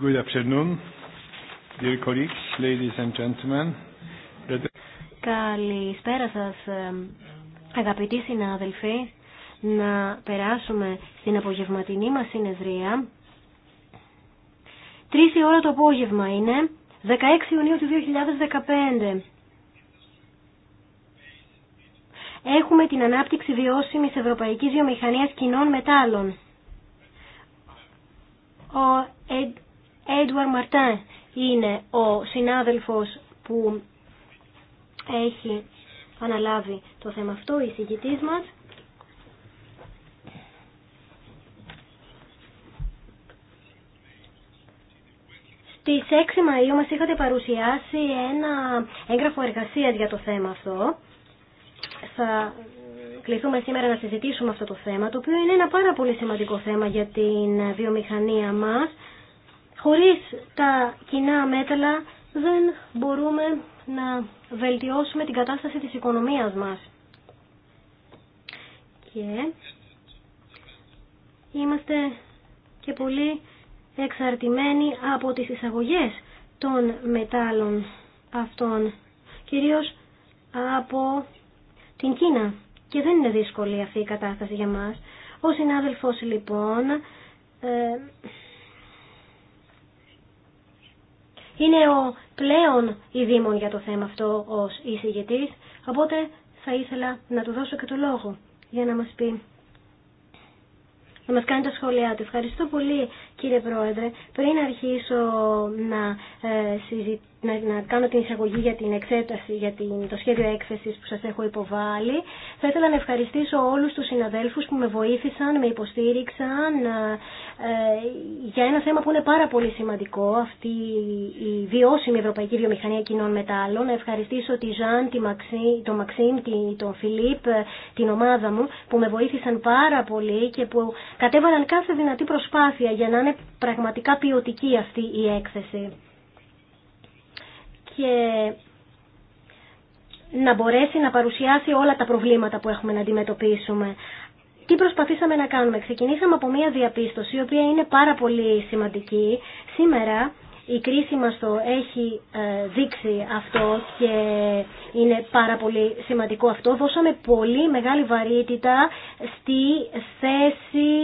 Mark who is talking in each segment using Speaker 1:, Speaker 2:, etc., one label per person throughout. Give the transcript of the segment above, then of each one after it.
Speaker 1: Good afternoon, dear ladies and gentlemen.
Speaker 2: Καλησπέρα σας, αγαπητοί συνάδελφοι. Να περάσουμε στην απογευματινή μας συνεδρία. Τρεις η ώρα το απόγευμα είναι, 16 Ιουνίου του 2015. Έχουμε την ανάπτυξη βιώσιμης ευρωπαϊκής βιομηχανίας κοινών μετάλλων. Ο Έντουαρ Μαρτάν είναι ο συνάδελφος που έχει αναλάβει το θέμα αυτό, η συγκητής μας. Στις 6 Μαΐου μας είχατε παρουσιάσει ένα έγγραφο εργασίας για το θέμα αυτό. Θα κληθούμε σήμερα να συζητήσουμε αυτό το θέμα, το οποίο είναι ένα πάρα πολύ σημαντικό θέμα για την βιομηχανία μας Χωρίς τα κοινά μέταλλα δεν μπορούμε να βελτιώσουμε την κατάσταση της οικονομίας μας. Και είμαστε και πολύ εξαρτημένοι από τις εισαγωγές των μετάλλων αυτών, κυρίως από την Κίνα. Και δεν είναι δύσκολη αυτή η κατάσταση για μας. Ο συνάδελφος λοιπόν ε, είναι ο πλέον ειδήμων για το θέμα αυτό ως εισηγητής, οπότε θα ήθελα να του δώσω και το λόγο για να μας πει, να μας κάνει τα σχόλιά του. Ευχαριστώ πολύ Κύριε Πρόεδρε, πριν αρχίσω ε, να, να, κάνω την εισαγωγή για την εξέταση, για την... το σχέδιο έκθεσης που σας έχω υποβάλει, θα ήθελα να ευχαριστήσω όλους τους συναδέλφους που με βοήθησαν, με υποστήριξαν ε, για ένα θέμα που είναι πάρα πολύ σημαντικό, αυτή η βιώσιμη ευρωπαϊκή βιομηχανία κοινών μετάλλων. Να ευχαριστήσω τη Ζαν, τη Μαξί, τον Μαξίμ, τον Φιλίπ, ε, την ομάδα μου που με βοήθησαν πάρα πολύ και που κατέβαλαν κάθε δυνατή προσπάθεια για να είναι πραγματικά ποιοτική αυτή η έκθεση. Και να μπορέσει να παρουσιάσει όλα τα προβλήματα που έχουμε να αντιμετωπίσουμε. Τι προσπαθήσαμε να κάνουμε. Ξεκινήσαμε από μια διαπίστωση, η οποία είναι πάρα πολύ σημαντική. Σήμερα η κρίση μας το έχει ε, δείξει αυτό και είναι πάρα πολύ σημαντικό αυτό. Δώσαμε πολύ μεγάλη βαρύτητα στη θέση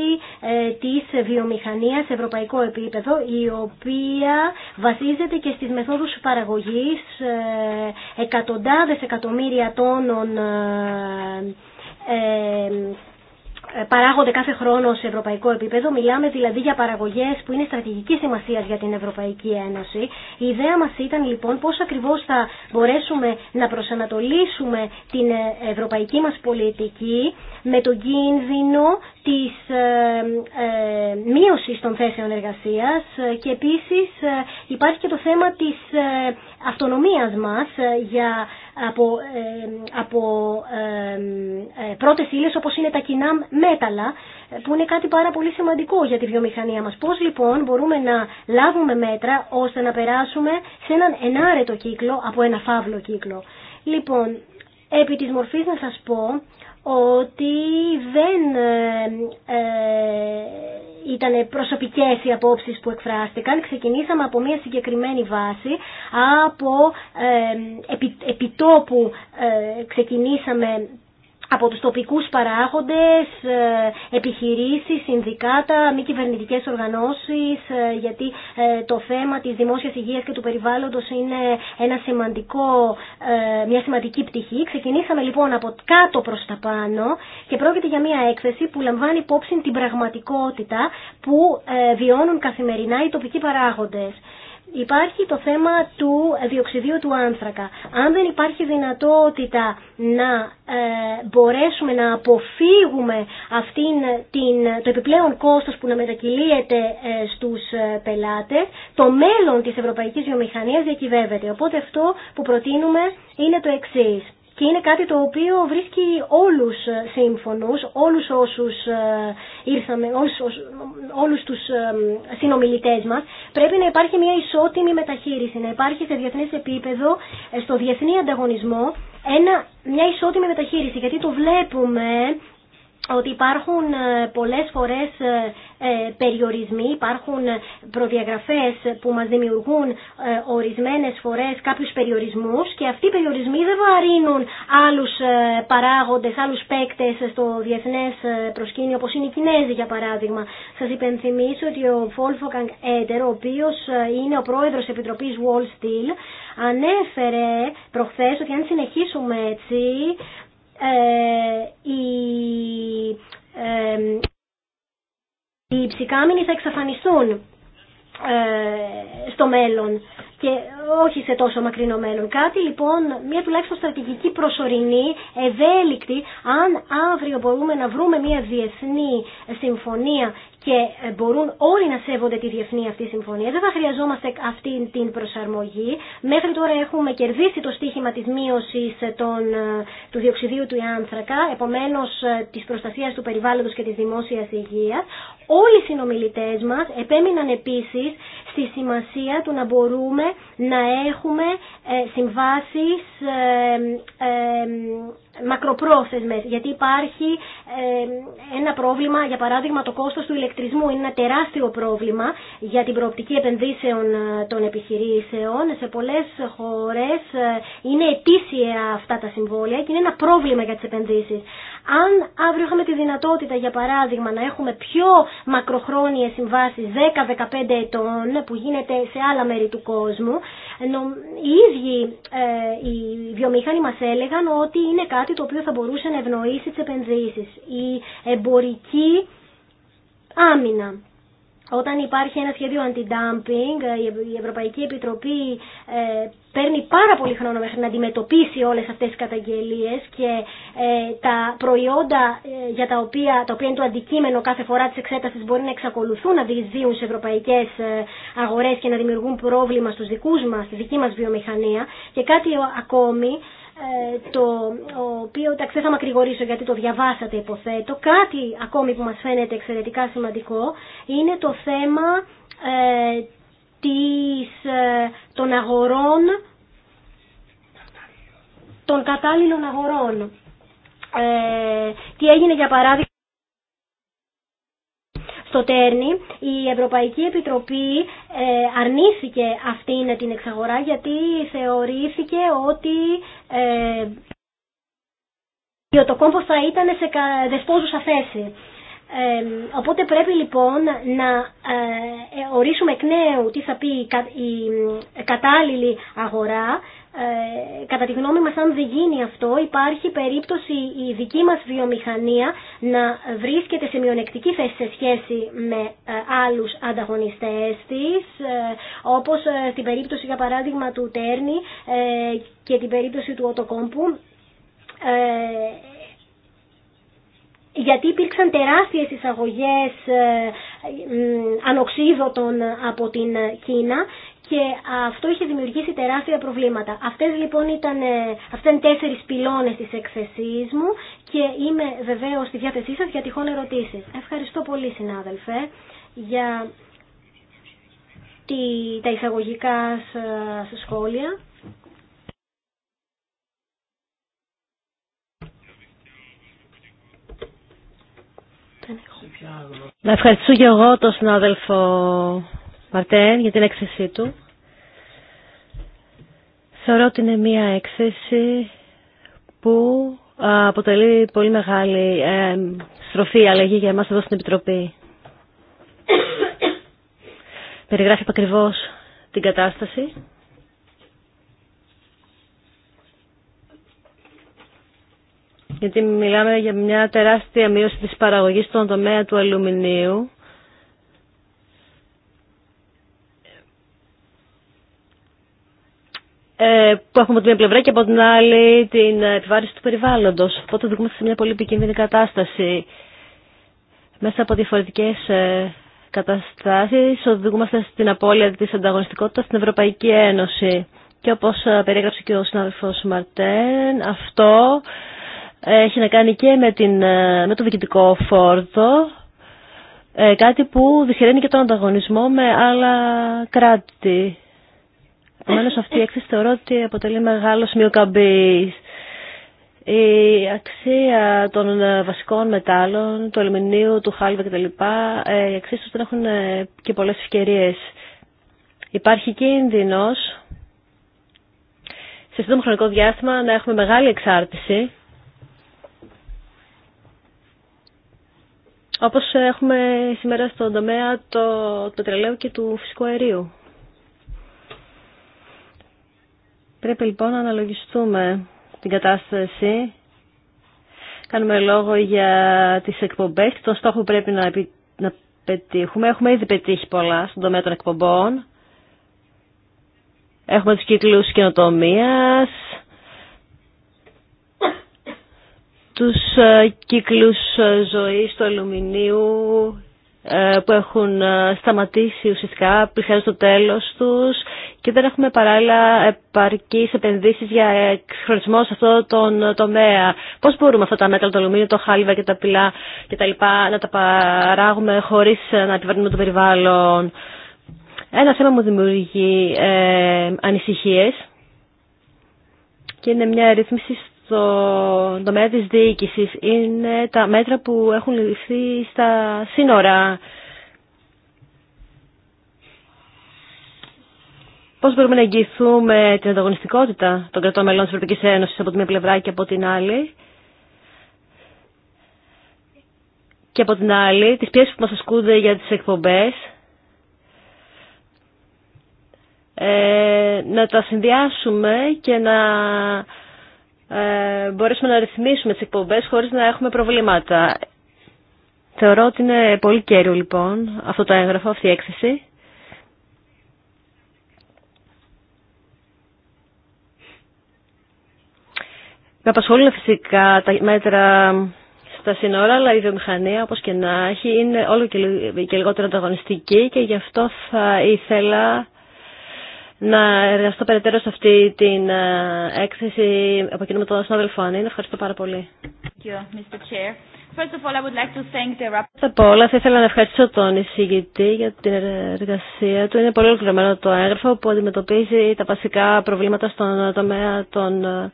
Speaker 2: ε, της βιομηχανίας σε ευρωπαϊκό επίπεδο η οποία βασίζεται και στις μεθόδους παραγωγής ε, εκατοντάδες εκατομμύρια τόνων ε, παράγονται κάθε χρόνο σε ευρωπαϊκό επίπεδο. Μιλάμε δηλαδή για παραγωγέ που είναι στρατηγική σημασία για την Ευρωπαϊκή Ένωση. Η ιδέα μα ήταν λοιπόν πώ ακριβώ θα μπορέσουμε να προσανατολίσουμε την ε, ευρωπαϊκή μα πολιτική με τον κίνδυνο τη ε, μείωση των θέσεων εργασία και επίση υπάρχει και το θέμα τη αυτονομίας μας ε, για, από, ε, από ε, ε όπως είναι τα κοινά μέταλλα ε, που είναι κάτι πάρα πολύ σημαντικό για τη βιομηχανία μας. Πώς λοιπόν μπορούμε να λάβουμε μέτρα ώστε να περάσουμε σε έναν ενάρετο κύκλο από ένα φαύλο κύκλο. Λοιπόν, επί της μορφής να σας πω ότι δεν ε, ε, ήταν προσωπικές οι απόψεις που εκφράστηκαν. Ξεκινήσαμε από μια συγκεκριμένη βάση, από ε, επιτόπου ξεκινήσαμε από τους τοπικούς παράγοντες, ε, επιχειρήσεις, συνδικάτα, μη κυβερνητικέ οργανώσεις, ε, γιατί ε, το θέμα της δημόσιας υγείας και του περιβάλλοντος είναι ένα σημαντικό, μια σημαντική πτυχή. Ξεκινήσαμε λοιπόν από κάτω προς τα πάνω και πρόκειται για μια έκθεση που λαμβάνει υπόψη την πραγματικότητα που βιώνουν καθημερινά οι τοπικοί παράγοντες. Υπάρχει το θέμα του ε, διοξιδίου του άνθρακα. Αν δεν υπάρχει δυνατότητα να ε, μπορέσουμε να αποφύγουμε αυτήν την, το επιπλέον κόστος που να μετακυλίεται ε, στους πελάτες, το μέλλον της ευρωπαϊκής βιομηχανίας διακυβεύεται. Οπότε αυτό που προτείνουμε είναι το εξής και είναι κάτι το οποίο βρίσκει όλους σύμφωνους, όλους όσους ε, ήρθαμε, όλους, όλους τους ε, συνομιλητές μας. Πρέπει να υπάρχει μια ισότιμη μεταχείριση, να υπάρχει σε διεθνές επίπεδο, ε, στο διεθνή ανταγωνισμό, ένα, μια ισότιμη μεταχείριση, γιατί το βλέπουμε ότι υπάρχουν ε, πολλές φορές ε, ε, περιορισμοί, υπάρχουν προδιαγραφές που μας δημιουργούν ορισμένες φορές κάποιους περιορισμούς και αυτοί οι περιορισμοί δεν βαρύνουν άλλους παράγοντες, άλλους παίκτες στο διεθνές προσκήνιο όπως είναι οι Κινέζοι για παράδειγμα. Σας υπενθυμίσω ότι ο Wolfgang Έντερ, ο οποίος είναι ο πρόεδρος Επιτροπής Wall Steel, ανέφερε προχθές ότι αν συνεχίσουμε έτσι ε, η, ε, οι ψυκάμινοι θα εξαφανιστούν ε, στο μέλλον και όχι σε τόσο μακρινό μέλλον. Κάτι λοιπόν, μια τουλάχιστον στρατηγική προσωρινή, ευέλικτη, αν αύριο μπορούμε να βρούμε μια διεθνή συμφωνία και ε, μπορούν όλοι να σέβονται τη διεθνή αυτή συμφωνία. Δεν θα χρειαζόμαστε αυτή την προσαρμογή. Μέχρι τώρα έχουμε κερδίσει το στίχημα της μείωσης ε, ε, του διοξιδίου του άνθρακα, επομένως της προστασίας του περιβάλλοντος και της δημόσιας υγείας. Όλοι οι συνομιλητές μας επέμειναν επίσης στη σημασία του να μπορούμε να έχουμε ε, συμβάσεις ε, ε, μακροπρόθεσμες γιατί υπάρχει ένα πρόβλημα, για παράδειγμα το κόστος του ηλεκτρισμού είναι ένα τεράστιο πρόβλημα για την προοπτική επενδύσεων των επιχειρήσεων. Σε πολλές χώρες είναι ετήσια αυτά τα συμβόλαια και είναι ένα πρόβλημα για τις επενδύσεις. Αν αύριο είχαμε τη δυνατότητα, για παράδειγμα, να έχουμε πιο μακροχρόνιες συμβάσεις 10-15 ετών που γίνεται σε άλλα μέρη του κόσμου, οι ίδιοι ε, οι βιομηχανοί μας έλεγαν ότι είναι κάτι το οποίο θα μπορούσε να ευνοήσει τις επενδύσεις. Η εμπορική άμυνα. Όταν υπάρχει ένα σχέδιο anti-dumping, ε, η Ευρωπαϊκή Επιτροπή ε, παίρνει πάρα πολύ χρόνο μέχρι να αντιμετωπίσει όλες αυτές τις καταγγελίες και ε, τα προϊόντα ε, για τα οποία, τα είναι το αντικείμενο κάθε φορά της εξέτασης μπορεί να εξακολουθούν να διεισδύουν σε ευρωπαϊκές ε, αγορές και να δημιουργούν πρόβλημα στους δικούς μας, στη δική μας βιομηχανία και κάτι ακόμη το οποίο, δεν θα μακρηγορήσω γιατί το διαβάσατε υποθέτω, κάτι ακόμη που μας φαίνεται εξαιρετικά σημαντικό είναι το θέμα της, ε, των αγορών, των κατάλληλων αγορών. Ε, τι έγινε για παράδειγμα στο Τέρνη, η Ευρωπαϊκή Επιτροπή ε, αρνήθηκε αυτήν την εξαγορά γιατί θεωρήθηκε ότι ε, το κόμπο θα ήταν σε δεσπόζουσα θέση οπότε πρέπει λοιπόν να ε, ε, ορίσουμε εκ νέου τι θα πει η ε, κατάλληλη αγορά. Κατά τη γνώμη μας αν δεν γίνει αυτό υπάρχει περίπτωση η δική μας βιομηχανία να βρίσκεται σε μειονεκτική θέση σε σχέση με άλλους ανταγωνιστές της όπως στην περίπτωση για παράδειγμα του Τέρνη και την περίπτωση του Οτοκόμπου γιατί υπήρξαν τεράστιες εισαγωγές ε, ανοξίδωτων από την Κίνα και αυτό είχε δημιουργήσει τεράστια προβλήματα. Αυτές λοιπόν ήταν, ε, αυτές οι τέσσερις πυλώνες της εκθεσής μου και είμαι βεβαίως στη διάθεσή σας για τυχόν ερωτήσεις. Ευχαριστώ πολύ συνάδελφε για τα εισαγωγικά σας ε, σχόλια.
Speaker 3: Να ευχαριστήσω και εγώ τον συνάδελφο Μαρτέν για την έξεση του. Θεωρώ ότι είναι μία έξεση που αποτελεί πολύ μεγάλη ε, στροφή αλλαγή για εμάς εδώ στην Επιτροπή. Περιγράφει ακριβώ την κατάσταση γιατί μιλάμε για μια τεράστια μείωση της παραγωγής στον τομέα του αλουμινίου. Ε, που έχουμε από την πλευρά και από την άλλη την επιβάρηση του περιβάλλοντος. Οπότε οδηγούμε σε μια πολύ επικίνδυνη κατάσταση. Μέσα από διαφορετικές ε, καταστάσεις οδηγούμαστε στην απώλεια της ανταγωνιστικότητας στην Ευρωπαϊκή Ένωση. Και όπως ε, περιέγραψε και ο συνάδελφος Μαρτέν, αυτό έχει να κάνει και με, την, ε, με το διοικητικό φόρτο, ε, κάτι που δυσχεραίνει και τον ανταγωνισμό με άλλα κράτη. Επομένω αυτή η έκθεση θεωρώ ότι αποτελεί μεγάλο σημείο καμπή. Η αξία των ε, βασικών μετάλλων, του αλουμινίου, του χάλιβα κτλ. Οι αξίε του δεν έχουν και πολλές ευκαιρίε. Υπάρχει κίνδυνο σε σύντομο χρονικό διάστημα να έχουμε μεγάλη εξάρτηση όπως έχουμε σήμερα στον τομέα το πετρελαίου και του φυσικού αερίου. Πρέπει λοιπόν να αναλογιστούμε την κατάσταση. Κάνουμε λόγο για τις εκπομπές και τον στόχο που πρέπει να, επι... να πετύχουμε. Έχουμε ήδη πετύχει πολλά στον τομέα των εκπομπών. Έχουμε τους κύκλους καινοτομίας, Ε, κύκλους ε, ζωής του αλουμινίου ε, που έχουν σταματήσει ουσιαστικά πριν στο τέλος τους και δεν έχουμε παράλληλα επαρκείς επενδύσεις για εξχρονισμό σε αυτό τον τομέα. Πώς μπορούμε αυτά τα μέτρα, το αλουμίνιο, το χάλιβα και τα πυλά και τα λοιπά να τα παράγουμε χωρίς να επιβαρύνουμε το περιβάλλον. Ένα θέμα μου δημιουργεί ε, ανησυχίες και είναι μια ρύθμιση στον τομέα της διοίκησης είναι τα μέτρα που έχουν ληφθεί στα σύνορα. Πώς μπορούμε να εγγυηθούμε την ανταγωνιστικότητα των κρατών μελών της Ευρωπαϊκής Ένωσης από τη μία πλευρά και από την άλλη. Και από την άλλη, τις πιέσεις που μας ασκούνται για τις εκπομπές, ε, να τα συνδυάσουμε και να ε, μπορέσουμε να ρυθμίσουμε τις εκπομπές χωρίς να έχουμε προβλήματα. Θεωρώ ότι είναι πολύ κέριο λοιπόν αυτό το έγγραφο, αυτή η έκθεση. Με απασχολούν φυσικά τα μέτρα στα σύνορα, αλλά η βιομηχανία, όπως και να έχει, είναι όλο και λιγότερο ανταγωνιστική και γι' αυτό θα ήθελα να εργαστώ περαιτέρω σε αυτή την ε, έκθεση από κοινού με τον συνάδελφο Ανίν. Ευχαριστώ πάρα πολύ. Πρώτα απ' όλα θα ήθελα να ευχαριστήσω τον εισηγητή για την εργασία του. Είναι πολύ ολοκληρωμένο το έγγραφο που αντιμετωπίζει τα βασικά προβλήματα στον τομέα των ε,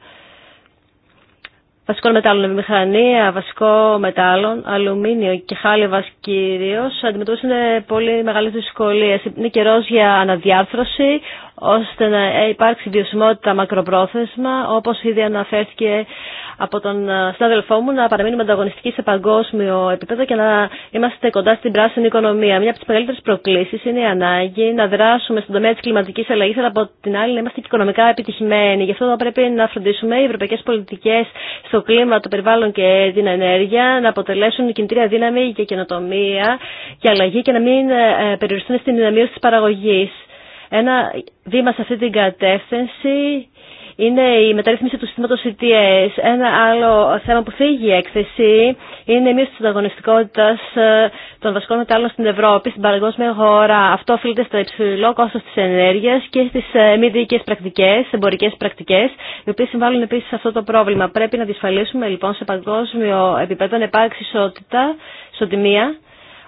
Speaker 3: βασικών μετάλλων. Βιομηχανία, βασικό μετάλλων, αλουμίνιο και χάλιβα κυρίω αντιμετωπίζουν πολύ μεγάλε δυσκολίε. Είναι καιρό για αναδιάρθρωση ώστε να υπάρξει βιωσιμότητα μακροπρόθεσμα, όπως ήδη αναφέρθηκε από τον ε, συνάδελφό μου, να παραμείνουμε ανταγωνιστικοί σε παγκόσμιο επίπεδο και να είμαστε κοντά στην πράσινη οικονομία. Μια από τι μεγαλύτερε προκλήσει είναι η ανάγκη να δράσουμε στον τομέα τη κλιματική αλλαγή, αλλά από την άλλη να είμαστε και οικονομικά επιτυχημένοι. Γι' αυτό πρέπει να φροντίσουμε οι ευρωπαϊκές πολιτικές στο κλίμα, το περιβάλλον και την ενέργεια να αποτελέσουν κινητήρια δύναμη και καινοτομία και αλλαγή και να μην ε, περιοριστούν στην δυναμία της παραγωγής. Ένα βήμα σε αυτή την κατεύθυνση είναι η μεταρρύθμιση του συστήματος ETS. Ένα άλλο θέμα που φύγει η έκθεση είναι η μείωση της ανταγωνιστικότητας ε, των βασικών μετάλλων στην Ευρώπη, στην παγκόσμια αγορά. Αυτό οφείλεται στο υψηλό κόστος της ενέργειας και στις ε, μη διοικητικές πρακτικές, εμπορικές πρακτικές, οι οποίες συμβάλλουν επίσης σε αυτό το πρόβλημα. Πρέπει να διασφαλίσουμε λοιπόν σε παγκόσμιο επίπεδο να υπάρξει ισότητα, ισοτιμία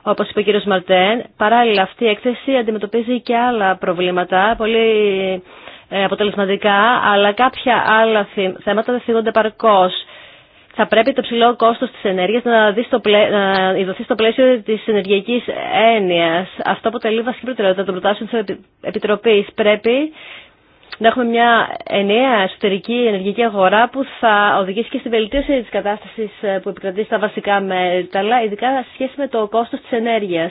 Speaker 3: όπως είπε ο κύριος Μαρτέν, παράλληλα αυτή η έκθεση αντιμετωπίζει και άλλα προβλήματα, πολύ ε, αποτελεσματικά, αλλά κάποια άλλα θέματα δεν θίγονται παρκώς. Θα πρέπει το ψηλό κόστος της ενέργειας να, δει στο να στο πλαίσιο της ενεργειακής έννοιας. Αυτό αποτελεί βασική προτεραιότητα των προτάσεων της Επιτροπής. Πρέπει να έχουμε μια ενιαία εσωτερική ενεργειακή αγορά που θα οδηγήσει και στην βελτίωση της κατάστασης ε, που επικρατεί στα βασικά μέταλλα, ειδικά σε σχέση με το κόστος της ενέργειας.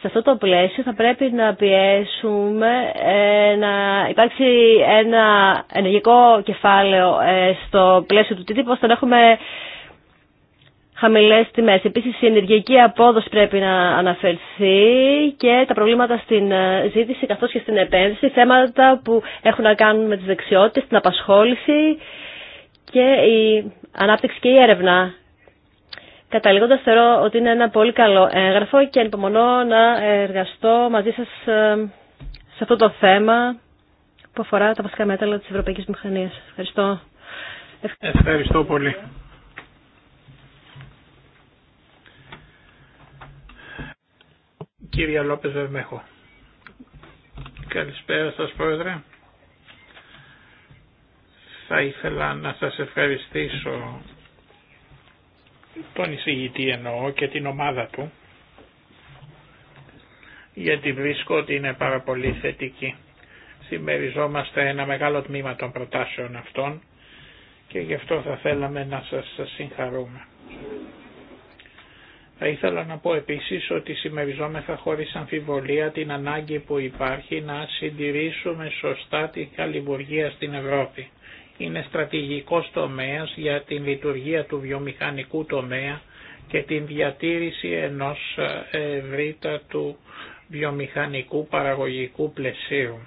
Speaker 3: Σε αυτό το πλαίσιο θα πρέπει να πιέσουμε ε, να υπάρξει ένα ενεργικό κεφάλαιο ε, στο πλαίσιο του TTIP, ώστε να έχουμε Χαμηλέ τιμέ. Επίσης η ενεργειακή απόδοση πρέπει να αναφερθεί και τα προβλήματα στην ε, ζήτηση καθώ και στην επένδυση, θέματα που έχουν να κάνουν με τι δεξιότητε, την απασχόληση και η ανάπτυξη και η έρευνα. Καταλήγοντα θεωρώ ότι είναι ένα πολύ καλό έγγραφο και ανυπομονώ να εργαστώ μαζί σα ε, σε αυτό το θέμα που αφορά τα βασικά μέταλλα της Ευρωπαϊκής Μηχανίας. Ευχαριστώ.
Speaker 4: Ευχαριστώ πολύ. Κύριε Λόπες Βερμέχο. Καλησπέρα σας Πρόεδρε. Θα ήθελα να σας ευχαριστήσω τον εισηγητή εννοώ και την ομάδα του γιατί βρίσκω ότι είναι πάρα πολύ θετική. Συμμεριζόμαστε ένα μεγάλο τμήμα των προτάσεων αυτών και γι' αυτό θα θέλαμε να σας συγχαρούμε. Θα ήθελα να πω επίσης ότι σημεριζόμεθα χωρίς αμφιβολία την ανάγκη που υπάρχει να συντηρήσουμε σωστά την καλλιβουργία στην Ευρώπη. Είναι στρατηγικός τομέας για την λειτουργία του βιομηχανικού τομέα και την διατήρηση ενός ευρύτατου βιομηχανικού παραγωγικού πλαισίου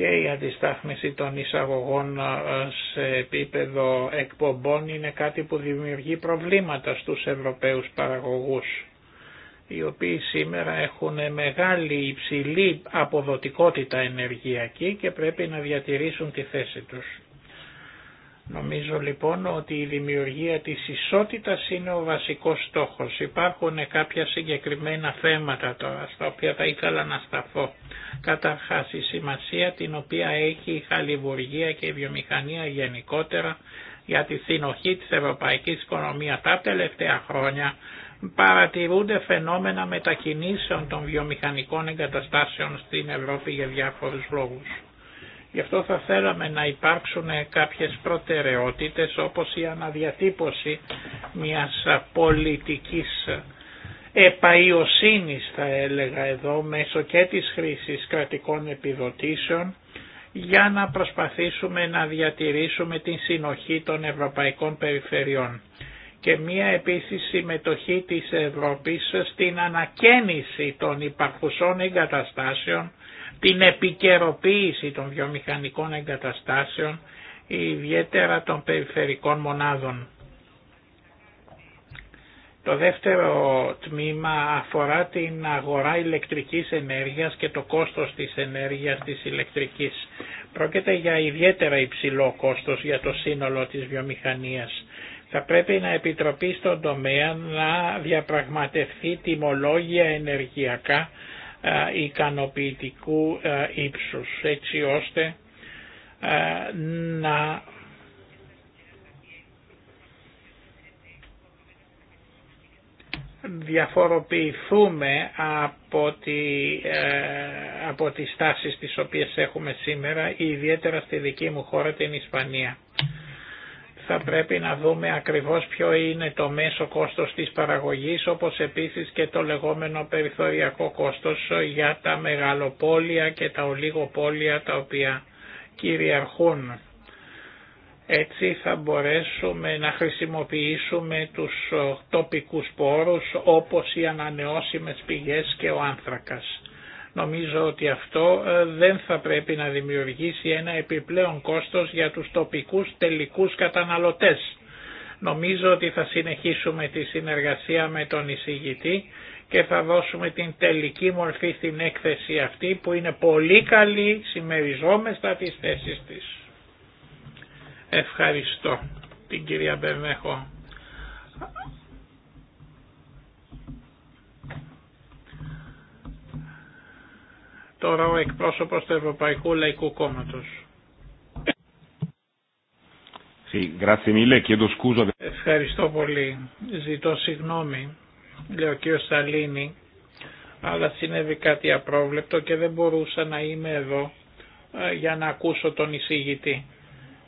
Speaker 4: και η αντιστάθμιση των εισαγωγών ε, σε επίπεδο εκπομπών είναι κάτι που δημιουργεί προβλήματα στους Ευρωπαίους παραγωγούς οι οποίοι σήμερα έχουν μεγάλη υψηλή αποδοτικότητα ενεργειακή και πρέπει να διατηρήσουν τη θέση τους. Νομίζω λοιπόν ότι η δημιουργία της ισότητας είναι ο βασικός στόχος. Υπάρχουν κάποια συγκεκριμένα θέματα τώρα στα οποία θα ήθελα να σταθώ. Καταρχάς η σημασία την οποία έχει η χαλιβουργία και η βιομηχανία γενικότερα για τη συνοχή της ευρωπαϊκής οικονομίας τα τελευταία χρόνια παρατηρούνται φαινόμενα μετακινήσεων των βιομηχανικών εγκαταστάσεων στην Ευρώπη για διάφορους λόγους. Γι' αυτό θα θέλαμε να υπάρξουν κάποιες προτεραιότητες όπως η αναδιατύπωση μιας πολιτικής επαϊοσύνης θα έλεγα εδώ μέσω και της χρήσης κρατικών επιδοτήσεων για να προσπαθήσουμε να διατηρήσουμε την συνοχή των ευρωπαϊκών περιφερειών και μία επίσης συμμετοχή της Ευρώπης στην ανακαίνιση των υπαρχουσών εγκαταστάσεων την επικαιροποίηση των βιομηχανικών εγκαταστάσεων, ιδιαίτερα των περιφερικών μονάδων. Το δεύτερο τμήμα αφορά την αγορά ηλεκτρικής ενέργειας και το κόστος της ενέργειας της ηλεκτρικής. Πρόκειται για ιδιαίτερα υψηλό κόστος για το σύνολο της βιομηχανίας. Θα πρέπει να επιτροπεί στον τομέα να διαπραγματευτεί τιμολόγια ενεργειακά ε, ικανοποιητικού ε, ύψους έτσι ώστε ε, να διαφοροποιηθούμε από, τη, από τις τάσεις τις οποίες έχουμε σήμερα, ιδιαίτερα στη δική μου χώρα την Ισπανία θα πρέπει να δούμε ακριβώς ποιο είναι το μέσο κόστος της παραγωγής όπως επίσης και το λεγόμενο περιθωριακό κόστος για τα μεγαλοπόλια και τα ολιγοπόλια τα οποία κυριαρχούν. Έτσι θα μπορέσουμε να χρησιμοποιήσουμε τους τοπικούς πόρους όπως οι ανανεώσιμες πηγές και ο άνθρακας. Νομίζω ότι αυτό ε, δεν θα πρέπει να δημιουργήσει ένα επιπλέον κόστος για τους τοπικούς τελικούς καταναλωτές. Νομίζω ότι θα συνεχίσουμε τη συνεργασία με τον εισηγητή και θα δώσουμε την τελική μορφή στην έκθεση αυτή που είναι πολύ καλή, συμμεριζόμεστα τις θέσει της. Ευχαριστώ την κυρία Μπερνέχο. Τώρα ο εκπρόσωπος του Ευρωπαϊκού Λαϊκού Κόμματος. Ευχαριστώ πολύ. Ζητώ συγγνώμη, λέει ο κ. Σαλίνη, αλλά συνέβη κάτι απρόβλεπτο και δεν μπορούσα να είμαι εδώ ε, για να ακούσω τον εισηγητή.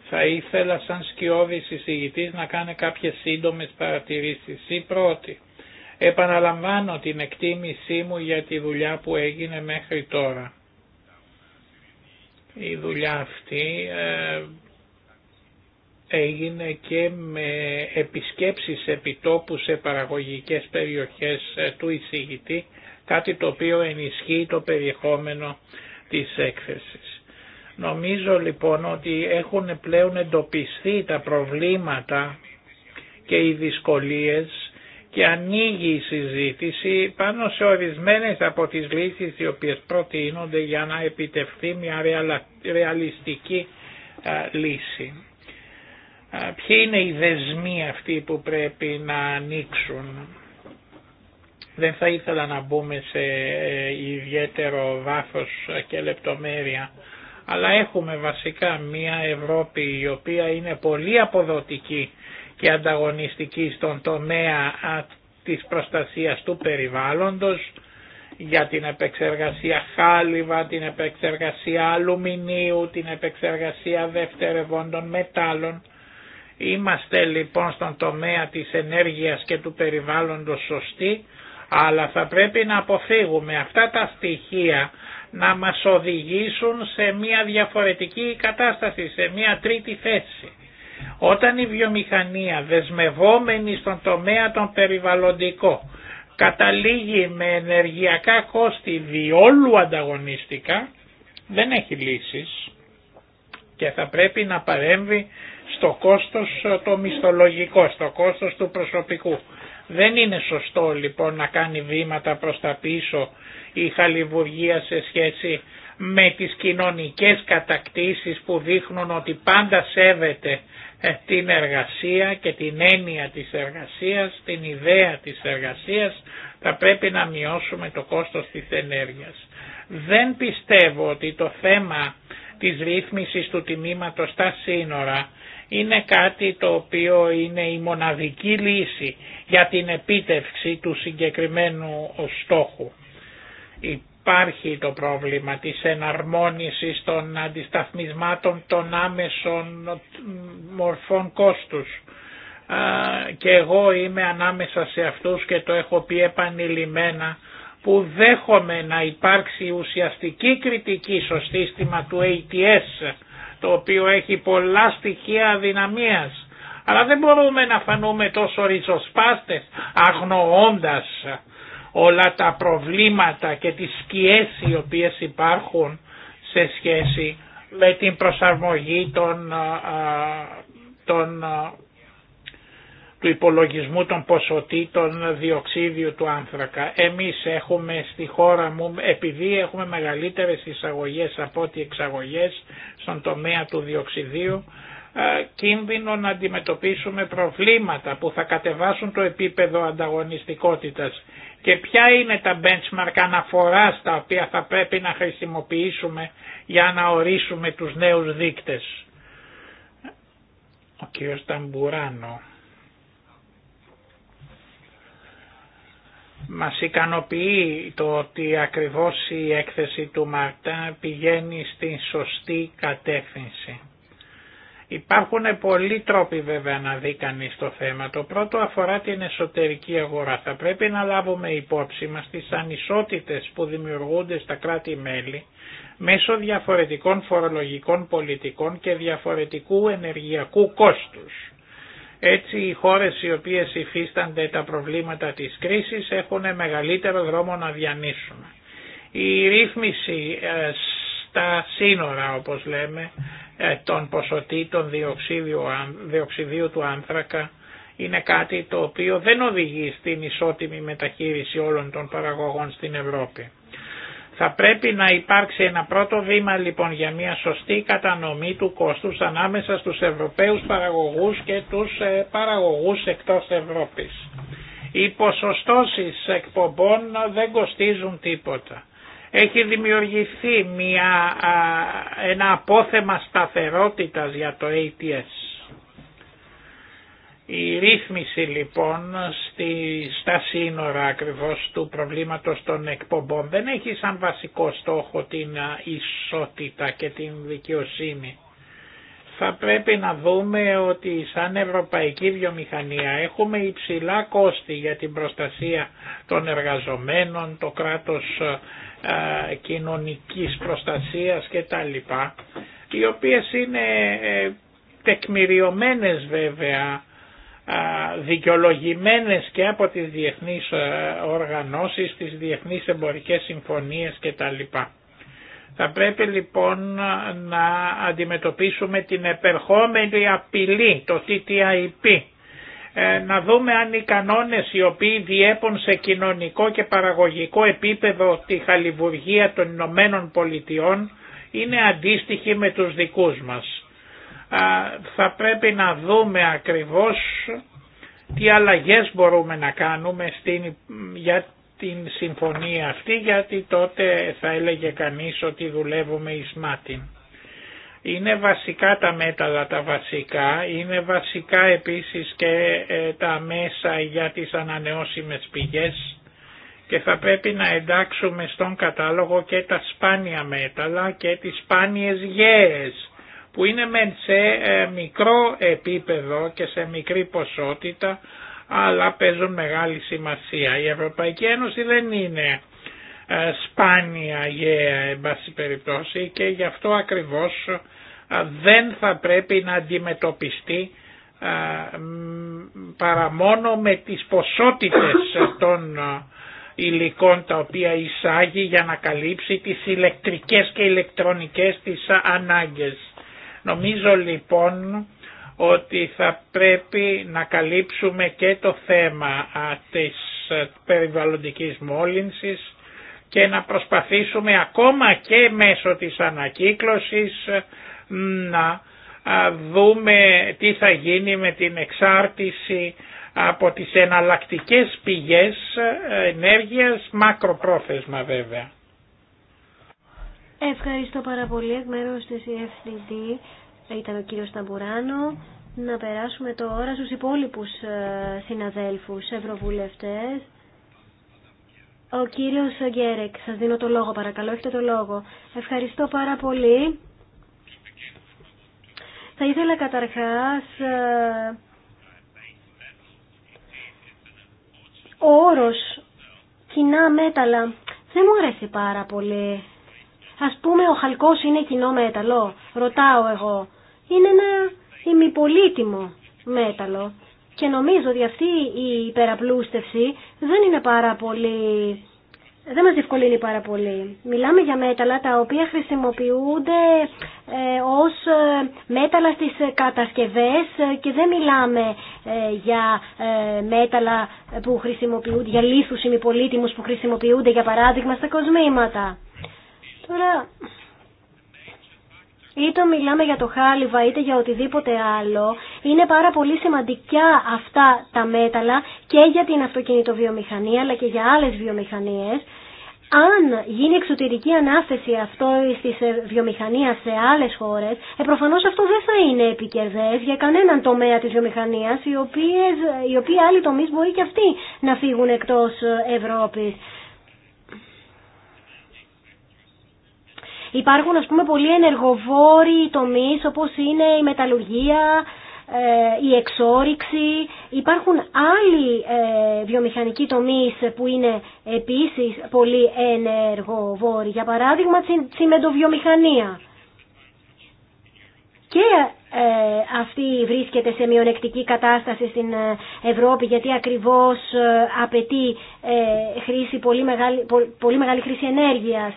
Speaker 4: Θα ήθελα σαν σκιώδης εισηγητής να κάνει κάποιες σύντομες παρατηρήσεις. Η πρώτη, Επαναλαμβάνω την εκτίμησή μου για τη δουλειά που έγινε μέχρι τώρα. Η δουλειά αυτή ε, έγινε και με επισκέψεις επιτόπου σε παραγωγικές περιοχές ε, του εισηγητή, κάτι το οποίο ενισχύει το περιεχόμενο της έκθεσης. Νομίζω λοιπόν ότι έχουν πλέον εντοπιστεί τα προβλήματα και οι δυσκολίες και ανοίγει η συζήτηση πάνω σε ορισμένες από τις λύσεις οι οποίες προτείνονται για να επιτευχθεί μια ρεαλιστική λύση. Ποιοι είναι οι δεσμοί αυτοί που πρέπει να ανοίξουν. Δεν θα ήθελα να μπούμε σε ε, ιδιαίτερο βάθος και λεπτομέρεια, αλλά έχουμε βασικά μια Ευρώπη η οποία είναι πολύ αποδοτική και ανταγωνιστική στον τομέα της προστασίας του περιβάλλοντος για την επεξεργασία χάλιβα, την επεξεργασία αλουμινίου, την επεξεργασία δευτερευόντων μετάλλων.
Speaker 5: Είμαστε
Speaker 4: λοιπόν στον τομέα της ενέργειας και του περιβάλλοντος σωστοί, αλλά θα πρέπει να αποφύγουμε αυτά τα στοιχεία να μας οδηγήσουν σε μια διαφορετική κατάσταση, σε μια τρίτη θέση. Όταν η βιομηχανία δεσμευόμενη στον τομέα τον περιβαλλοντικό καταλήγει με ενεργειακά κόστη διόλου ανταγωνιστικά, δεν έχει λύσεις και θα πρέπει να παρέμβει στο κόστος ε, το μισθολογικό, στο κόστος του προσωπικού. Δεν είναι σωστό λοιπόν να κάνει βήματα προς τα πίσω η χαλιβουργία σε σχέση με τις κοινωνικές κατακτήσεις που δείχνουν ότι πάντα σέβεται ε, την εργασία και την έννοια της εργασίας, την ιδέα της εργασίας, θα πρέπει να μειώσουμε το κόστος της ενέργειας. Δεν πιστεύω ότι το θέμα της ρύθμισης του τιμήματος στα σύνορα είναι κάτι το οποίο είναι η μοναδική λύση για την επίτευξη του συγκεκριμένου στόχου υπάρχει το πρόβλημα της εναρμόνισης των αντισταθμισμάτων των άμεσων μορφών κόστους. Και εγώ είμαι ανάμεσα σε αυτούς και το έχω πει επανειλημμένα που δέχομαι να υπάρξει ουσιαστική κριτική στο σύστημα του ATS το οποίο έχει πολλά στοιχεία αδυναμίας. Αλλά δεν μπορούμε να φανούμε τόσο ριζοσπάστες αγνοώντας όλα τα προβλήματα και τις σκιές οι οποίες υπάρχουν σε σχέση με την προσαρμογή των, των, του υπολογισμού των ποσοτήτων διοξίδιου του άνθρακα. Εμείς έχουμε στη χώρα μου, επειδή έχουμε μεγαλύτερες εισαγωγές από ό,τι εξαγωγές στον τομέα του διοξιδίου, κίνδυνο να αντιμετωπίσουμε προβλήματα που θα κατεβάσουν το επίπεδο ανταγωνιστικότητας και ποια είναι τα benchmark αναφοράς τα οποία θα πρέπει να χρησιμοποιήσουμε για να ορίσουμε τους νέους δείκτες. Ο κύριος Ταμπουράνο. Μας ικανοποιεί το ότι ακριβώς η έκθεση του Μαρτά πηγαίνει στην σωστή κατεύθυνση. Υπάρχουν πολλοί τρόποι βέβαια να δει κανεί το θέμα. Το πρώτο αφορά την εσωτερική αγορά. Θα πρέπει να λάβουμε υπόψη μας τις ανισότητες που δημιουργούνται στα κράτη-μέλη μέσω διαφορετικών φορολογικών πολιτικών και διαφορετικού ενεργειακού κόστους. Έτσι οι χώρες οι οποίες υφίστανται τα προβλήματα της κρίσης έχουν μεγαλύτερο δρόμο να διανύσουν. Η ρύθμιση ε, στα σύνορα όπως λέμε ε, των ποσοτήτων διοξιδίου του άνθρακα είναι κάτι το οποίο δεν οδηγεί στην ισότιμη μεταχείριση όλων των παραγωγών στην Ευρώπη. Θα πρέπει να υπάρξει ένα πρώτο βήμα λοιπόν για μια σωστή κατανομή του κόστους ανάμεσα στους Ευρωπαίους παραγωγούς και τους ε, παραγωγούς εκτός Ευρώπης. Οι ποσοστώσεις εκπομπών δεν κοστίζουν τίποτα έχει δημιουργηθεί μια, ένα απόθεμα σταθερότητας για το ATS. Η ρύθμιση λοιπόν στη, στα σύνορα ακριβώς του προβλήματος των εκπομπών δεν έχει σαν βασικό στόχο την ισότητα και την δικαιοσύνη. Θα πρέπει να δούμε ότι σαν ευρωπαϊκή βιομηχανία έχουμε υψηλά κόστη για την προστασία των εργαζομένων, το κράτος κοινωνικής προστασίας και τα λοιπά, οι οποίες είναι ε, τεκμηριωμένες βέβαια, δικαιολογημένες και από τις διεθνείς ε, οργανώσεις, τις διεθνείς εμπορικές συμφωνίες και τα λοιπά. Θα πρέπει λοιπόν να αντιμετωπίσουμε την επερχόμενη απειλή, το TTIP, ε, να δούμε αν οι κανόνες οι οποίοι διέπουν σε κοινωνικό και παραγωγικό επίπεδο τη χαλιβουργία των Ηνωμένων Πολιτειών είναι αντίστοιχοι με τους δικούς μας. Θα πρέπει να δούμε ακριβώς τι αλλαγές μπορούμε να κάνουμε στην, για την συμφωνία αυτή γιατί τότε θα έλεγε κανείς ότι δουλεύουμε εις είναι βασικά τα μέταλλα τα βασικά, είναι βασικά επίσης και ε, τα μέσα για τις ανανεώσιμες πηγές
Speaker 5: και θα πρέπει
Speaker 4: να εντάξουμε στον κατάλογο και τα σπάνια μέταλλα και τις σπάνιες γέες που είναι μεν σε ε, μικρό επίπεδο και σε μικρή ποσότητα αλλά παίζουν μεγάλη σημασία. Η Ευρωπαϊκή Ένωση δεν είναι ε, σπάνια γέα εν πάση περιπτώσει και γι' αυτό ακριβώς ε, δεν θα πρέπει να αντιμετωπιστεί ε, παρά μόνο με τις ποσότητες των υλικών τα οποία εισάγει για να καλύψει τις ηλεκτρικές και ηλεκτρονικές της ανάγκες. Νομίζω λοιπόν ότι θα πρέπει να καλύψουμε και το θέμα της περιβαλλοντικής μόλυνσης και να προσπαθήσουμε ακόμα και μέσω της ανακύκλωσης ε, να δούμε τι θα γίνει με την εξάρτηση από τις εναλλακτικές πηγές ε, ενέργειας, μακροπρόθεσμα βέβαια.
Speaker 2: Ευχαριστώ πάρα πολύ. Εκ μέρους της EFDD ήταν ο κύριος Ταμπουράνο. Να περάσουμε τώρα στους υπόλοιπους ε, συναδέλφους ευρωβουλευτές. Ο κύριος Γκέρεκ, σας δίνω το λόγο παρακαλώ, έχετε το λόγο. Ευχαριστώ πάρα πολύ. Θα ήθελα καταρχάς... Ε, ο όρος κοινά μέταλλα δεν μου αρέσει πάρα πολύ. Ας πούμε ο χαλκός είναι κοινό μέταλλο, ρωτάω εγώ. Είναι ένα ημιπολίτημο μέταλλο και νομίζω ότι αυτή η υπεραπλούστευση δεν είναι πάρα Δεν μας διευκολύνει πάρα πολύ. Μιλάμε για μέταλλα τα οποία χρησιμοποιούνται ε, ως ε, μέταλλα στις κατασκευές ε, και δεν μιλάμε για μέταλλα που χρησιμοποιούνται, για λίθους ημιπολίτημους που χρησιμοποιούνται για παράδειγμα στα κοσμήματα. Τώρα είτε μιλάμε για το χάλιβα είτε για οτιδήποτε άλλο, είναι πάρα πολύ σημαντικά αυτά τα μέταλλα και για την αυτοκινητοβιομηχανία αλλά και για άλλες βιομηχανίες. Αν γίνει εξωτερική ανάθεση αυτό τη ε, βιομηχανία σε άλλε χώρε, ε, προφανώ αυτό δεν θα είναι επικερδέ για κανέναν τομέα τη βιομηχανία, οι, ε, οι οποίοι άλλοι τομεί μπορεί και αυτοί να φύγουν εκτό ε, Ευρώπη. Υπάρχουν ας πούμε πολύ ενεργοβόροι τομείς όπως είναι η μεταλλουργία, ε, η εξόριξη. Υπάρχουν άλλοι ε, βιομηχανικοί τομείς που είναι επίσης πολύ ενεργοβόροι. Για παράδειγμα, τσιμεντοβιομηχανία. Και ε, αυτή βρίσκεται σε μειονεκτική κατάσταση στην Ευρώπη γιατί ακριβώς απαιτεί χρήση, πολύ, μεγάλη, πολύ μεγάλη χρήση ενέργειας.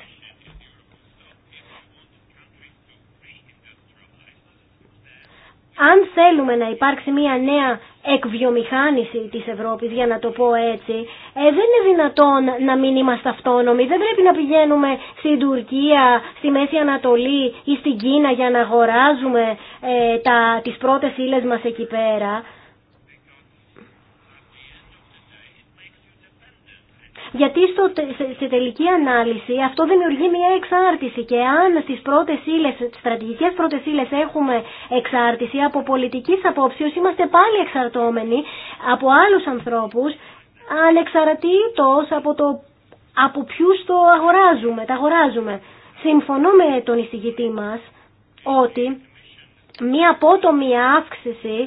Speaker 2: αν θέλουμε να υπάρξει μια νέα εκβιομηχάνηση της Ευρώπης, για να το πω έτσι, ε, δεν είναι δυνατόν να μην είμαστε αυτόνομοι. Δεν πρέπει να πηγαίνουμε στην Τουρκία, στη Μέση Ανατολή ή στην Κίνα για να αγοράζουμε ε, τα, τις πρώτες ύλες μας εκεί πέρα. γιατί στο, σε, τελική ανάλυση αυτό δημιουργεί μια εξάρτηση και αν στις πρώτες ύλες, στις στρατηγικές πρώτες ύλες έχουμε εξάρτηση από πολιτικής απόψεως είμαστε πάλι εξαρτώμενοι από άλλους ανθρώπους ανεξαρτήτως από το από ποιους το αγοράζουμε, τα αγοράζουμε. Συμφωνώ με τον εισηγητή μας ότι μία απότομη αύξηση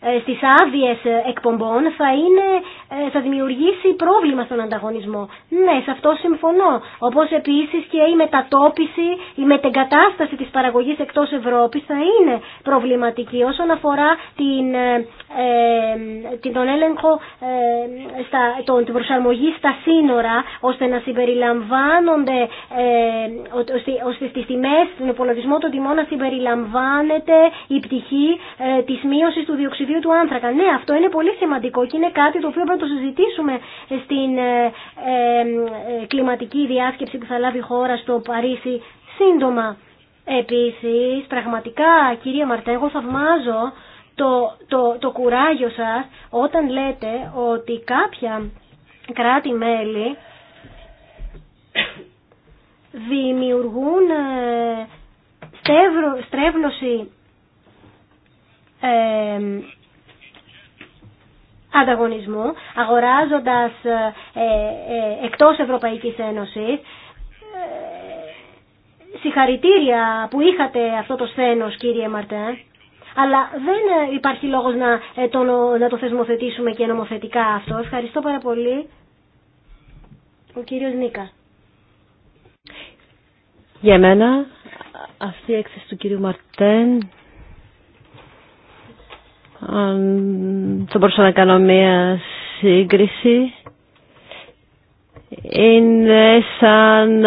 Speaker 2: ε, στις άδειες εκπομπών θα είναι ε, θα δημιουργήσει πρόβλημα στον ανταγωνισμό. Ναι, σε αυτό συμφωνώ. Όπως επίσης και η μετατόπιση, η μετεγκατάσταση της παραγωγής εκτός Ευρώπης θα είναι προβληματική όσον αφορά την, ε, ε τον έλεγχο, ε, στα, τον, την προσαρμογή στα σύνορα ώστε να συμπεριλαμβάνονται, ε, ώστε, ώστε στις τιμές, στον υπολογισμό των τιμών να συμπεριλαμβάνεται η πτυχή ε, της μείωσης του διοξιδίου του άνθρακα. Ναι, αυτό είναι πολύ σημαντικό και είναι κάτι το οποίο το συζητήσουμε στην ε, ε, ε, κλιματική διάσκεψη που θα λάβει η χώρα στο Παρίσι σύντομα. Επίσης, πραγματικά, κυρία Μαρτέ, εγώ θαυμάζω το, το, το κουράγιο σας όταν λέτε ότι κάποια κράτη-μέλη δημιουργούν στρέβλωση ανταγωνισμού αγοράζοντας ε, ε, ε, εκτός Ευρωπαϊκής Ένωσης συγχαρητήρια που είχατε αυτό το σθένος κύριε Μαρτέ αλλά δεν υπάρχει λόγος να, το, να το θεσμοθετήσουμε και νομοθετικά αυτό. Ευχαριστώ πάρα πολύ. Ο κύριος Νίκα.
Speaker 3: Για μένα αυτή η του κύριου Μαρτέν αν θα μπορούσα να κάνω μία σύγκριση, είναι σαν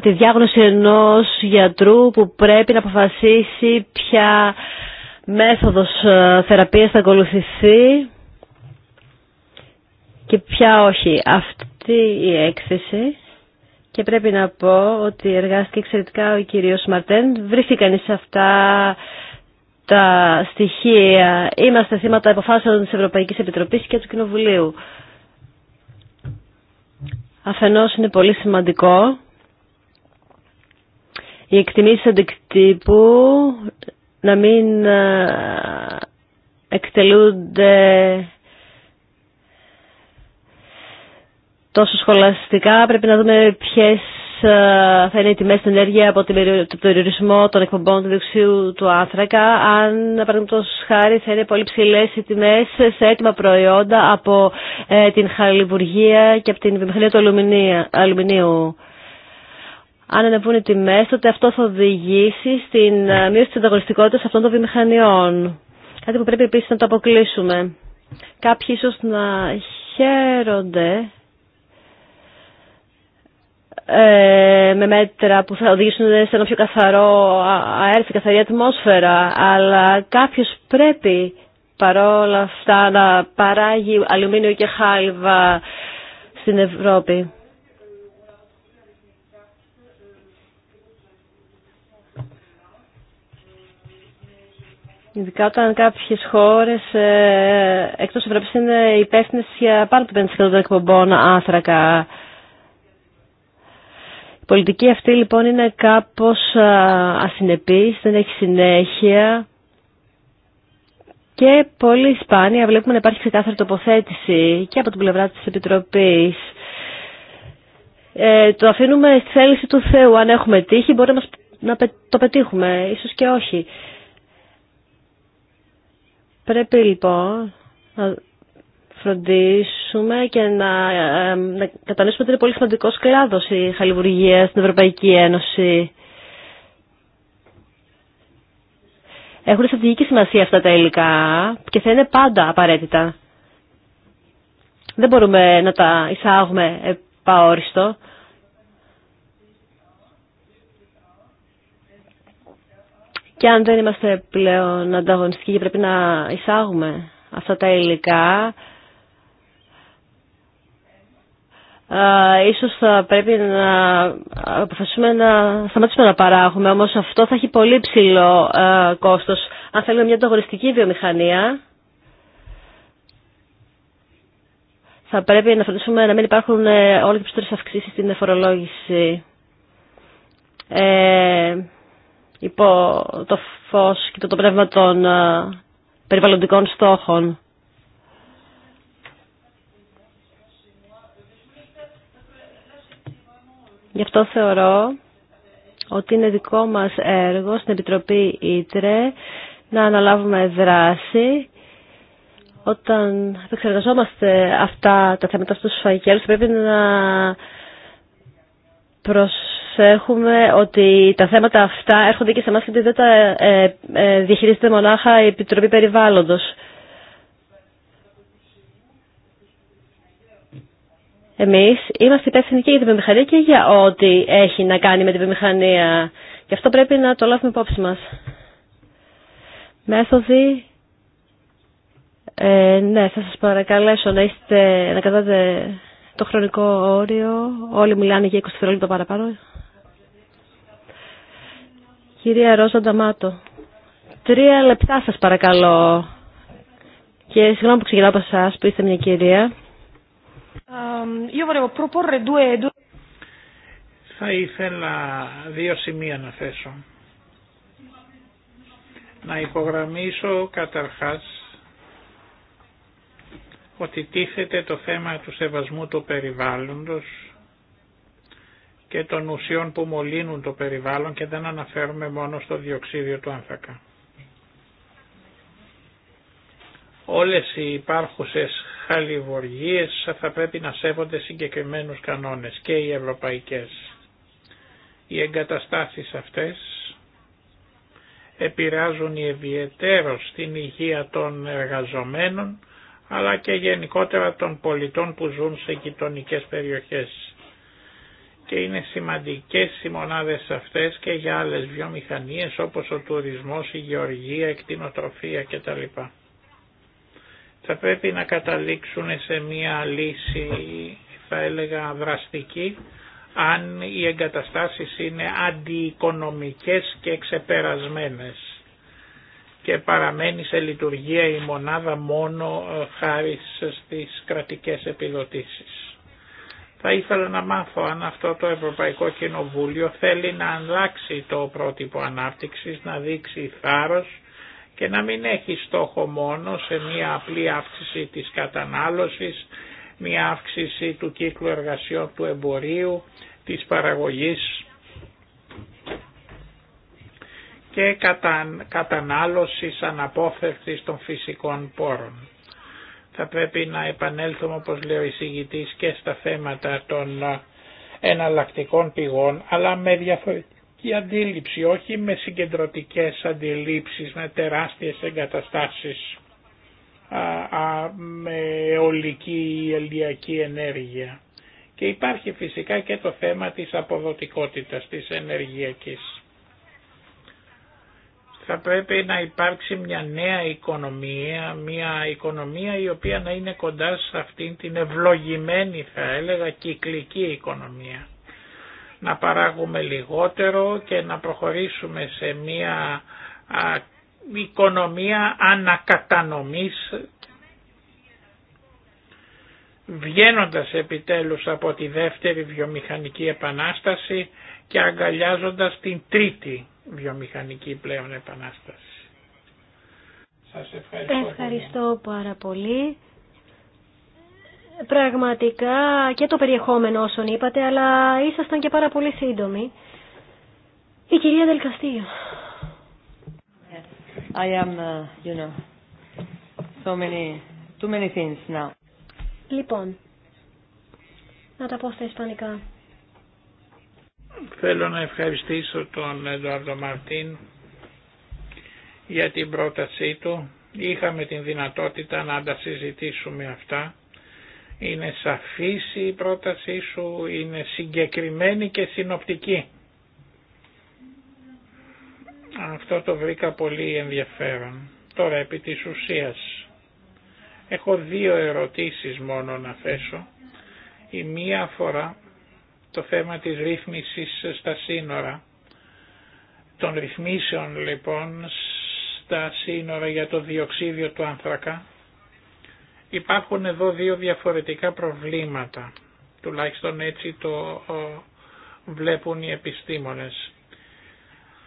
Speaker 3: τη διάγνωση ενός γιατρού που πρέπει να αποφασίσει ποια μέθοδος θεραπείας θα ακολουθηθεί και ποια όχι. Αυτή η έκθεση και πρέπει να πω ότι εργάστηκε εξαιρετικά ο κύριος Μαρτέν. Βρίσκει κανείς αυτά τα στοιχεία. Είμαστε θύματα αποφάσεων της Ευρωπαϊκής Επιτροπής και του Κοινοβουλίου. Αφενός είναι πολύ σημαντικό οι εκτιμήσεις αντικτύπου να μην ε, εκτελούνται τόσο σχολαστικά. Πρέπει να δούμε ποιες ε, θα είναι οι τιμές στην ενέργεια από το περιορισμό των εκπομπών του διοξείου του άνθρακα. Αν, παραδείγματο χάρη, θα είναι πολύ ψηλέ οι τιμές σε έτοιμα προϊόντα από ε, την χαλιβουργία και από την βιομηχανία του αλουμινίου. Αν ανεβούν οι τιμές, τότε αυτό θα οδηγήσει στην ε, μείωση της ανταγωνιστικότητας αυτών των βιομηχανιών. Κάτι που πρέπει επίσης να το αποκλείσουμε. Κάποιοι ίσως να χαίρονται ε, με μέτρα που θα οδηγήσουν σε ένα πιο καθαρό αέρα, σε καθαρή ατμόσφαιρα, αλλά κάποιος πρέπει παρόλα αυτά να παράγει αλουμίνιο και χάλιβα στην Ευρώπη. Ειδικά όταν κάποιες χώρες ε, εκτός Ευρώπης είναι υπεύθυνες για πάνω από 5% των εκπομπών άνθρακα. Η πολιτική αυτή λοιπόν είναι κάπως ασυνεπής, δεν έχει συνέχεια και πολύ σπάνια βλέπουμε να υπάρχει ξεκάθαρη τοποθέτηση και από την πλευρά της Επιτροπής. Ε, το αφήνουμε στη θέληση του Θεού. Αν έχουμε τύχη μπορεί να, να το πετύχουμε, ίσως και όχι. Πρέπει λοιπόν να φροντίσουμε και να, να κατανοήσουμε ότι είναι πολύ σημαντικό κλάδο η χαλιβουργία στην Ευρωπαϊκή Ένωση. Έχουν στρατηγική σημασία αυτά τα υλικά και θα είναι πάντα απαραίτητα. Δεν μπορούμε να τα εισάγουμε επαόριστο. Και αν δεν είμαστε πλέον ανταγωνιστικοί και πρέπει να εισάγουμε αυτά τα υλικά, ίσως θα πρέπει να αποφασίσουμε να σταματήσουμε να παράγουμε, όμως αυτό θα έχει πολύ ψηλό κόστος. Αν θέλουμε μια ανταγωνιστική βιομηχανία, θα πρέπει να φροντίσουμε να μην υπάρχουν ε, όλες τις περισσότερες αυξήσεις στην εφορολόγηση Ε, υπό το φως και το, το πνεύμα των ε, περιβαλλοντικών στόχων. Γι' αυτό θεωρώ ότι είναι δικό μας έργο στην Επιτροπή Ήτρε να αναλάβουμε δράση όταν επεξεργαζόμαστε αυτά τα θέματα στους φαγγέλους πρέπει να προσέχουμε ότι τα θέματα αυτά έρχονται και σε εμάς και δεν τα ε, ε, διαχειρίζεται μονάχα η Επιτροπή Περιβάλλοντος. Εμείς είμαστε υπεύθυνοι και για την βιομηχανία και για ό,τι έχει να κάνει με την βιομηχανία. Και αυτό πρέπει να το λάβουμε υπόψη μα. Μέθοδοι. Ε, ναι, θα σας παρακαλέσω να, είστε, να κρατάτε το χρονικό όριο. Όλοι μιλάνε για 20 το παραπάνω. Κυρία Ρόζα Νταμάτο, τρία λεπτά σας παρακαλώ. Και συγγνώμη που ξεκινάω από εσάς που είστε μια κυρία.
Speaker 4: Θα ήθελα δύο σημεία να θέσω. Να υπογραμμίσω καταρχάς ότι τίθεται το θέμα του σεβασμού του περιβάλλοντος και των ουσιών που μολύνουν το περιβάλλον και δεν αναφέρουμε μόνο στο διοξίδιο του άνθρακα. όλες οι υπάρχουσες χαλιβοργίες θα πρέπει να σέβονται συγκεκριμένους κανόνες και οι ευρωπαϊκές. Οι εγκαταστάσεις αυτές επηρεάζουν ιδιαιτέρως την υγεία των εργαζομένων αλλά και γενικότερα των πολιτών που ζουν σε γειτονικέ περιοχές. Και είναι σημαντικές οι μονάδες αυτές και για άλλες βιομηχανίες όπως ο τουρισμός, η γεωργία, η κτηνοτροφία κτλ θα πρέπει να καταλήξουν σε μία λύση θα έλεγα δραστική αν οι εγκαταστάσεις είναι αντιοικονομικές και ξεπερασμένες και παραμένει σε λειτουργία η μονάδα μόνο ε, χάρη στις κρατικές επιδοτήσεις. Θα ήθελα να μάθω αν αυτό το Ευρωπαϊκό Κοινοβούλιο θέλει να αλλάξει το πρότυπο ανάπτυξης, να δείξει θάρρος και να μην έχει στόχο μόνο σε μια απλή αύξηση της κατανάλωσης, μια αύξηση του κύκλου εργασιών του εμπορίου, της παραγωγής και κατανάλωση κατανάλωσης αναπόφευκτης των φυσικών πόρων. Θα πρέπει να επανέλθουμε όπως λέει ο εισηγητής και στα θέματα των ε, εναλλακτικών πηγών αλλά με διαφορετική η αντίληψη, όχι με συγκεντρωτικές αντιλήψεις, με τεράστιες εγκαταστάσεις, α, με ολική ή ελιακή ενέργεια. Και υπάρχει φυσικά και το θέμα της αποδοτικότητας, της ενεργειακής. Θα πρέπει να υπάρξει μια νέα οικονομία, μια οικονομία η οποία να είναι κοντά σε αυτήν την ευλογημένη θα έλεγα κυκλική οικονομία να παράγουμε λιγότερο και να προχωρήσουμε σε μια οικονομία ανακατανομής βγαίνοντας επιτέλους από τη δεύτερη βιομηχανική επανάσταση και αγκαλιάζοντας την τρίτη βιομηχανική πλέον επανάσταση. Σας ευχαριστώ. Ευχαριστώ
Speaker 2: πάρα πολύ πραγματικά και το περιεχόμενο όσων είπατε, αλλά ήσασταν και πάρα πολύ σύντομοι. Η κυρία Δελκαστίο. Uh, λοιπόν, να τα πω στα ισπανικά.
Speaker 4: Θέλω να ευχαριστήσω τον Εντουάρδο Μαρτίν για την πρότασή του. Είχαμε την δυνατότητα να τα συζητήσουμε αυτά είναι σαφής η πρότασή σου, είναι συγκεκριμένη και συνοπτική. Αυτό το βρήκα πολύ ενδιαφέρον. Τώρα επί της ουσίας. Έχω δύο ερωτήσεις μόνο να θέσω. Η μία αφορά το θέμα της ρύθμισης στα σύνορα. Των ρυθμίσεων λοιπόν στα σύνορα για το διοξίδιο του άνθρακα Υπάρχουν εδώ δύο διαφορετικά προβλήματα, τουλάχιστον έτσι το βλέπουν οι επιστήμονες.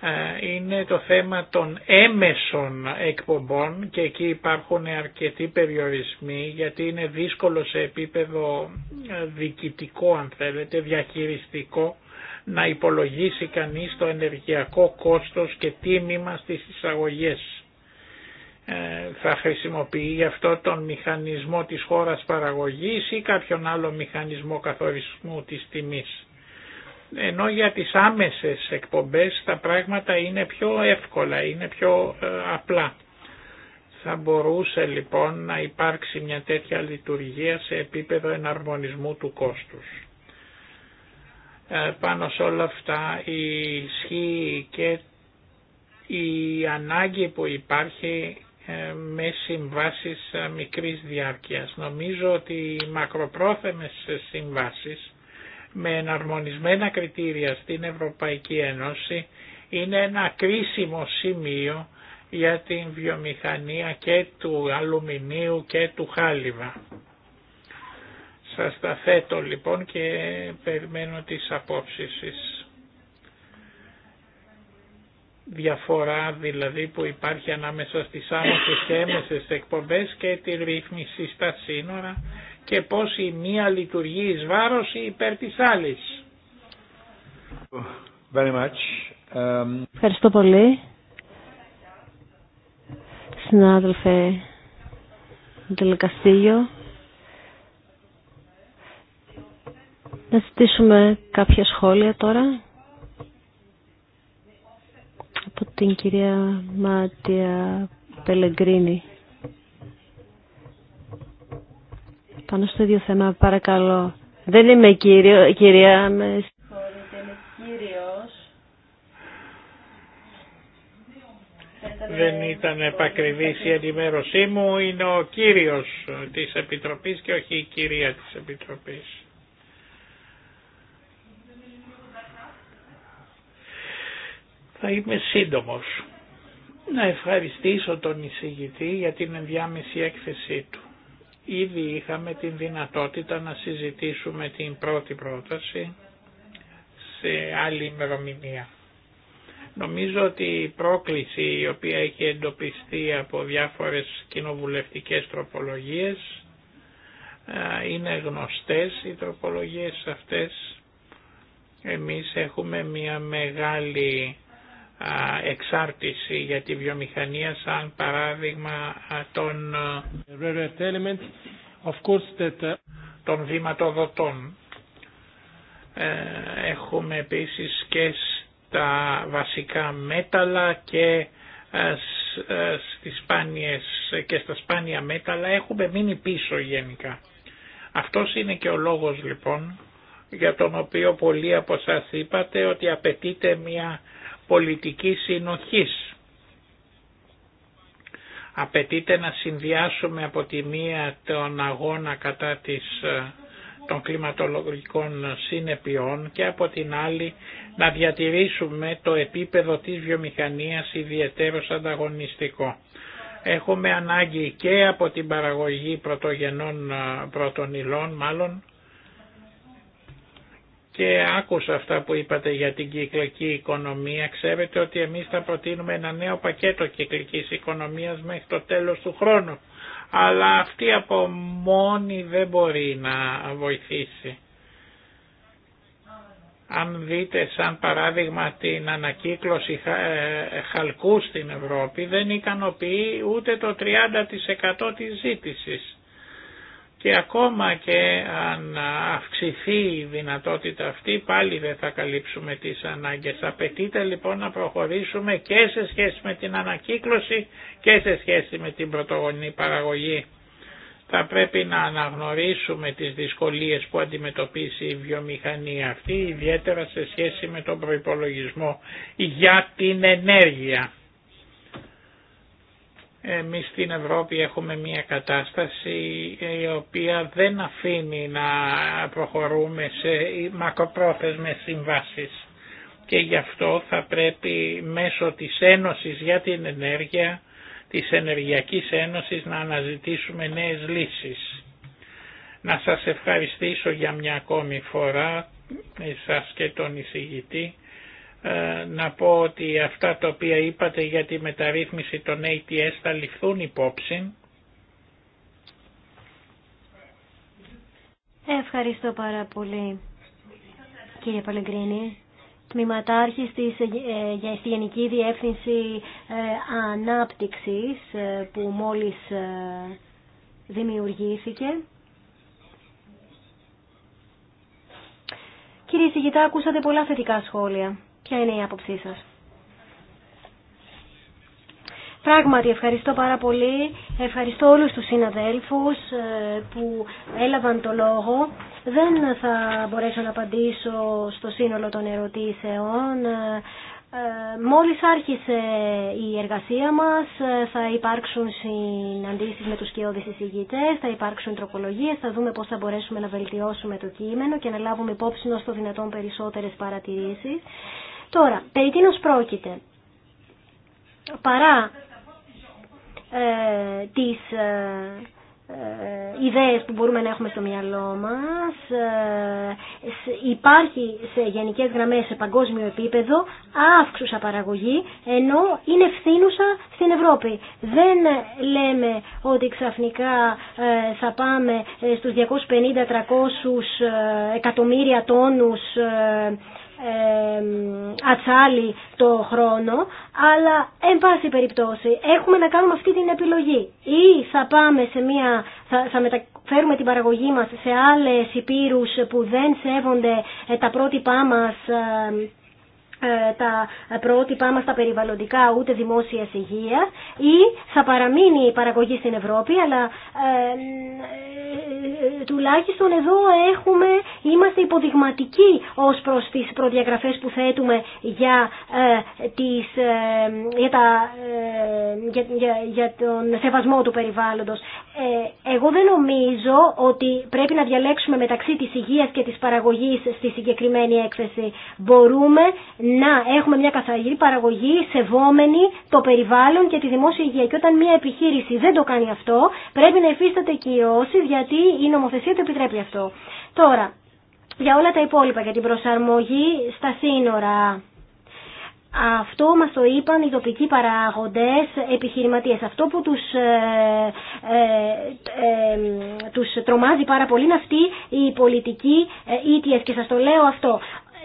Speaker 4: Ε, είναι το θέμα των έμεσων εκπομπών και εκεί υπάρχουν αρκετοί περιορισμοί γιατί είναι δύσκολο σε επίπεδο ε, διοικητικό αν θέλετε, διαχειριστικό να υπολογίσει κανείς το ενεργειακό κόστος και τίμημα στις εισαγωγές. Ε, θα χρησιμοποιεί γι' αυτό τον μηχανισμό της χώρας παραγωγής ή κάποιον άλλο μηχανισμό καθορισμού της τιμής. Ενώ για τις άμεσες εκπομπές τα πράγματα είναι πιο εύκολα, είναι πιο ε, απλά. Θα μπορούσε λοιπόν να υπάρξει μια τέτοια λειτουργία σε επίπεδο εναρμονισμού του κόστους. Ε, πάνω σε όλα αυτά ισχύει και η ανάγκη που υπάρχει ε, με συμβάσεις ε, μικρής διάρκειας. Νομίζω ότι οι μακροπρόθεμες συμβάσεις με εναρμονισμένα κριτήρια στην Ευρωπαϊκή Ένωση είναι ένα κρίσιμο σημείο για την βιομηχανία και του αλουμινίου και του χάλιβα. Σας τα θέτω λοιπόν και περιμένω τις απόψεις διαφορά δηλαδή που υπάρχει ανάμεσα στις άμεσες και έμεσες εκπομπές και τη ρύθμιση στα σύνορα και πώς η μία λειτουργεί εις βάρος ή υπέρ της άλλης.
Speaker 1: Um,
Speaker 3: Ευχαριστώ πολύ. Συνάδελφε Ντελεκαστήγιο. Να ζητήσουμε κάποια σχόλια τώρα από την κυρία Μάτια Πελεγκρίνη. Πάνω στο ίδιο θέμα, παρακαλώ. Δεν είμαι κύριο, κυρία, με
Speaker 4: συγχωρείτε, είμαι κύριος. Δεν ήταν επακριβής η ενημέρωσή μου, είναι ο κύριος της Επιτροπής και όχι η κυρία της Επιτροπής. Θα είμαι σύντομος. Να ευχαριστήσω τον εισηγητή για την ενδιάμεση έκθεσή του. Ήδη είχαμε την δυνατότητα να συζητήσουμε την πρώτη πρόταση σε άλλη ημερομηνία. Νομίζω ότι η πρόκληση η οποία έχει εντοπιστεί από διάφορες κοινοβουλευτικές τροπολογίες είναι γνωστές οι τροπολογίες αυτές. Εμείς έχουμε μια μεγάλη εξάρτηση για τη βιομηχανία σαν παράδειγμα των, uh, των βηματοδοτών. Ε, έχουμε επίσης και στα βασικά μέταλλα και στις σπάνιες και στα σπάνια μέταλλα έχουμε μείνει πίσω γενικά. Αυτός είναι και ο λόγος λοιπόν για τον οποίο πολλοί από σας είπατε ότι απαιτείται μια πολιτικής συνοχής. Απαιτείται να συνδυάσουμε από τη μία τον αγώνα κατά της, ε, των κλιματολογικών συνεπειών και από την άλλη να διατηρήσουμε το επίπεδο της βιομηχανίας ιδιαίτερως ανταγωνιστικό. Έχουμε ανάγκη και από την παραγωγή πρωτογενών ε, πρωτονυλών μάλλον και άκουσα αυτά που είπατε για την κυκλική οικονομία. Ξέρετε ότι εμείς θα προτείνουμε ένα νέο πακέτο κυκλικής οικονομίας μέχρι το τέλος του χρόνου. Αλλά αυτή από μόνη δεν μπορεί να βοηθήσει. Αν δείτε σαν παράδειγμα την ανακύκλωση ε, χαλκού στην Ευρώπη δεν ικανοποιεί ούτε το 30% της ζήτησης και ακόμα και αν αυξηθεί η δυνατότητα αυτή πάλι δεν θα καλύψουμε τις ανάγκες. Απαιτείται λοιπόν να προχωρήσουμε και σε σχέση με την ανακύκλωση και σε σχέση με την πρωτογονή παραγωγή. Θα πρέπει να αναγνωρίσουμε τις δυσκολίες που αντιμετωπίσει η βιομηχανία αυτή, ιδιαίτερα σε σχέση με τον προϋπολογισμό για την ενέργεια. Εμείς στην Ευρώπη έχουμε μια κατάσταση ε, η οποία δεν αφήνει να προχωρούμε σε μακροπρόθεσμες συμβάσεις και γι' αυτό θα πρέπει μέσω της Ένωσης για την Ενέργεια, της Ενεργειακής Ένωσης να αναζητήσουμε νέες λύσεις. Να σας ευχαριστήσω για μια ακόμη φορά εσάς και τον εισηγητή ε, να πω ότι αυτά τα οποία είπατε για τη μεταρρύθμιση των ATS θα ληφθούν υπόψη.
Speaker 2: Ευχαριστώ πάρα πολύ κύριε Παλεγκρίνη. Τμήματάρχης της, ε, για στη Γενική Διεύθυνση ε, Ανάπτυξης που μόλις δημιουργήθηκε. Κύριε Σιγητά, ακούσατε πολλά θετικά σχόλια. Ποια είναι η άποψή σας. Πράγματι, ευχαριστώ πάρα πολύ. Ευχαριστώ όλους τους συναδέλφους ε, που έλαβαν το λόγο. Δεν θα μπορέσω να απαντήσω στο σύνολο των ερωτήσεων. Ε, ε, μόλις άρχισε η εργασία μας, θα υπάρξουν συναντήσεις με τους κοιόδης εισηγητές, θα υπάρξουν τροπολογίες, θα δούμε πώς θα μπορέσουμε να βελτιώσουμε το κείμενο και να λάβουμε υπόψη ως το δυνατόν περισσότερες παρατηρήσεις. Τώρα, περί τίνος πρόκειται. Παρά ε, τις ε, ε, ιδέες που μπορούμε να έχουμε στο μυαλό μας ε, υπάρχει σε γενικές γραμμές σε παγκόσμιο επίπεδο αύξουσα παραγωγή ενώ είναι ευθύνουσα στην Ευρώπη δεν λέμε ότι ξαφνικά ε, θα πάμε ε, στους 250-300 εκατομμύρια τόνους ατσάλι το χρόνο αλλά εν πάση περιπτώσει έχουμε να κάνουμε αυτή την επιλογή ή θα πάμε σε μια θα, θα μεταφέρουμε την παραγωγή μας σε άλλες υπήρους που δεν σέβονται ε, τα πρότυπά μας ε, τα πρότυπά μας τα περιβαλλοντικά ούτε δημόσια υγεία ή θα παραμείνει η παραγωγή στην Ευρώπη αλλά ε, ε, τουλάχιστον εδώ έχουμε, είμαστε υποδειγματικοί ως προς τις προδιαγραφές που θέτουμε για, τις, για, για, τον σεβασμό του περιβάλλοντος. εγώ δεν νομίζω ότι πρέπει να διαλέξουμε μεταξύ της υγείας και της παραγωγής στη συγκεκριμένη έκθεση. Μπορούμε να έχουμε μια καθαρή παραγωγή σεβόμενη το περιβάλλον και τη δημόσια υγεία. Και όταν μια επιχείρηση δεν το κάνει αυτό, πρέπει να υφίσταται όσοι, γιατί η νομοθεσία το επιτρέπει αυτό. Τώρα, για όλα τα υπόλοιπα, για την προσαρμογή στα σύνορα. Αυτό μας το είπαν οι τοπικοί παράγοντες επιχειρηματίες. Αυτό που τους, ε, ε, τους τρομάζει πάρα πολύ είναι αυτή η πολιτική ε, ETS και σας το λέω αυτό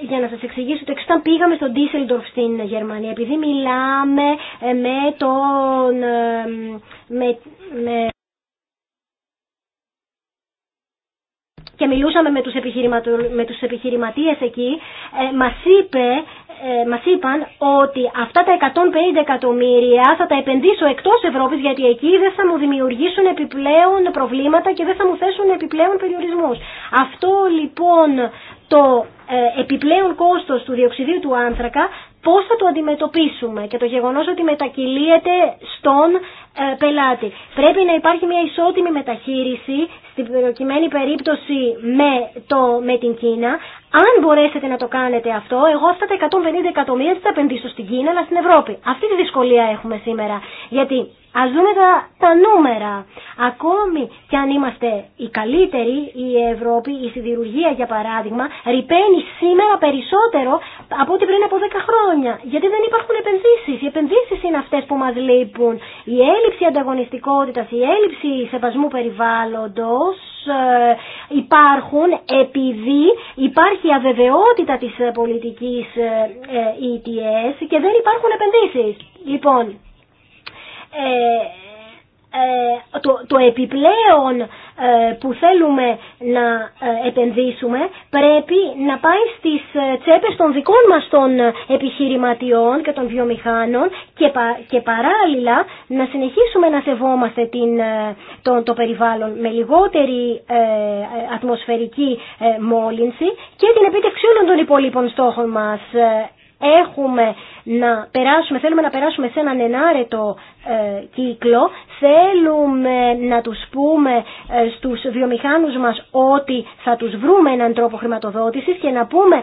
Speaker 2: για να σας εξηγήσω ότι όταν πήγαμε στον Ντίσελντορφ στην Γερμανία, επειδή μιλάμε ε, με τον... Ε, με, με, και μιλούσαμε με τους, επιχειρηματο με τους επιχειρηματίες εκεί, ε, μας είπε ε, μας είπαν ότι αυτά τα 150 εκατομμύρια θα τα επενδύσω εκτός Ευρώπης γιατί εκεί δεν θα μου δημιουργήσουν επιπλέον προβλήματα και δεν θα μου θέσουν επιπλέον περιορισμούς. Αυτό λοιπόν το ε, επιπλέον κόστος του διοξιδίου του άνθρακα πώς θα το αντιμετωπίσουμε και το γεγονός ότι μετακυλίεται στον ε, πελάτη. Πρέπει να υπάρχει μια ισότιμη μεταχείριση στην προκειμένη περίπτωση με, το, με την Κίνα. Αν μπορέσετε να το κάνετε αυτό, εγώ αυτά τα 150 εκατομμύρια θα επενδύσω στην Κίνα, αλλά στην Ευρώπη. Αυτή τη δυσκολία έχουμε σήμερα. Γιατί α δούμε τα, νούμερα. Ακόμη κι αν είμαστε οι καλύτεροι, η Ευρώπη, η σιδηρουργία για παράδειγμα, ρηπαίνει σήμερα περισσότερο από ό,τι πριν από 10 χρόνια. Γιατί δεν υπάρχουν επενδύσει. Οι επενδύσει είναι αυτέ που μα λείπουν. Η έλλειψη ανταγωνιστικότητας, η έλλειψη σεβασμού περιβάλλοντος ε, υπάρχουν επειδή υπάρχει αβεβαιότητα της πολιτικής ETS ε, ε, και δεν υπάρχουν επενδύσεις. Λοιπόν, ε, το, το επιπλέον ε, που θέλουμε να ε, επενδύσουμε πρέπει να πάει στις τσέπες των δικών μας των επιχειρηματιών και των βιομηχάνων και, παράλληλα να συνεχίσουμε να σεβόμαστε την, το, το περιβάλλον με λιγότερη ατμοσφαιρική μόλυνση και την επίτευξη όλων των υπολείπων στόχων μας έχουμε να περάσουμε, θέλουμε να περάσουμε σε έναν ενάρετο ε, κύκλο, θέλουμε να τους πούμε ε, στους βιομηχάνους μας ότι θα τους βρούμε έναν τρόπο χρηματοδότησης και να πούμε,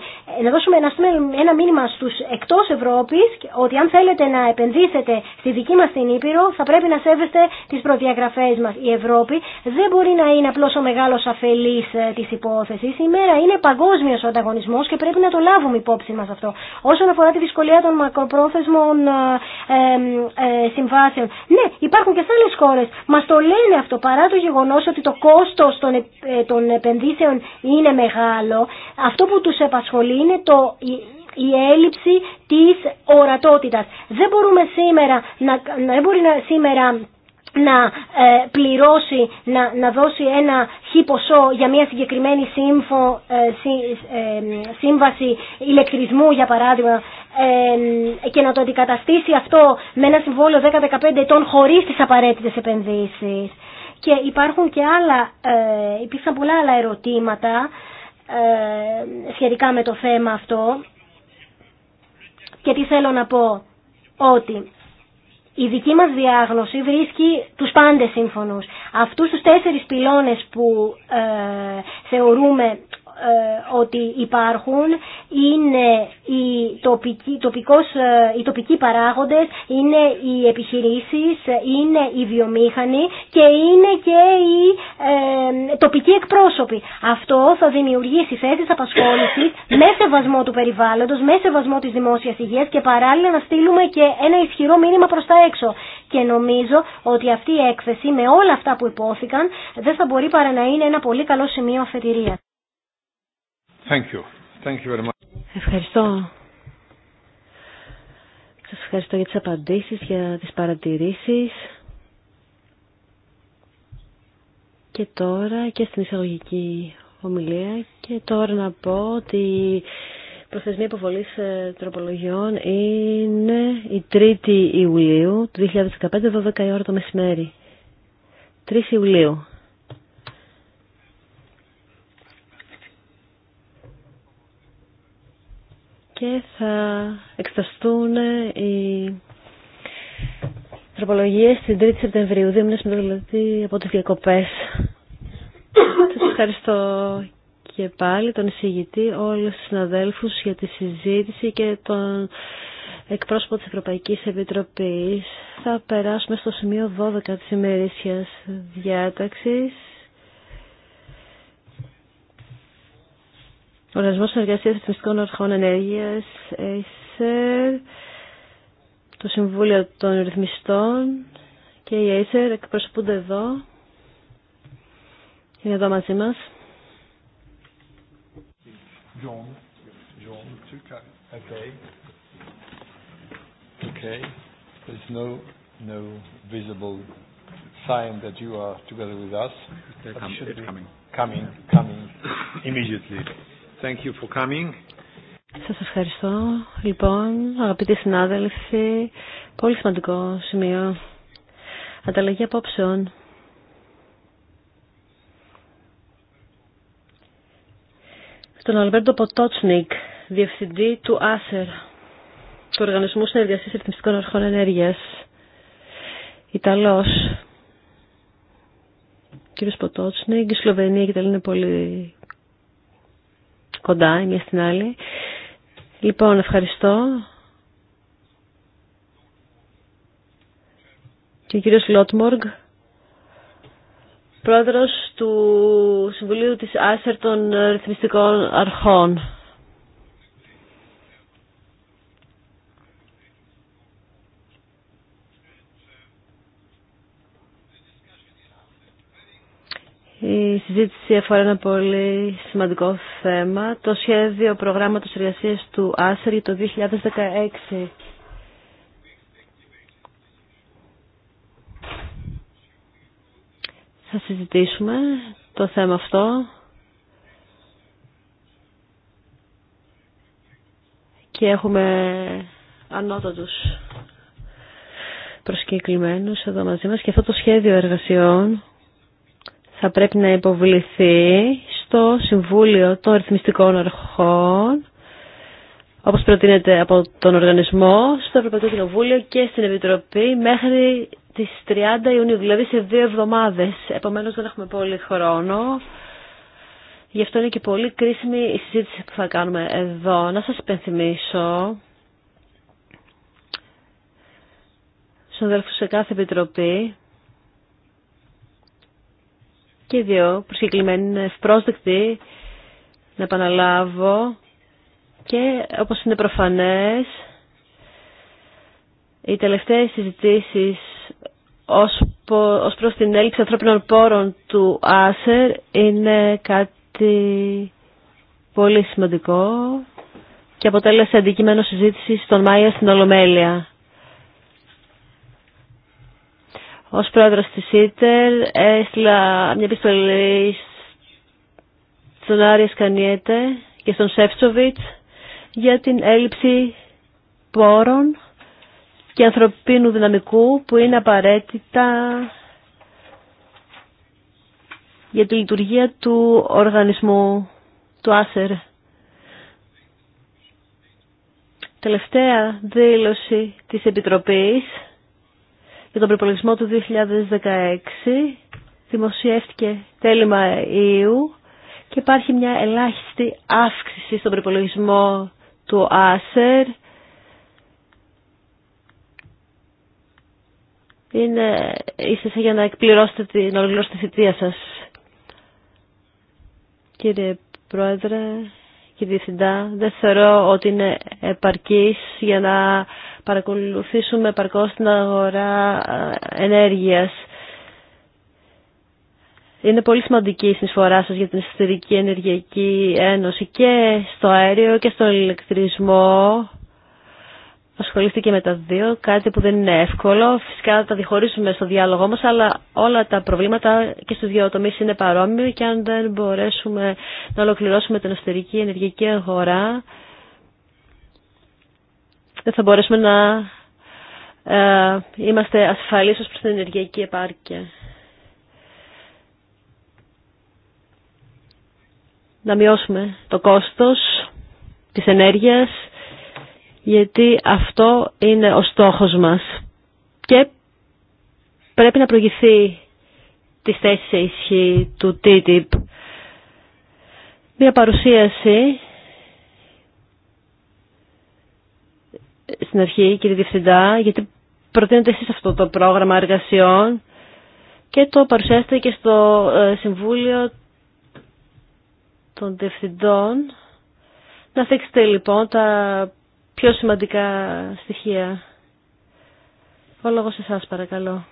Speaker 2: να δώσουμε ένα, ένα μήνυμα στους εκτός Ευρώπης ότι αν θέλετε να επενδύσετε στη δική μας την Ήπειρο θα πρέπει να σέβεστε τις προδιαγραφές μας. Η Ευρώπη δεν μπορεί να είναι απλώς ο μεγάλος αφελής ε, της υπόθεσης. Η είναι παγκόσμιος ο ανταγωνισμός και πρέπει να το λάβουμε υπόψη μας αυτό. Όσον αφορά τη δυσκολία των μακροπρόθεσμων ε, ε, συμβάσεων, ναι, υπάρχουν και σε άλλε χώρε. Μα το λένε αυτό παρά το γεγονό ότι το κόστο ε, των επενδύσεων είναι μεγάλο. Αυτό που του επασχολεί είναι το η έλλειψη της ορατότητας. Δεν μπορούμε σήμερα να, δεν μπορεί να, σήμερα να ε, πληρώσει, να, να δώσει ένα χι ποσό για μια συγκεκριμένη σύμφω, ε, ε, σύμβαση ηλεκτρισμού για παράδειγμα και να το αντικαταστήσει αυτό με ένα συμβόλαιο 10-15 ετών χωρίς τις απαραίτητες επενδύσεις. Και υπάρχουν και άλλα, υπήρξαν πολλά άλλα ερωτήματα σχετικά με το θέμα αυτό και τι θέλω να πω ότι η δική μας διάγνωση βρίσκει τους πάντες σύμφωνους. Αυτούς τους τέσσερις πυλώνες που ε, θεωρούμε ε, ότι υπάρχουν είναι οι τοπικοί, τοπικός, ε, οι τοπικοί παράγοντες, είναι οι επιχειρήσεις, είναι οι βιομήχανοι και είναι και οι ε, τοπικοί εκπρόσωποι. Αυτό θα δημιουργήσει θέσεις απασχόλησης με σεβασμό του περιβάλλοντος, με σεβασμό της δημόσιας υγείας και παράλληλα να στείλουμε και ένα ισχυρό μήνυμα προς τα έξω. Και νομίζω ότι αυτή η έκθεση με όλα αυτά που υπόθηκαν δεν θα μπορεί παρά να είναι ένα πολύ καλό σημείο αφετηρίας.
Speaker 1: Thank you. Thank you very much.
Speaker 3: Ευχαριστώ. ευχαριστώ για τις απαντήσεις, για τις παρατηρήσεις. Και τώρα και στην εισαγωγική ομιλία και τώρα να πω ότι προθεσμία υποβολής ε, τροπολογιών είναι η 3η Ιουλίου του 2015, 12 η ώρα το μεσημέρι. 3 Ιουλίου. και θα εκταστούν οι τροπολογίες την 3η Σεπτεμβρίου, δύο μήνες δηλαδή, από τις διακοπές. Σας ευχαριστώ και πάλι τον εισηγητή, όλους τους συναδέλφους για τη συζήτηση και τον εκπρόσωπο της Ευρωπαϊκής Επιτροπής. Θα περάσουμε στο σημείο 12 της ημερήσιας διάταξης. Οργανισμός Εργασίας Εθνιστικών Ορχών Ενέργειας, ACER, το Συμβούλιο των Ρυθμιστών και η ACER εκπροσωπούνται εδώ. Είναι εδώ μαζί μας.
Speaker 1: John. John okay. Okay. There's no, no visible sign that you are together with us. They're coming. Coming. Coming. Immediately.
Speaker 3: Σας ευχαριστώ. Λοιπόν, αγαπητοί συνάδελφοι, πολύ σημαντικό σημείο. Ανταλλαγή απόψεων. Στον Αλβέρντο Ποτότσνικ, διευθυντή του ΆΣΕΡ, του Οργανισμού Συνεργασίας Ερθμιστικών Αρχών Ενέργειας, Ιταλός. Κύριος Ποτότσνικ, η Σλοβενία και τα είναι πολύ κοντά η μία στην άλλη. Λοιπόν, ευχαριστώ. Και ο κύριος Λότμοργ, πρόεδρος του Συμβουλίου της Άσερ των Ρυθμιστικών Αρχών. Η συζήτηση αφορά ένα πολύ σημαντικό θέμα, το σχέδιο προγράμματος εργασίας του Άσερ το 2016. Θα συζητήσουμε το θέμα αυτό και έχουμε ανώτατους προσκεκλημένους εδώ μαζί μας και αυτό το σχέδιο εργασιών θα πρέπει να υποβληθεί στο Συμβούλιο των Ρυθμιστικών Αρχών όπως προτείνεται από τον οργανισμό, στο Ευρωπαϊκό Κοινοβούλιο και στην Επιτροπή μέχρι τις 30 Ιουνίου, δηλαδή σε δύο εβδομάδες. Επομένως δεν έχουμε πολύ χρόνο. Γι' αυτό είναι και πολύ κρίσιμη η συζήτηση που θα κάνουμε εδώ. Να σας υπενθυμίσω στον σε κάθε επιτροπή και δύο προσκεκλημένοι είναι ευπρόσδεκτοι να επαναλάβω και όπως είναι προφανές οι τελευταίες συζητήσεις ως, ως προς την έλλειψη ανθρώπινων πόρων του ΆΣΕΡ είναι κάτι πολύ σημαντικό και αποτέλεσε αντικείμενο συζήτησης τον Μάια στην Ολομέλεια. Ως πρόεδρος της ΙΤΕΡ έστειλα μια επιστολή στον Άρια Σκανιέτε και στον Σεφτσοβιτς για την έλλειψη πόρων και ανθρωπίνου δυναμικού που είναι απαραίτητα για τη λειτουργία του οργανισμού του Άσερ. Τελευταία δήλωση της Επιτροπής για τον προπολογισμό του 2016 δημοσιεύτηκε τέλη Μαΐου και υπάρχει μια ελάχιστη αύξηση στον προπολογισμό του ΆΣΕΡ. Είναι ίσως για να εκπληρώσετε την τη θητεία σας. Κύριε Πρόεδρε, κύριε Διευθυντά, δεν θεωρώ ότι είναι επαρκής για να παρακολουθήσουμε παρκώς την αγορά ε, ενέργειας. Είναι πολύ σημαντική η συνεισφορά σας για την εσωτερική ενεργειακή ένωση και στο αέριο και στον ηλεκτρισμό. Ασχολήθηκε με τα δύο, κάτι που δεν είναι εύκολο. Φυσικά τα διχωρίσουμε στο διάλογό μας, αλλά όλα τα προβλήματα και στους δύο τομείς είναι παρόμοιοι και αν δεν μπορέσουμε να ολοκληρώσουμε την εσωτερική ενεργειακή αγορά, δεν θα μπορέσουμε να ε, είμαστε ασφαλείς ως προς την ενεργειακή επάρκεια. Να μειώσουμε το κόστος της ενέργειας, γιατί αυτό είναι ο στόχος μας. Και πρέπει να προηγηθεί τη θέση σε ισχύ του TTIP. Μια παρουσίαση στην αρχή, κύριε Διευθυντά, γιατί προτείνετε εσείς αυτό το πρόγραμμα εργασιών και το παρουσιάσετε και στο ε, Συμβούλιο των Διευθυντών. Να θέξετε λοιπόν τα πιο σημαντικά στοιχεία. Ο λόγος εσάς παρακαλώ.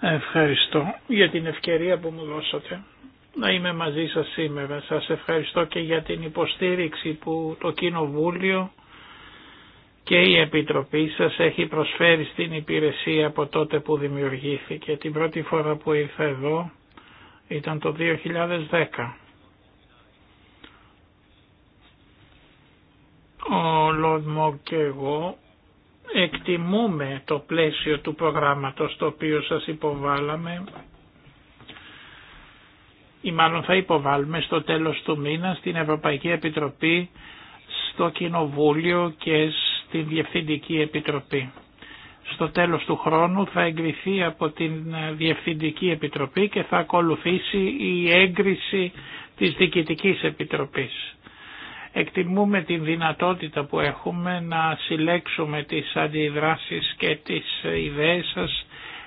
Speaker 4: Ευχαριστώ για την ευκαιρία που μου δώσατε να είμαι μαζί σας σήμερα. Σας ευχαριστώ και για την υποστήριξη που το Κοινοβούλιο και η Επιτροπή σας έχει προσφέρει στην υπηρεσία από τότε που δημιουργήθηκε. Την πρώτη φορά που ήρθα εδώ ήταν το 2010. Ο Λόντ Μόρ και εγώ εκτιμούμε το πλαίσιο του προγράμματος το οποίο σας υποβάλαμε ή μάλλον θα υποβάλουμε στο τέλος του μήνα στην Ευρωπαϊκή Επιτροπή, στο Κοινοβούλιο και στην Διευθυντική Επιτροπή. Στο τέλος του χρόνου θα εγκριθεί από την Διευθυντική Επιτροπή και θα ακολουθήσει η έγκριση της Διοικητικής Επιτροπής. Εκτιμούμε την δυνατότητα που έχουμε να συλλέξουμε τις αντιδράσεις και τις ιδέες σας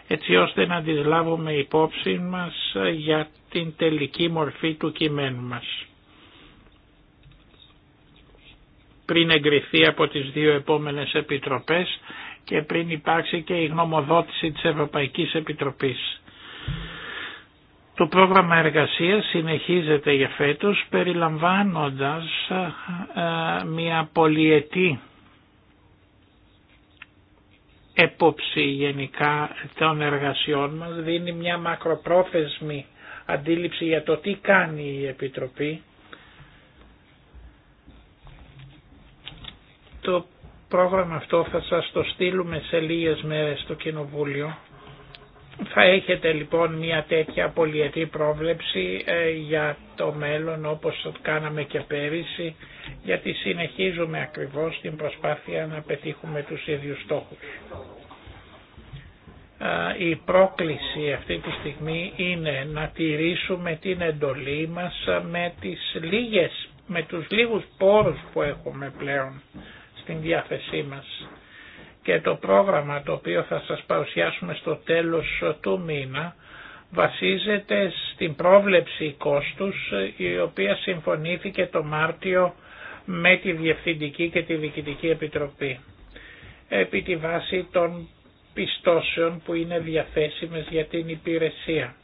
Speaker 4: έτσι ώστε να αντιλάβουμε υπόψη μας για την τελική μορφή του κειμένου μας. Πριν εγκριθεί από τις δύο επόμενες επιτροπές και πριν υπάρξει και η γνωμοδότηση της Ευρωπαϊκής Επιτροπής. Το πρόγραμμα εργασίας συνεχίζεται για φέτος περιλαμβάνοντας ε, μια πολυετή έποψη γενικά των εργασιών μας, δίνει μια μακροπρόθεσμη αντίληψη για το τι κάνει η Επιτροπή. Το πρόγραμμα αυτό θα σας το στείλουμε σε λίγες μέρες στο Κοινοβούλιο. Θα έχετε λοιπόν μια τέτοια πολυετή πρόβλεψη ε, για το μέλλον όπως το κάναμε και πέρυσι γιατί συνεχίζουμε ακριβώς την προσπάθεια να πετύχουμε τους ίδιους στόχους η πρόκληση αυτή τη στιγμή είναι να τηρήσουμε την εντολή μας με, τις λίγες, με τους λίγους πόρους που έχουμε πλέον στην διάθεσή μας. Και το πρόγραμμα το οποίο θα σας παρουσιάσουμε στο τέλος του μήνα βασίζεται στην πρόβλεψη κόστους η οποία συμφωνήθηκε το Μάρτιο με τη Διευθυντική και τη Διοικητική Επιτροπή επί τη βάση των πιστώσεων που είναι διαθέσιμες για την υπηρεσία.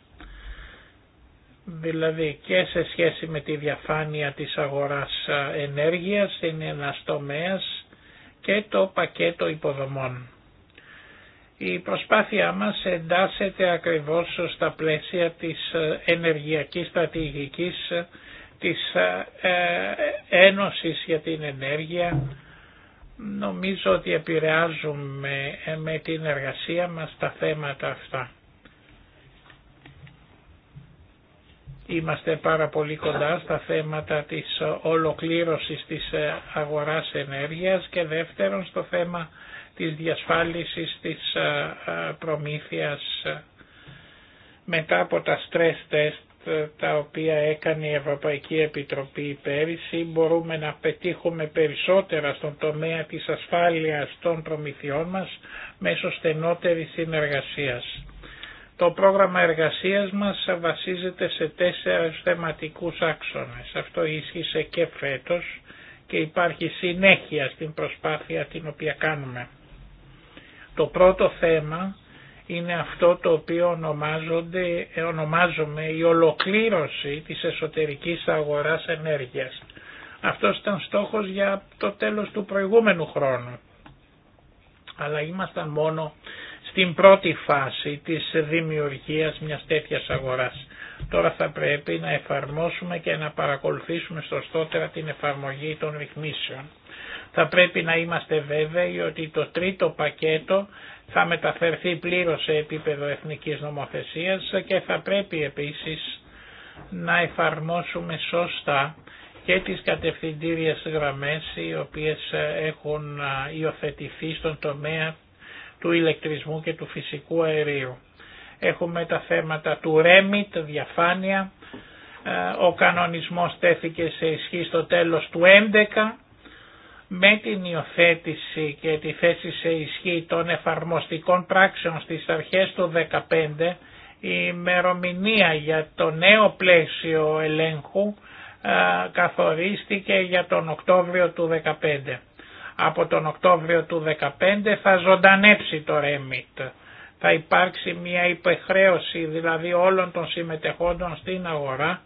Speaker 4: Δηλαδή και σε σχέση με τη διαφάνεια της αγοράς ενέργειας είναι ένα και το πακέτο υποδομών. Η προσπάθειά μας εντάσσεται ακριβώς στα πλαίσια της ενεργειακής στρατηγικής της ε, Ένωσης για την Ενέργεια νομίζω ότι επηρεάζουμε ε, με την εργασία μας τα θέματα αυτά. Είμαστε πάρα πολύ κοντά στα θέματα της ολοκλήρωσης της ε, αγοράς ενέργειας και δεύτερον στο θέμα της διασφάλισης της ε, προμήθειας μετά από τα stress test τα οποία έκανε η Ευρωπαϊκή Επιτροπή πέρυσι μπορούμε να πετύχουμε περισσότερα στον τομέα της ασφάλειας των προμηθειών μας μέσω στενότερης συνεργασίας. Το πρόγραμμα εργασίας μας βασίζεται σε τέσσερα θεματικούς άξονες. Αυτό ίσχυσε και φέτος και υπάρχει συνέχεια στην προσπάθεια την οποία κάνουμε. Το πρώτο θέμα είναι αυτό το οποίο ονομάζονται, ε, η ολοκλήρωση της εσωτερικής αγοράς ενέργειας. Αυτός ήταν στόχος για το τέλος του προηγούμενου χρόνου. Αλλά ήμασταν μόνο στην πρώτη φάση της δημιουργίας μιας τέτοιας αγοράς. Τώρα θα πρέπει να εφαρμόσουμε και να παρακολουθήσουμε σωστότερα την εφαρμογή των ρυθμίσεων. Θα πρέπει να είμαστε βέβαιοι ότι το τρίτο πακέτο θα μεταφερθεί πλήρως σε επίπεδο εθνικής νομοθεσίας και θα πρέπει επίσης να εφαρμόσουμε σωστά και τις κατευθυντήριες γραμμές οι οποίες έχουν υιοθετηθεί στον τομέα του ηλεκτρισμού και του φυσικού αερίου. Έχουμε τα θέματα του REMIT, διαφάνεια, ο κανονισμός τέθηκε σε ισχύ στο τέλος του 11 με την υιοθέτηση και τη θέση σε ισχύ των εφαρμοστικών πράξεων στις αρχές του 2015 η ημερομηνία για το νέο πλαίσιο ελέγχου καθορίστηκε για τον Οκτώβριο του 2015. Από τον Οκτώβριο του 2015 θα ζωντανέψει το REMIT. Θα υπάρξει μια υπεχρέωση δηλαδή όλων των συμμετεχόντων στην αγορά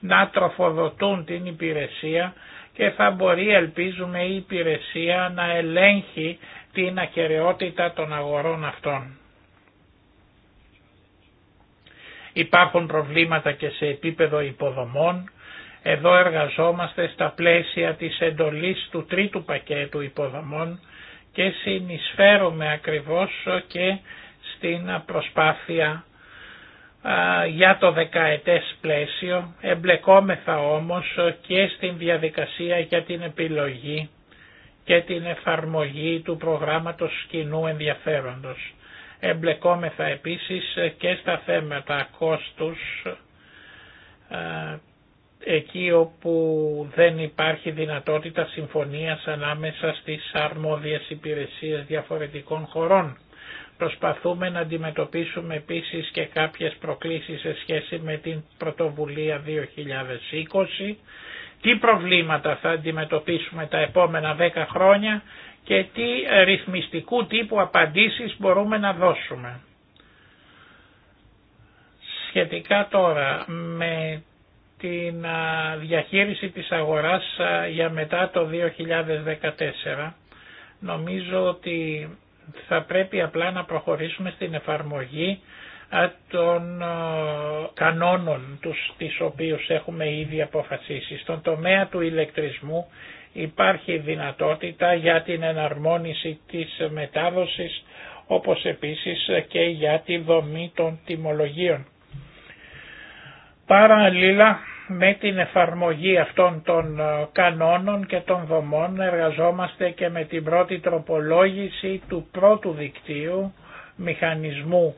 Speaker 4: να τροφοδοτούν την υπηρεσία και θα μπορεί ελπίζουμε η υπηρεσία να ελέγχει την ακεραιότητα των αγορών αυτών. Υπάρχουν προβλήματα και σε επίπεδο υποδομών. Εδώ εργαζόμαστε στα πλαίσια της εντολής του τρίτου πακέτου υποδομών και συνεισφέρομαι ακριβώς και στην προσπάθεια για το δεκαετές πλαίσιο, εμπλεκόμεθα όμως και στην διαδικασία για την επιλογή και την εφαρμογή του προγράμματος κοινού ενδιαφέροντος. Εμπλεκόμεθα επίσης και στα θέματα κόστους, εκεί όπου δεν υπάρχει δυνατότητα συμφωνίας ανάμεσα στις αρμόδιες υπηρεσίες διαφορετικών χωρών. Προσπαθούμε να αντιμετωπίσουμε επίσης και κάποιες προκλήσεις σε σχέση με την πρωτοβουλία 2020, τι προβλήματα θα αντιμετωπίσουμε τα επόμενα 10 χρόνια και τι ρυθμιστικού τύπου απαντήσεις μπορούμε να δώσουμε. Σχετικά τώρα με την διαχείριση της αγοράς για μετά το 2014, νομίζω ότι θα πρέπει απλά να προχωρήσουμε στην εφαρμογή των κανόνων τους, τις οποίους έχουμε ήδη αποφασίσει. Στον τομέα του ηλεκτρισμού υπάρχει δυνατότητα για την εναρμόνιση της μετάδοσης όπως επίσης και για τη δομή των τιμολογίων. Παραλλήλα με την εφαρμογή αυτών των ε, κανόνων και των δομών εργαζόμαστε και με την πρώτη τροπολόγηση του πρώτου δικτύου μηχανισμού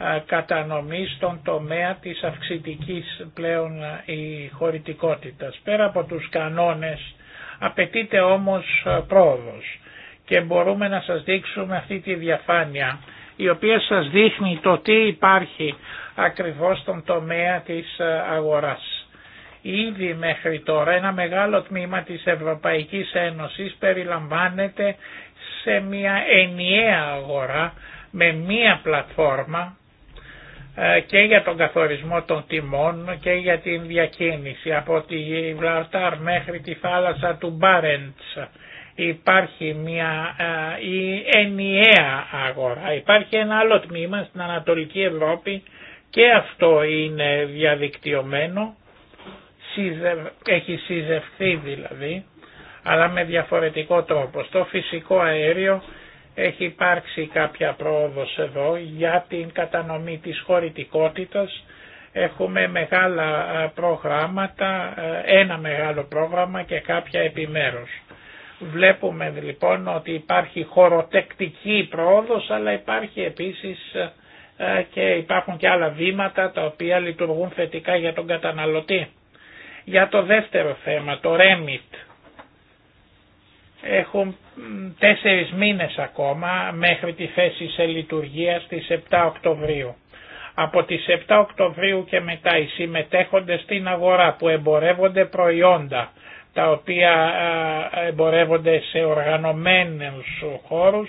Speaker 4: ε, κατανομής στον τομέα της αυξητικής πλέον ε, η χωρητικότητας. Πέρα από τους κανόνες απαιτείται όμως πρόοδος και μπορούμε να σας δείξουμε αυτή τη διαφάνεια η οποία σας δείχνει το τι υπάρχει ακριβώς στον τομέα της αγοράς. Ήδη μέχρι τώρα ένα μεγάλο τμήμα της Ευρωπαϊκής Ένωσης περιλαμβάνεται σε μια ενιαία αγορά με μία πλατφόρμα ε, και για τον καθορισμό των τιμών και για την διακίνηση από τη Βλαρτάρ μέχρι τη θάλασσα του Μπάρεντς υπάρχει μια ε, ενιαία αγορά. Υπάρχει ένα άλλο τμήμα στην Ανατολική Ευρώπη και αυτό είναι διαδικτυωμένο έχει σίζευθεί δηλαδή, αλλά με διαφορετικό τρόπο. Στο φυσικό αέριο έχει υπάρξει κάποια πρόοδος εδώ για την κατανομή της χωρητικότητας. Έχουμε μεγάλα προγράμματα, ένα μεγάλο πρόγραμμα και κάποια επιμέρους. Βλέπουμε λοιπόν ότι υπάρχει χωροτεκτική πρόοδος αλλά υπάρχει επίσης και υπάρχουν και άλλα βήματα τα οποία λειτουργούν θετικά για τον καταναλωτή. Για το δεύτερο θέμα, το REMIT, έχουν τέσσερις μήνες ακόμα μέχρι τη θέση σε λειτουργία στις 7 Οκτωβρίου. Από τις 7 Οκτωβρίου και μετά οι συμμετέχοντες στην αγορά που εμπορεύονται προϊόντα, τα οποία εμπορεύονται σε οργανωμένους χώρους,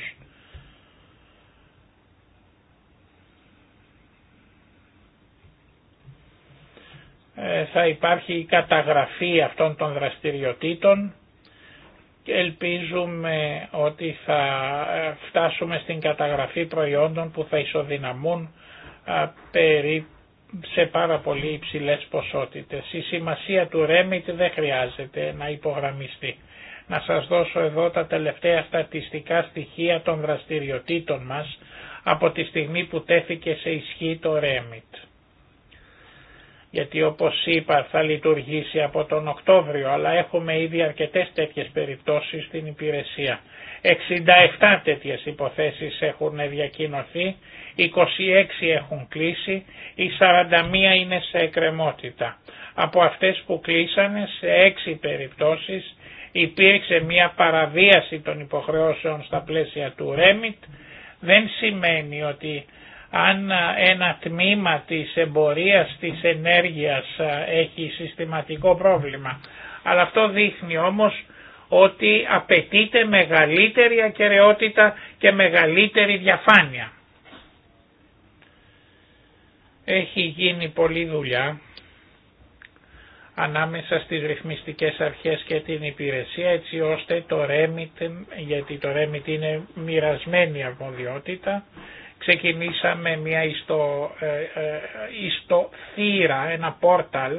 Speaker 4: Ε, θα υπάρχει η καταγραφή αυτών των δραστηριοτήτων και ελπίζουμε ότι θα ε, φτάσουμε στην καταγραφή προϊόντων που θα ισοδυναμούν σε πάρα πολύ υψηλές ποσότητες. Η σημασία του REMIT δεν χρειάζεται να υπογραμμιστεί. Να σας δώσω εδώ τα τελευταία στατιστικά στοιχεία των δραστηριοτήτων μας από τη στιγμή που τέθηκε σε ισχύ το REMIT γιατί όπως είπα θα λειτουργήσει από τον Οκτώβριο, αλλά έχουμε ήδη αρκετές τέτοιες περιπτώσεις στην υπηρεσία. 67 τέτοιες υποθέσεις έχουν διακοινωθεί, 26 έχουν κλείσει, οι 41 είναι σε εκκρεμότητα. Από αυτές που κλείσανε σε 6 περιπτώσεις υπήρξε μια παραβίαση των υποχρεώσεων στα πλαίσια του REMIT, δεν σημαίνει ότι αν ένα τμήμα της εμπορίας της ενέργειας έχει συστηματικό πρόβλημα. Αλλά αυτό δείχνει όμως ότι απαιτείται μεγαλύτερη ακεραιότητα και μεγαλύτερη διαφάνεια. Έχει γίνει πολλή δουλειά ανάμεσα στις ρυθμιστικές αρχές και την υπηρεσία έτσι ώστε το REMIT, γιατί το REMIT είναι μοιρασμένη αρμοδιότητα, Ξεκινήσαμε μια ιστο, ε, ε, ιστοθύρα, ένα πόρταλ,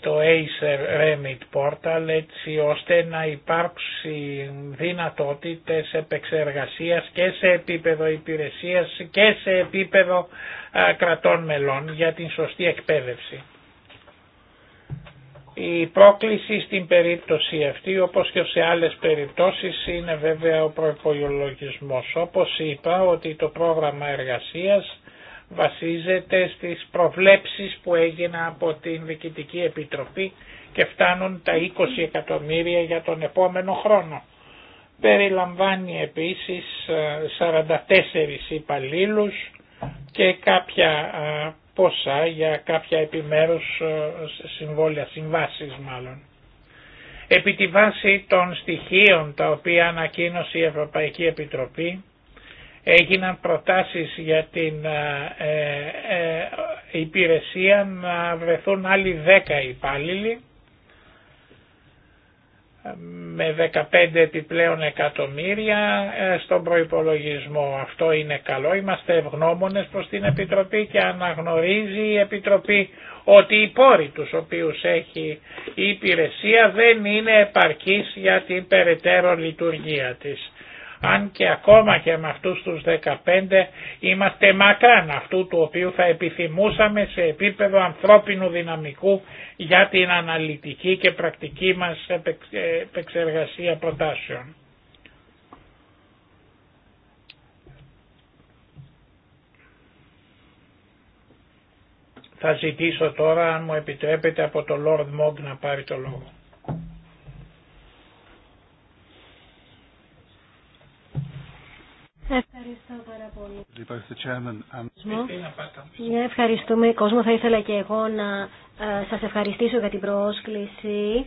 Speaker 4: το Acer Remit Portal έτσι ώστε να υπάρξει δυνατότητες επεξεργασίας και σε επίπεδο υπηρεσίας και σε επίπεδο ε, κρατών μελών για την σωστή εκπαίδευση. Η πρόκληση στην περίπτωση αυτή όπως και σε άλλες περιπτώσεις είναι βέβαια ο προϋπολογισμός. Όπως είπα ότι το πρόγραμμα εργασίας βασίζεται στις προβλέψεις που έγιναν από την Διοικητική Επιτροπή και φτάνουν τα 20 εκατομμύρια για τον επόμενο χρόνο. Περιλαμβάνει επίσης 44 ε, υπαλλήλους και κάποια ε, ποσά για κάποια επιμέρους ε, συμβόλια, συμβάσεις μάλλον. Επί τη βάση των στοιχείων τα οποία ανακοίνωσε η Ευρωπαϊκή Επιτροπή έγιναν προτάσεις για την ε, ε, υπηρεσία να βρεθούν άλλοι 10 υπάλληλοι με 15 επιπλέον εκατομμύρια ε, στον προϋπολογισμό. Αυτό είναι καλό. Είμαστε ευγνώμονες προς την Επιτροπή και αναγνωρίζει η Επιτροπή ότι οι πόροι τους οποίους έχει η υπηρεσία δεν είναι επαρκής για την περαιτέρω λειτουργία της αν και ακόμα και με αυτούς τους 15 είμαστε μακράν αυτού του οποίου θα επιθυμούσαμε σε επίπεδο ανθρώπινου δυναμικού για την αναλυτική και πρακτική μας επεξεργασία προτάσεων. Θα ζητήσω τώρα, αν μου επιτρέπετε, από τον Λόρδ Μόγκ να πάρει το λόγο.
Speaker 3: Ευχαριστώ
Speaker 2: πάρα
Speaker 1: πολύ.
Speaker 2: Ναι, ευχαριστούμε κόσμο. Θα ήθελα και εγώ να ε, σας ευχαριστήσω για την πρόσκληση.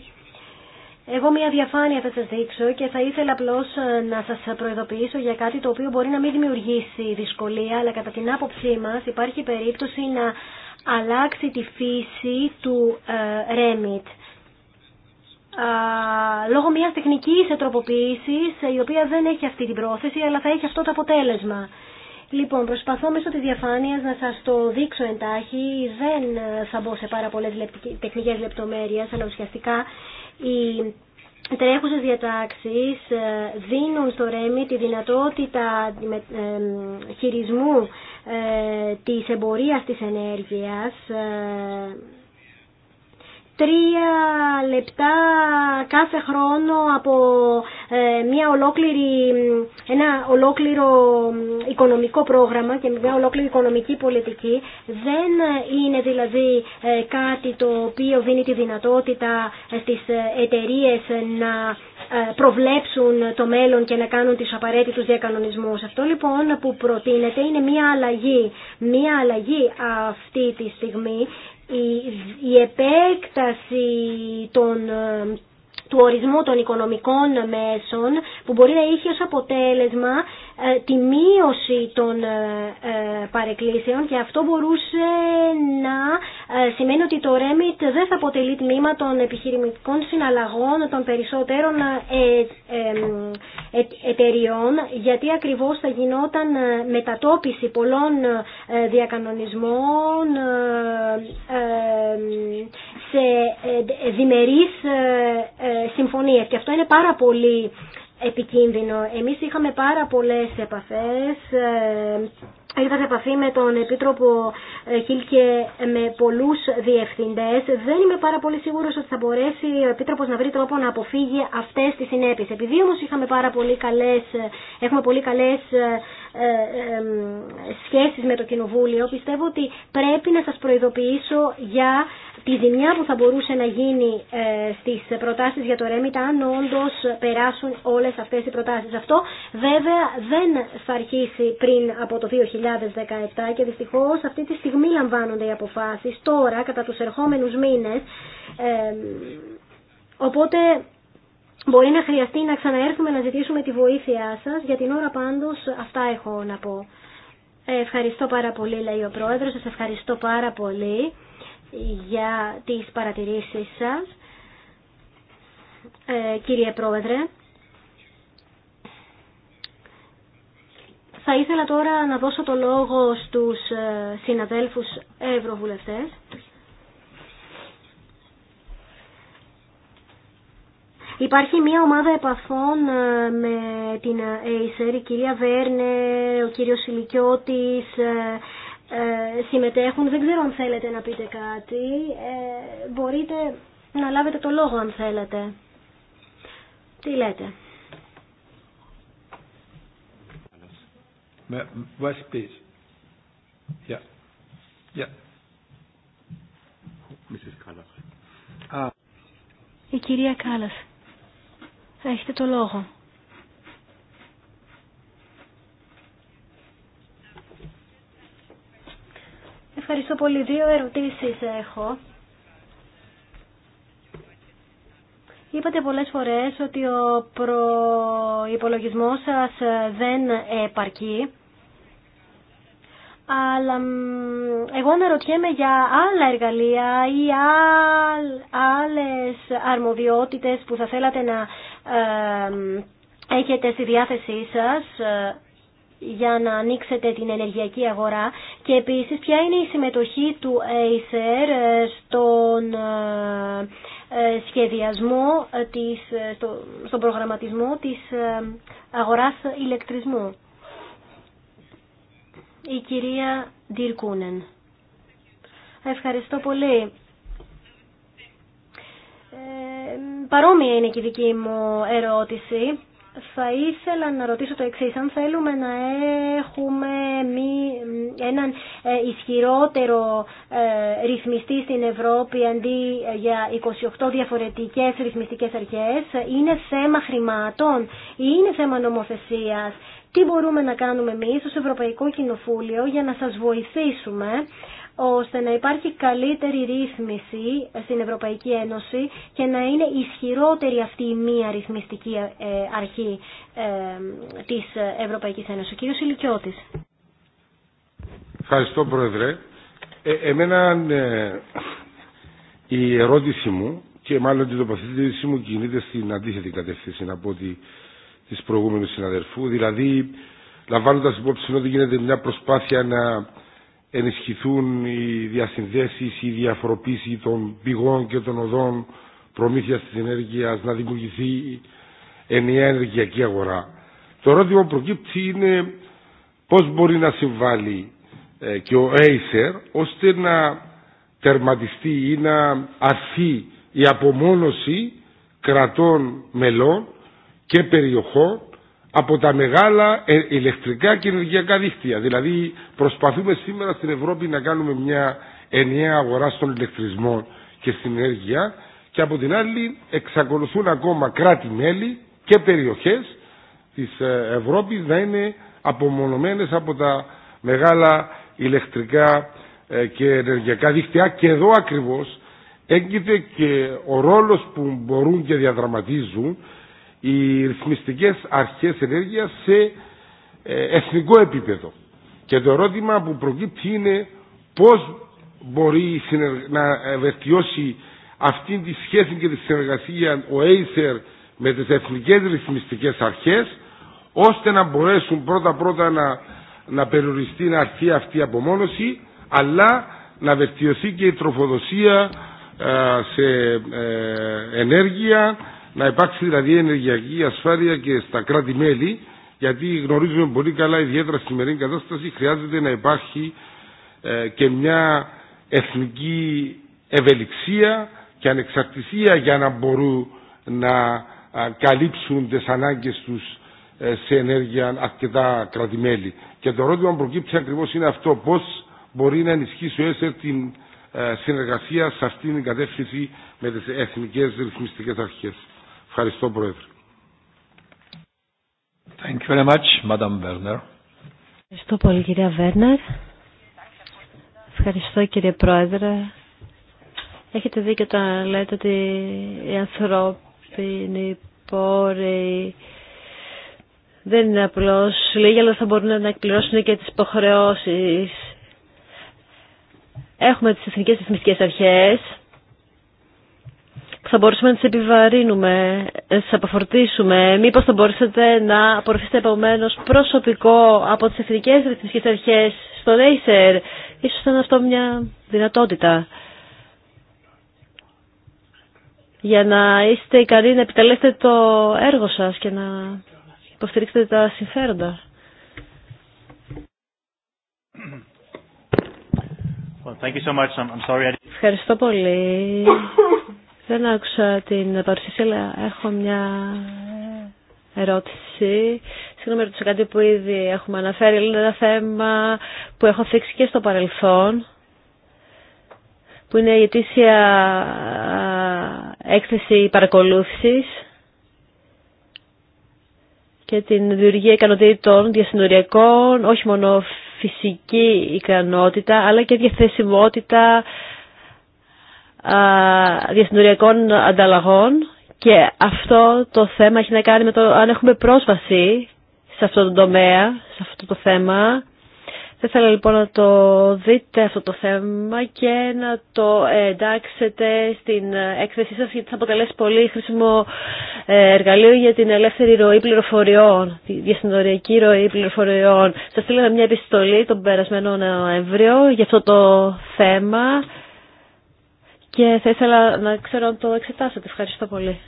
Speaker 2: Εγώ μια διαφάνεια θα σας δείξω και θα ήθελα απλώς ε, να σας προειδοποιήσω για κάτι το οποίο μπορεί να μην δημιουργήσει δυσκολία, αλλά κατά την άποψή μας υπάρχει περίπτωση να αλλάξει τη φύση του ε, Remit λόγω μιας τεχνικής ετροποποίησης, η οποία δεν έχει αυτή την πρόθεση αλλά θα έχει αυτό το αποτέλεσμα. Λοιπόν, προσπαθώ μέσω της διαφάνειας να σας το δείξω εντάχει. Δεν θα μπω σε πάρα πολλές τεχνικές λεπτομέρειες, αλλά ουσιαστικά οι τρέχουσες διατάξεις ε, δίνουν στο ρέμι τη δυνατότητα χειρισμού ε, της εμπορίας της ενέργειας ε, τρία λεπτά κάθε χρόνο από ε, μια ολόκληρη, ένα ολόκληρο οικονομικό πρόγραμμα και μια ολόκληρη οικονομική πολιτική δεν είναι δηλαδή ε, κάτι το οποίο δίνει τη δυνατότητα ε, στις εταιρείες να προβλέψουν το μέλλον και να κάνουν τις απαραίτητους διακανονισμούς. Αυτό λοιπόν που προτείνεται είναι μια αλλαγή. Μια αλλαγή αυτή τη στιγμή η, η επέκταση των ε, του ορισμού των οικονομικών μέσων που μπορεί να είχε ως αποτέλεσμα ε, τη μείωση των ε, ε, παρεκκλήσεων και αυτό μπορούσε να σημαίνει ότι το REMIT δεν θα αποτελεί τμήμα των επιχειρηματικών συναλλαγών των περισσότερων εταιριών γιατί ακριβώς θα γινόταν μετατόπιση πολλών διακανονισμών σε ε, ε, διμερείς ε, συμφωνίες και αυτό είναι πάρα πολύ επικίνδυνο. Εμείς είχαμε πάρα πολλές επαφές, ήρθα σε επαφή με τον Επίτροπο Χίλ και με πολλούς διευθυντές. Δεν είμαι πάρα πολύ σίγουρος ότι θα μπορέσει ο Επίτροπος να βρει τρόπο να αποφύγει αυτές τις συνέπειες. Επειδή όμως είχαμε πάρα πολύ καλές, έχουμε πολύ καλές ε, ε, ε, σχέσεις με το Κοινοβούλιο, πιστεύω ότι πρέπει να σας προειδοποιήσω για τη ζημιά που θα μπορούσε να γίνει στις προτάσεις για το Ρέμιτα αν όντως περάσουν όλες αυτές οι προτάσεις. Αυτό βέβαια δεν θα αρχίσει πριν από το 2017 και δυστυχώς αυτή τη στιγμή λαμβάνονται οι αποφάσεις τώρα κατά τους ερχόμενους μήνες. Οπότε Μπορεί να χρειαστεί να ξαναέρθουμε να ζητήσουμε τη βοήθειά σας. Για την ώρα πάντως αυτά έχω να πω. Ε, ευχαριστώ πάρα πολύ, λέει ο Πρόεδρος. Σας ευχαριστώ πάρα πολύ για τις παρατηρήσεις σας. Ε, κύριε Πρόεδρε, θα ήθελα τώρα να δώσω το λόγο στους ε, συναδέλφους ευρωβουλευτές. Υπάρχει μια ομάδα επαφών ε, με την ε, Acer, η κυρία Βέρνε, ο κύριος Σιλικιώτης ε, συμμετέχουν. Δεν ξέρω αν θέλετε να πείτε κάτι. μπορείτε να λάβετε το λόγο αν θέλετε. Τι λέτε. Η κυρία Κάλλας. Έχετε το λόγο. Ευχαριστώ πολύ. Δύο ερωτήσεις έχω. Είπατε πολλές φορές ότι ο προϋπολογισμός σας δεν επαρκεί. Αλλά εγώ αναρωτιέμαι για άλλα εργαλεία ή άλλες αρμοδιότητες που θα θέλατε να έχετε στη διάθεσή σας ε, για να ανοίξετε την ενεργειακή αγορά και επίσης ποια είναι η συμμετοχή του Acer ε, στον ε, σχεδιασμό, της, στον προγραμματισμό της αγοράς ηλεκτρισμού. Η κυρία Ντυρκούνεν. Ευχαριστώ πολύ παρόμοια είναι και η δική μου ερώτηση. Θα ήθελα να ρωτήσω το εξής. Αν θέλουμε να έχουμε μη, έναν ε, ισχυρότερο ε, ρυθμιστή στην Ευρώπη αντί για 28 διαφορετικές ρυθμιστικές αρχές, είναι θέμα χρημάτων ή είναι θέμα νομοθεσίας. Τι μπορούμε να κάνουμε εμείς ως Ευρωπαϊκό Κοινοβούλιο για να σας βοηθήσουμε ώστε να υπάρχει καλύτερη ρύθμιση στην Ευρωπαϊκή Ένωση και να είναι ισχυρότερη αυτή η μία ρυθμιστική ε, αρχή ε, της Ευρωπαϊκής Ένωσης. Κύριο κύριος
Speaker 5: Ευχαριστώ Πρόεδρε. Ε, εμένα ε, η ερώτηση μου και μάλλον την τοποθέτησή μου κινείται στην αντίθετη κατεύθυνση από τη της προηγούμενου συναδερφού, δηλαδή λαμβάνοντας υπόψη ότι γίνεται μια προσπάθεια να ενισχυθούν οι διασυνδέσεις, η διαφοροποίηση των πηγών και των οδών προμήθειας της ενέργειας, να δημιουργηθεί ενιαία ενεργειακή αγορά. Το ερώτημα που προκύπτει είναι πώς μπορεί να συμβάλλει ε, και ο Acer ώστε να τερματιστεί ή να αρθεί η απομόνωση κρατών μελών και περιοχών από τα μεγάλα ε, ηλεκτρικά και ενεργειακά δίκτυα. Δηλαδή προσπαθούμε σήμερα στην Ευρώπη να κάνουμε μια ενιαία αγορά στον ηλεκτρισμό και στην ενέργεια και από την άλλη εξακολουθούν ακόμα κράτη-μέλη και περιοχές της ε, Ευρώπης να είναι απομονωμένες από τα μεγάλα ηλεκτρικά ε, και ενεργειακά δίκτυα και εδώ ακριβώς έγκυται και ο ρόλος που μπορούν και διαδραματίζουν οι ρυθμιστικές αρχές ενέργειας σε ε, εθνικό επίπεδο. Και το ερώτημα που προκύπτει είναι πώς μπορεί να ε, βελτιώσει αυτή τη σχέση και τη συνεργασία ο Acer με τις εθνικές ρυθμιστικές αρχές ώστε να μπορέσουν πρώτα πρώτα να, να περιοριστεί να αρχή αυτή η απομόνωση αλλά να βελτιωθεί και η τροφοδοσία ε, σε ενέργεια να υπάρξει δηλαδή ενεργειακή ασφάλεια και στα κράτη-μέλη, γιατί γνωρίζουμε πολύ καλά ιδιαίτερα στη σημερινή κατάσταση χρειάζεται να υπάρχει ε, και μια εθνική ευελιξία και ανεξαρτησία για να μπορούν να καλύψουν τις ανάγκες τους ε, σε ενέργεια αρκετά κρατημέλη. Και το ερώτημα που προκύψει ακριβώς είναι αυτό, πώς μπορεί να ενισχύσει ο ΕΣΕΡ την ε, συνεργασία σε αυτήν την κατεύθυνση με τις εθνικές ρυθμιστικές αρχές. Ευχαριστώ, Πρόεδρε.
Speaker 1: Thank you very much, Madam Werner.
Speaker 3: Ευχαριστώ πολύ, κυρία Βέρνερ. Ευχαριστώ, κύριε Πρόεδρε. Έχετε δίκιο όταν λέτε ότι οι ανθρώπινοι πόροι δεν είναι απλώ λίγοι, αλλά θα μπορούν να εκπληρώσουν και τις υποχρεώσει. Έχουμε τις εθνικές εθνικές αρχές, θα μπορούσαμε να τι επιβαρύνουμε, ε, τι αποφορτήσουμε. Μήπω θα μπορούσατε να απορροφήσετε επομένω προσωπικό από τι εθνικέ ρυθμιστικέ αρχέ στο Racer. Ίσως ήταν αυτό μια δυνατότητα για να είστε ικανοί να επιτελέσετε το έργο σα και να υποστηρίξετε τα συμφέροντα.
Speaker 4: Well, thank you so much. I'm sorry.
Speaker 3: Ευχαριστώ πολύ. Δεν άκουσα την παρουσίαση, αλλά έχω μια ερώτηση. Συγγνώμη, ρωτήσα κάτι που ήδη έχουμε αναφέρει. Είναι ένα θέμα που έχω θέξει και στο παρελθόν, που είναι η αιτήσια έκθεση παρακολούθησης και την δημιουργία ικανοτήτων διασυνοριακών, όχι μόνο φυσική ικανότητα, αλλά και διαθεσιμότητα διασυνοριακών ανταλλαγών και αυτό το θέμα έχει να κάνει με το αν έχουμε πρόσβαση σε αυτό το τομέα, σε αυτό το θέμα. Θα ήθελα λοιπόν να το δείτε αυτό το θέμα και να το ε, εντάξετε στην έκθεσή σας γιατί θα αποτελέσει πολύ χρήσιμο ε, εργαλείο για την ελεύθερη ροή πληροφοριών, τη διασυνοριακή ροή πληροφοριών. Σας στείλαμε μια επιστολή τον περασμένο Νοέμβριο για αυτό το θέμα και θα ήθελα να ξέρω αν το εξετάσετε. Ευχαριστώ πολύ.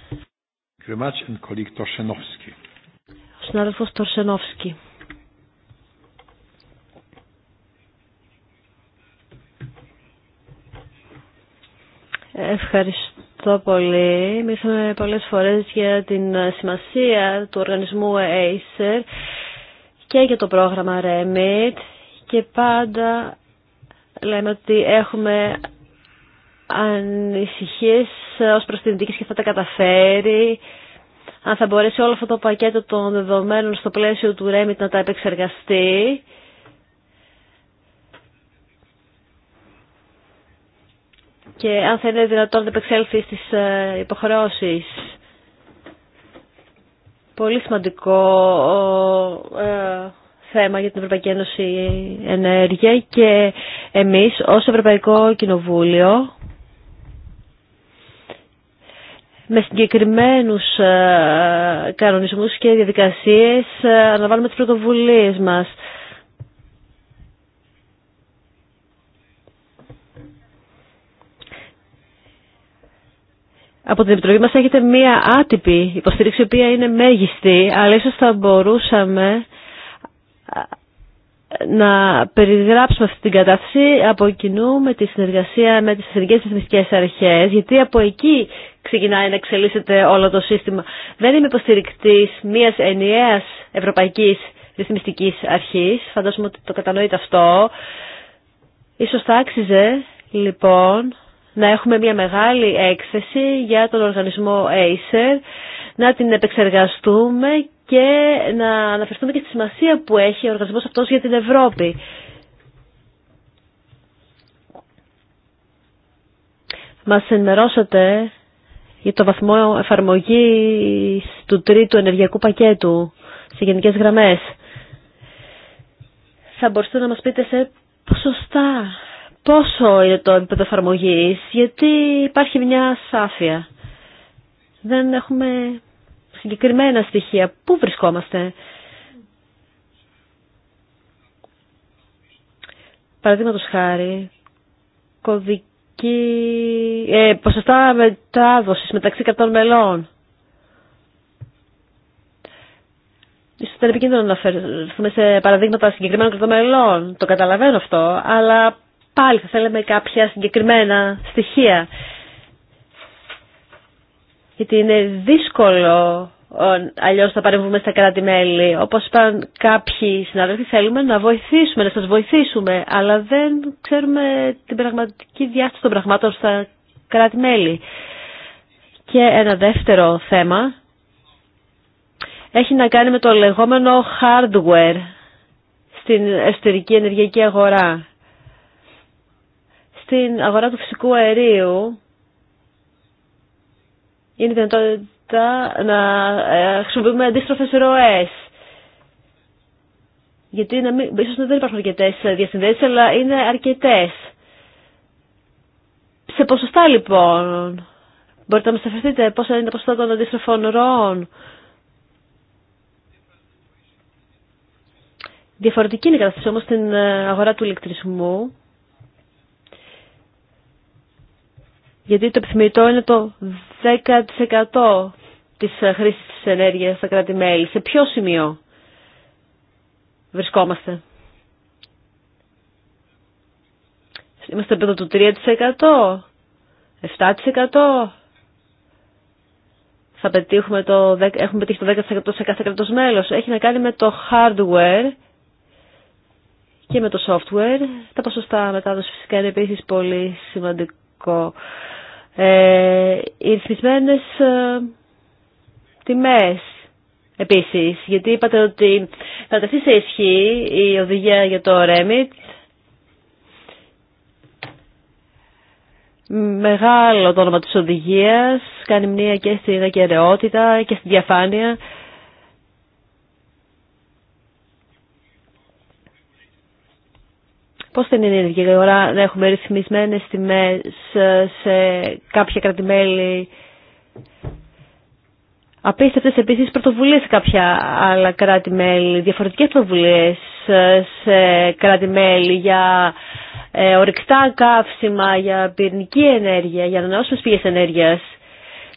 Speaker 3: Ο συνάδελφος Τορσενόφσκι. Ευχαριστώ πολύ. Μίλησαμε πολλές φορές για την σημασία του οργανισμού Acer και για το πρόγραμμα REMIT και πάντα λέμε ότι έχουμε ανησυχίες ως προς την και θα τα καταφέρει, αν θα μπορέσει όλο αυτό το πακέτο των δεδομένων στο πλαίσιο του Ρέμιτ να τα επεξεργαστεί. και αν θα είναι δυνατόν να επεξέλθει στις ε, υποχρεώσεις. Πολύ σημαντικό ε, θέμα για την Ευρωπαϊκή Ένωση Ενέργεια και εμείς ως Ευρωπαϊκό Κοινοβούλιο με συγκεκριμένους ε, κανονισμούς και διαδικασίες ε, αναβάλουμε τις πρωτοβουλίες μας. Από την Επιτροπή μας έχετε μία άτυπη υποστήριξη, η οποία είναι μέγιστη, αλλά ίσως θα μπορούσαμε να περιγράψουμε αυτή την κατάσταση από κοινού με τη συνεργασία με τις εθνικές ρυθμιστικές αρχές, γιατί από εκεί ξεκινάει να εξελίσσεται όλο το σύστημα. Δεν είμαι υποστηρικτή μιας ενιαίας ευρωπαϊκής ρυθμιστικής αρχής, φαντάζομαι ότι το κατανοείτε αυτό. Ίσως θα άξιζε, λοιπόν, να έχουμε μια μεγάλη έκθεση για τον οργανισμό Acer, να την επεξεργαστούμε και να αναφερθούμε και στη σημασία που έχει ο οργανισμός αυτός για την Ευρώπη. Μας ενημερώσατε για το βαθμό εφαρμογής του τρίτου ενεργειακού πακέτου σε γενικές γραμμές. Θα μπορούσατε να μας πείτε σε ποσοστά πόσο είναι το επίπεδο εφαρμογής, γιατί υπάρχει μια σάφια. Δεν έχουμε συγκεκριμένα στοιχεία. Πού βρισκόμαστε. Παραδείγματο χάρη, κωδική, ε, ποσοστά μετάδοση μεταξύ κρατών μελών. Ίσως ήταν επικίνδυνο να φέρουμε σε παραδείγματα συγκεκριμένων κρατών μελών. Το καταλαβαίνω αυτό, αλλά πάλι θα θέλαμε κάποια συγκεκριμένα στοιχεία γιατί είναι δύσκολο ε, αλλιώς να παρεμβούμε στα κράτη-μέλη. Όπως είπαν κάποιοι συναδέλφοι θέλουμε να βοηθήσουμε, να σας βοηθήσουμε, αλλά δεν ξέρουμε την πραγματική διάσταση των πραγμάτων στα κράτη-μέλη. Και ένα δεύτερο θέμα έχει να κάνει με το λεγόμενο hardware στην εσωτερική ενεργειακή αγορά. Στην αγορά του φυσικού αερίου είναι η δυνατότητα να ε, χρησιμοποιούμε αντίστροφε ροέ. Γιατί να μην, ίσως δεν υπάρχουν αρκετέ διασυνδέσει, αλλά είναι αρκετέ. Σε ποσοστά λοιπόν, μπορείτε να μας αφαιρθείτε πόσα είναι τα ποσοστά των αντίστροφων ροών. Διαφορετική είναι η κατάσταση όμως στην ε, αγορά του ηλεκτρισμού. γιατί το επιθυμητό είναι το 10% της ε, χρήσης της ενέργειας στα κράτη-μέλη. Σε ποιο σημείο βρισκόμαστε. Είμαστε επίπεδο του 3%, 7%. Θα πετύχουμε το, έχουμε πετύχει το 10% σε κάθε κρατός μέλος. Έχει να κάνει με το hardware και με το software. Τα ποσοστά μετάδοση φυσικά είναι επίσης πολύ σημαντικό ε, οι ρυθμισμένες ε, τιμές επίσης, γιατί είπατε ότι θα τεθεί σε ισχύ η οδηγία για το REMIT Μεγάλο το όνομα της οδηγίας, κάνει μνήμα και στην δακαιρεότητα και στη διαφάνεια. Πώς είναι η ώρα να έχουμε ρυθμισμένες τιμές ε, σε κάποια κρατημέλη. Απίστευτες επίσης πρωτοβουλίες σε κάποια άλλα κράτη-μέλη, διαφορετικές πρωτοβουλίες ε, σε κράτη-μέλη για ε, ορυκτά καύσιμα, για πυρηνική ενέργεια, για ανανεώσιμες πηγές ενέργειας.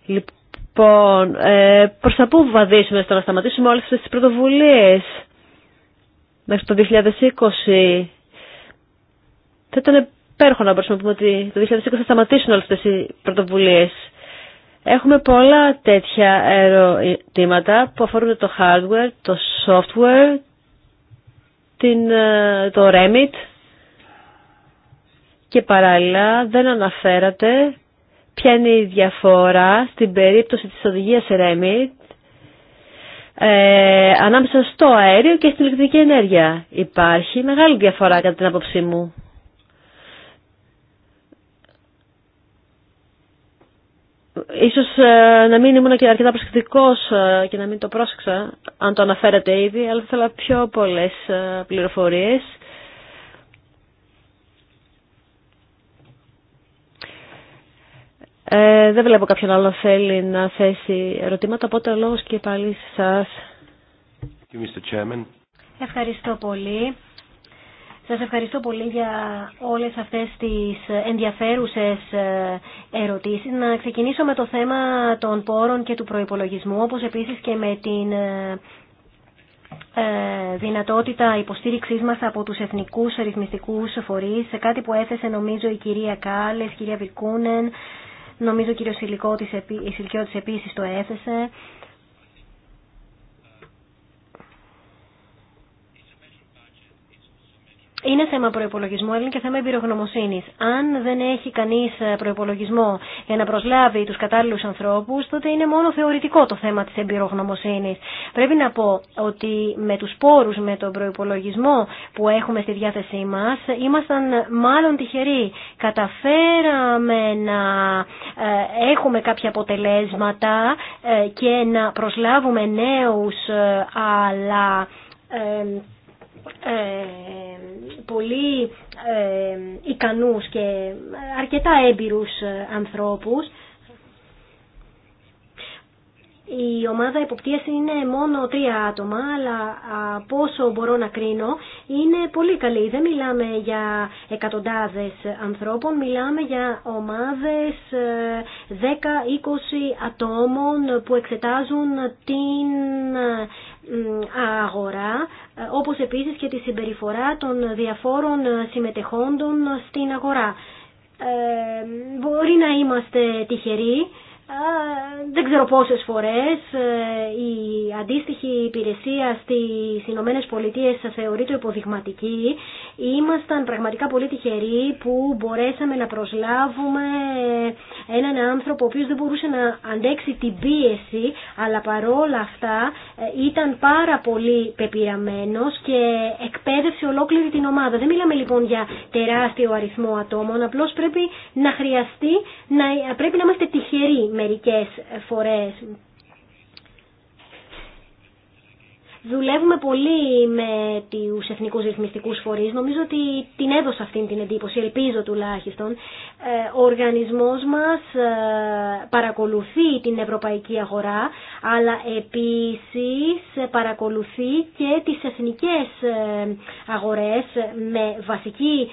Speaker 3: Λοιπόν, ε, προς τα πού βαδίσουμε στο να σταματήσουμε όλες αυτές τις πρωτοβουλίες μέχρι το 2020 θα ήταν υπέροχο να μπορούσαμε να πούμε ότι το 2020 θα σταματήσουν όλες αυτές οι πρωτοβουλίες. Έχουμε πολλά τέτοια ερωτήματα που αφορούν το hardware, το software, την, ε, το REMIT και παράλληλα δεν αναφέρατε ποια είναι η διαφορά στην περίπτωση της οδηγίας REMIT ε, ανάμεσα στο αέριο και στην ηλεκτρική ενέργεια. Υπάρχει μεγάλη διαφορά κατά την άποψή μου. Ίσως ε, να μην ήμουν και αρκετά προσεκτικός ε, και να μην το πρόσεξα, αν το αναφέρατε ήδη, αλλά θα ήθελα πιο πολλές ε, πληροφορίες. Ε, δεν βλέπω κάποιον άλλο θέλει να θέσει ερωτήματα, οπότε ο λόγος και
Speaker 2: πάλι σας. Ευχαριστώ πολύ. Σας ευχαριστώ πολύ για όλες αυτές τις ενδιαφέρουσες ε, ερωτήσεις. Να ξεκινήσω με το θέμα των πόρων και του προϋπολογισμού, όπως επίσης και με την ε, ε, δυνατότητα υποστήριξής μας από τους εθνικούς ρυθμιστικούς φορείς, σε κάτι που έθεσε νομίζω η κυρία Κάλες, η κυρία Βικούνεν, νομίζω ο κύριος Σιλικιώτης επίσης το έθεσε. είναι θέμα προπολογισμού, αλλά είναι και θέμα εμπειρογνωμοσύνη. Αν δεν έχει κανεί ε, προπολογισμό για να προσλάβει του κατάλληλου ανθρώπου, τότε είναι μόνο θεωρητικό το θέμα τη εμπειρογνωμοσύνη. Πρέπει να πω ότι με του πόρου, με τον προπολογισμό που έχουμε στη διάθεσή μα, ήμασταν μάλλον τυχεροί. Καταφέραμε να ε, έχουμε κάποια αποτελέσματα ε, και να προσλάβουμε νέους αλλά ε, πολύ ε, ικανούς και αρκετά έμπειρους ε, ανθρώπους η ομάδα εποπτείας είναι μόνο τρία άτομα, αλλά πόσο μπορώ να κρίνω είναι πολύ καλή. Δεν μιλάμε για εκατοντάδες ανθρώπων, μιλάμε για ομάδες 10-20 ε, ατόμων που εξετάζουν την ε, αγορά, ε, όπως επίσης και τη συμπεριφορά των διαφόρων συμμετεχόντων στην αγορά. μπορεί να είμαστε τυχεροί δεν ξέρω πόσες φορές ε, η αντίστοιχη υπηρεσία στις Ηνωμένε Πολιτείε το υποδειγματική. Ήμασταν πραγματικά πολύ τυχεροί που μπορέσαμε να προσλάβουμε έναν άνθρωπο ο οποίος δεν μπορούσε να αντέξει την πίεση αλλά παρόλα αυτά ε, ήταν πάρα πολύ πεπειραμένος και εκπαίδευσε ολόκληρη την ομάδα. Δεν μιλάμε λοιπόν για τεράστιο αριθμό ατόμων, απλώς πρέπει να χρειαστεί, να, πρέπει να είμαστε τυχεροί μερικές φορές Δουλεύουμε πολύ με τους εθνικούς ρυθμιστικού φορείς. Νομίζω ότι την έδωσα αυτή την εντύπωση, ελπίζω τουλάχιστον. Ε, ο οργανισμός μας ε, παρακολουθεί την ευρωπαϊκή αγορά, αλλά επίση παρακολουθεί και τις εθνικέ ε, αγορές με βασική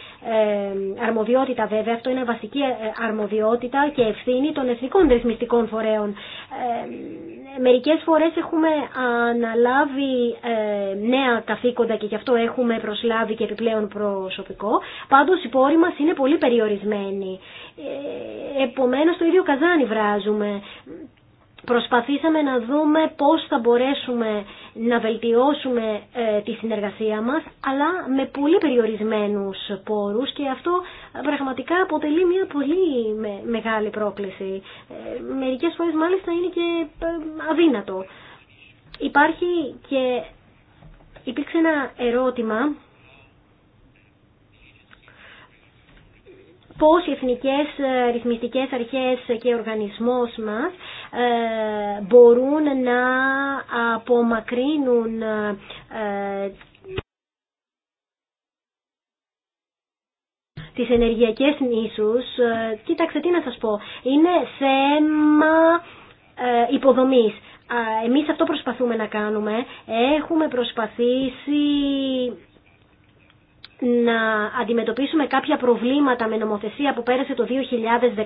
Speaker 2: αρμοδιότητα βέβαια. Αυτό είναι βασική αρμοδιότητα και ευθύνη των εθνικών ρυθμιστικών φορέων. Μερικές φορές έχουμε αναλάβει ε, νέα καθήκοντα και γι' αυτό έχουμε προσλάβει και επιπλέον προσωπικό. Πάντως οι πόροι μας είναι πολύ περιορισμένοι. Ε, επομένως το ίδιο καζάνι βράζουμε. Προσπαθήσαμε να δούμε πώς θα μπορέσουμε να βελτιώσουμε ε, τη συνεργασία μας, αλλά με πολύ περιορισμένους πόρους και αυτό πραγματικά αποτελεί μια πολύ μεγάλη πρόκληση. Μερικές φορές μάλιστα είναι και αδύνατο. Υπάρχει και υπήρξε ένα ερώτημα πώς οι εθνικές ε, ρυθμιστικές αρχές και οργανισμός μας ε, μπορούν να απομακρύνουν ε, τις ενεργειακές νήσους. Κοίταξε τι να σας πω. Είναι θέμα υποδομής εμείς αυτό προσπαθούμε να κάνουμε. Έχουμε προσπαθήσει να αντιμετωπίσουμε κάποια προβλήματα με νομοθεσία που πέρασε το 2013.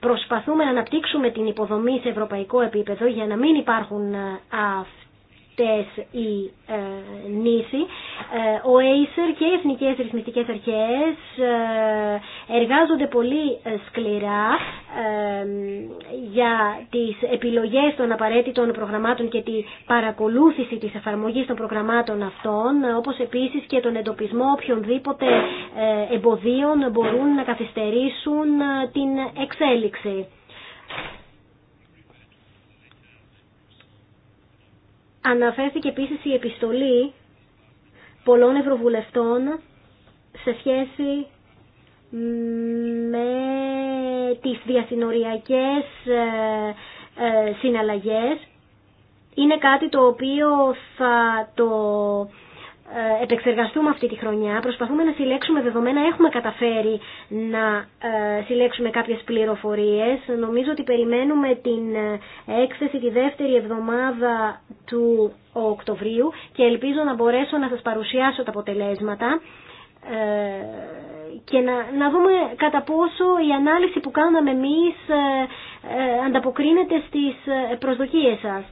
Speaker 2: Προσπαθούμε να αναπτύξουμε την υποδομή σε ευρωπαϊκό επίπεδο για να μην υπάρχουν αυτοί. Ε, αυτές οι ε, ε, ο Acer και οι Εθνικές Ρυθμιστικές Αρχές ε, εργάζονται πολύ ε, σκληρά για τις επιλογές των απαραίτητων προγραμμάτων και τη παρακολούθηση της εφαρμογής των προγραμμάτων αυτών, όπως επίσης και τον εντοπισμό οποιονδήποτε εμποδίων μπορούν να καθυστερήσουν την εξέλιξη. Αναφέρθηκε επίσης η επιστολή πολλών ευρωβουλευτών σε σχέση με τις διασυνοριακές ε, ε, συναλλαγές. Είναι κάτι το οποίο θα το ε, επεξεργαστούμε αυτή τη χρονιά, προσπαθούμε να συλλέξουμε δεδομένα, έχουμε καταφέρει να ε, συλλέξουμε κάποιες πληροφορίες. Νομίζω ότι περιμένουμε την ε, έκθεση τη δεύτερη εβδομάδα του Οκτωβρίου και ελπίζω να μπορέσω να σας παρουσιάσω τα αποτελέσματα και να, να δούμε κατά πόσο η ανάλυση που κάναμε εμείς ανταποκρίνεται στις προσδοκίες σας.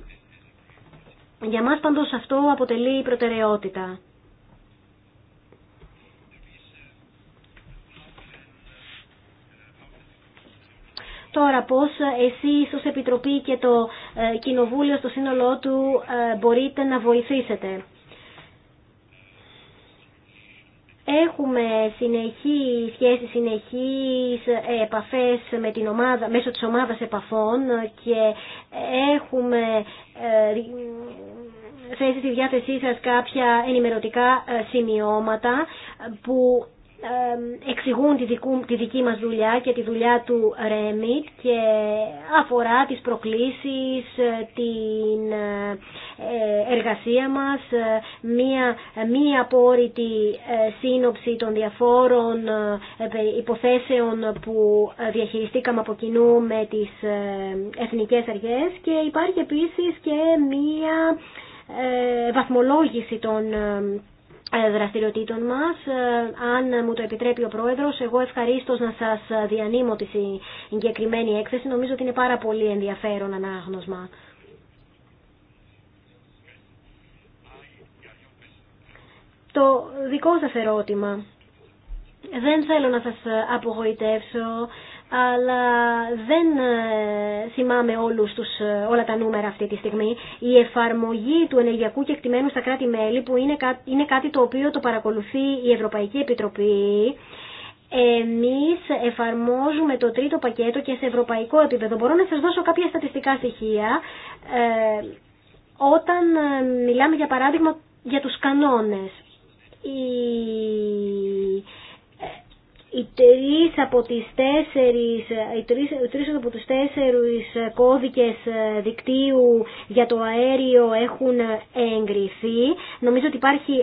Speaker 2: Για μας πάντως αυτό αποτελεί προτεραιότητα. Τώρα πώς εσείς ως Επιτροπή και το ε, Κοινοβούλιο στο σύνολό του ε, μπορείτε να βοηθήσετε. Έχουμε συνεχή σχέση, συνεχείς επαφές με την ομάδα, μέσω της ομάδας επαφών και έχουμε ε, θέσει στη διάθεσή σας κάποια ενημερωτικά σημειώματα που εξηγούν τη δική μας δουλειά και τη δουλειά του Remit και αφορά τις προκλήσεις, ε, την ε, εργασία μας, ε, μία μη απόρριτη σύνοψη των διαφόρων υποθέσεων που διαχειριστήκαμε από κοινού με τις εθνικές αρχές και υπάρχει επίσης και μία βαθμολόγηση των ε, δραστηριοτήτων μας. Ε, αν μου το επιτρέπει ο Πρόεδρος, εγώ ευχαρίστως να σας διανύμω τη συγκεκριμένη έκθεση. Νομίζω ότι είναι πάρα πολύ ενδιαφέρον ανάγνωσμα. Το δικό σας ερώτημα. Δεν θέλω να σας απογοητεύσω αλλά δεν ε, θυμάμαι όλους τους, ε, όλα τα νούμερα αυτή τη στιγμή. Η εφαρμογή του ενεργειακού κεκτημένου στα κράτη-μέλη, που είναι, είναι κάτι το οποίο το παρακολουθεί η Ευρωπαϊκή Επιτροπή, εμείς εφαρμόζουμε το τρίτο πακέτο και σε ευρωπαϊκό επίπεδο. Μπορώ να σας δώσω κάποια στατιστικά στοιχεία. Ε, όταν ε, μιλάμε για παράδειγμα για τους κανόνες, οι τρεις από τις τέσσερις, οι τρεις, από τους τέσσερις κώδικες δικτύου για το αέριο έχουν εγκριθεί. Νομίζω ότι υπάρχει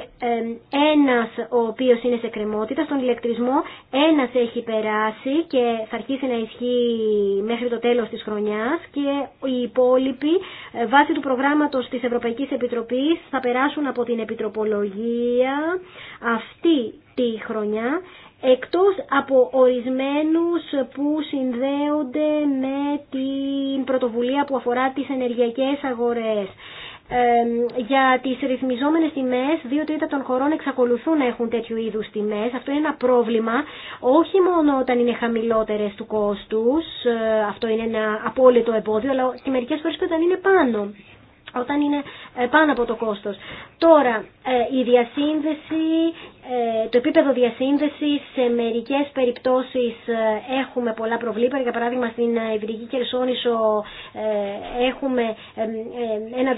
Speaker 2: ένας ο οποίος είναι σε κρεμότητα στον ηλεκτρισμό, ένας έχει περάσει και θα αρχίσει να ισχύει μέχρι το τέλος της χρονιάς και οι υπόλοιποι ε, βάσει του προγράμματος της Ευρωπαϊκής Επιτροπής θα περάσουν από την Επιτροπολογία αυτή τη χρονιά εκτός από ορισμένους που συνδέονται με την πρωτοβουλία που αφορά τις ενεργειακές αγορές. Ε, για τις ρυθμιζόμενες τιμές, δύο τρίτα των χωρών εξακολουθούν να έχουν τέτοιου είδους τιμές. Αυτό είναι ένα πρόβλημα, όχι μόνο όταν είναι χαμηλότερες του κόστους, ε, αυτό είναι ένα απόλυτο εμπόδιο, αλλά και μερικές φορές και όταν είναι πάνω όταν είναι ε, πάνω από το κόστος. Τώρα, ε, η διασύνδεση, ε, το επίπεδο διασύνδεσης σε μερικές περιπτώσεις ε, έχουμε πολλά προβλήματα. Για παράδειγμα στην ε, Ιβρική Κερσόνησο έχουμε ένα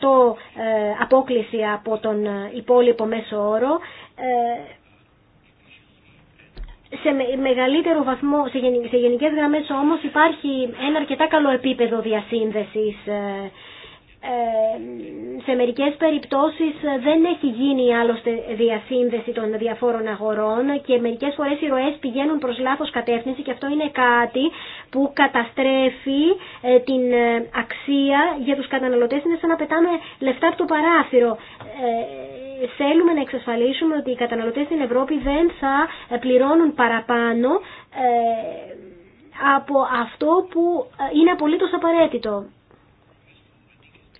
Speaker 2: 10% απόκληση από τον υπόλοιπο μέσο όρο σε μεγαλύτερο βαθμό, σε γενικές γραμμές όμως υπάρχει ένα αρκετά καλό επίπεδο διασύνδεσης σε μερικές περιπτώσεις ε, δεν έχει γίνει άλλωστε διασύνδεση των διαφόρων αγορών και μερικές φορές οι ροές πηγαίνουν προς λάθος κατεύθυνση και αυτό είναι κάτι που καταστρέφει ε, την ε, αξία για τους καταναλωτές. Είναι σαν να πετάμε λεφτά από το παράθυρο. Θέλουμε να εξασφαλίσουμε ότι οι καταναλωτές στην Ευρώπη δεν θα πληρώνουν παραπάνω από αυτό που είναι απολύτως απαραίτητο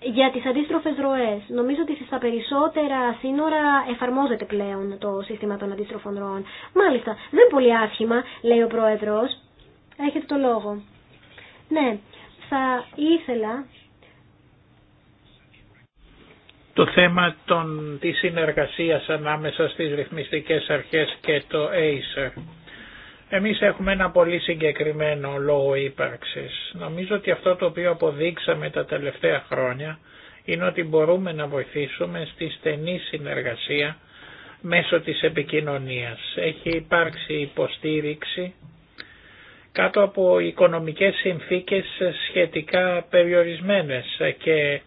Speaker 2: για τις αντίστροφες ροές. Νομίζω ότι στα περισσότερα σύνορα εφαρμόζεται πλέον το σύστημα των αντίστροφων ροών. Μάλιστα, δεν πολύ άσχημα, λέει ο Πρόεδρος. Έχετε το λόγο. Ναι, θα ήθελα...
Speaker 4: Το θέμα των, της συνεργασίας ανάμεσα στις ρυθμιστικές αρχές και το Acer. Εμείς έχουμε ένα πολύ συγκεκριμένο λόγο ύπαρξης. Νομίζω ότι αυτό το οποίο αποδείξαμε τα τελευταία χρόνια είναι ότι μπορούμε να βοηθήσουμε στη στενή συνεργασία μέσω της επικοινωνίας. Έχει υπάρξει υποστήριξη κάτω από οικονομικές συνθήκες σχετικά περιορισμένες και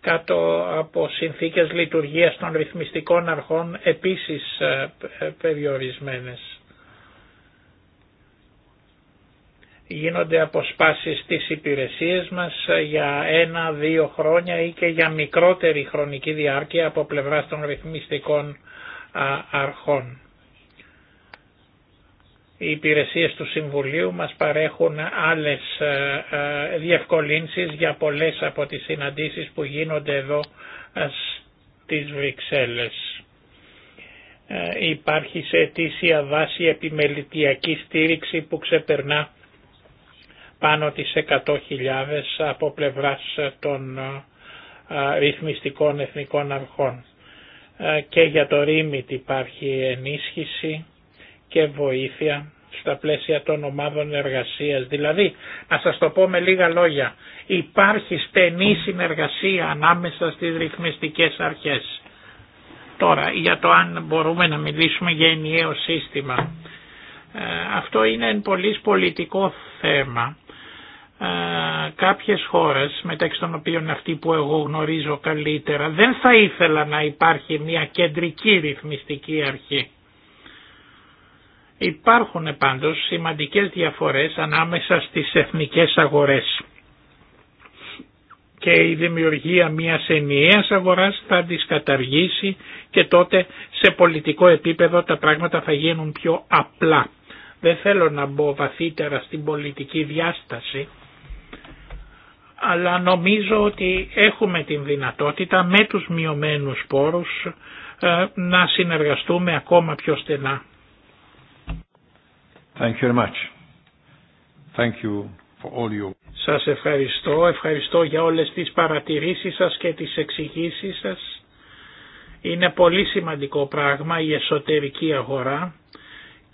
Speaker 4: κάτω από συνθήκες λειτουργίας των ρυθμιστικών αρχών επίσης ε, ε, περιορισμένες. γίνονται αποσπάσεις στις υπηρεσίες μας για ένα-δύο χρόνια ή και για μικρότερη χρονική διάρκεια από πλευράς των ρυθμιστικών αρχών. Οι υπηρεσίες του Συμβουλίου μας παρέχουν άλλες ε, ε, διευκολύνσεις για πολλές από τις συναντήσεις που γίνονται εδώ ε, στις Βρυξέλλες. Υπάρχει σε αιτήσια βάση επιμελητιακή στήριξη που ξεπερνά πάνω τις 100.000 από πλευράς των ρυθμιστικών εθνικών αρχών. Και για το ρήμιτ υπάρχει ενίσχυση και βοήθεια στα πλαίσια των ομάδων εργασίας. Δηλαδή, να σας το πω με λίγα λόγια, υπάρχει στενή συνεργασία ανάμεσα στις ρυθμιστικές αρχές. Τώρα, για το αν μπορούμε να μιλήσουμε για ενιαίο σύστημα. Ε, αυτό είναι πολύ πολιτικό θέμα κάποιες χώρες, μεταξύ των οποίων αυτή που εγώ γνωρίζω καλύτερα, δεν θα ήθελα να υπάρχει μια κεντρική ρυθμιστική αρχή. Υπάρχουν πάντως σημαντικές διαφορές ανάμεσα στις εθνικές αγορές και η δημιουργία μιας ενιαίας αγοράς θα τις καταργήσει και τότε σε πολιτικό επίπεδο τα πράγματα θα γίνουν πιο απλά. Δεν θέλω να μπω βαθύτερα στην πολιτική διάσταση, αλλά νομίζω ότι έχουμε την δυνατότητα με τους μειωμένους πόρους ε, να συνεργαστούμε ακόμα πιο στενά. Thank Σας ευχαριστώ, ευχαριστώ για όλες τις παρατηρήσεις σας και τις εξηγήσεις σας. Είναι πολύ σημαντικό πράγμα η εσωτερική αγορά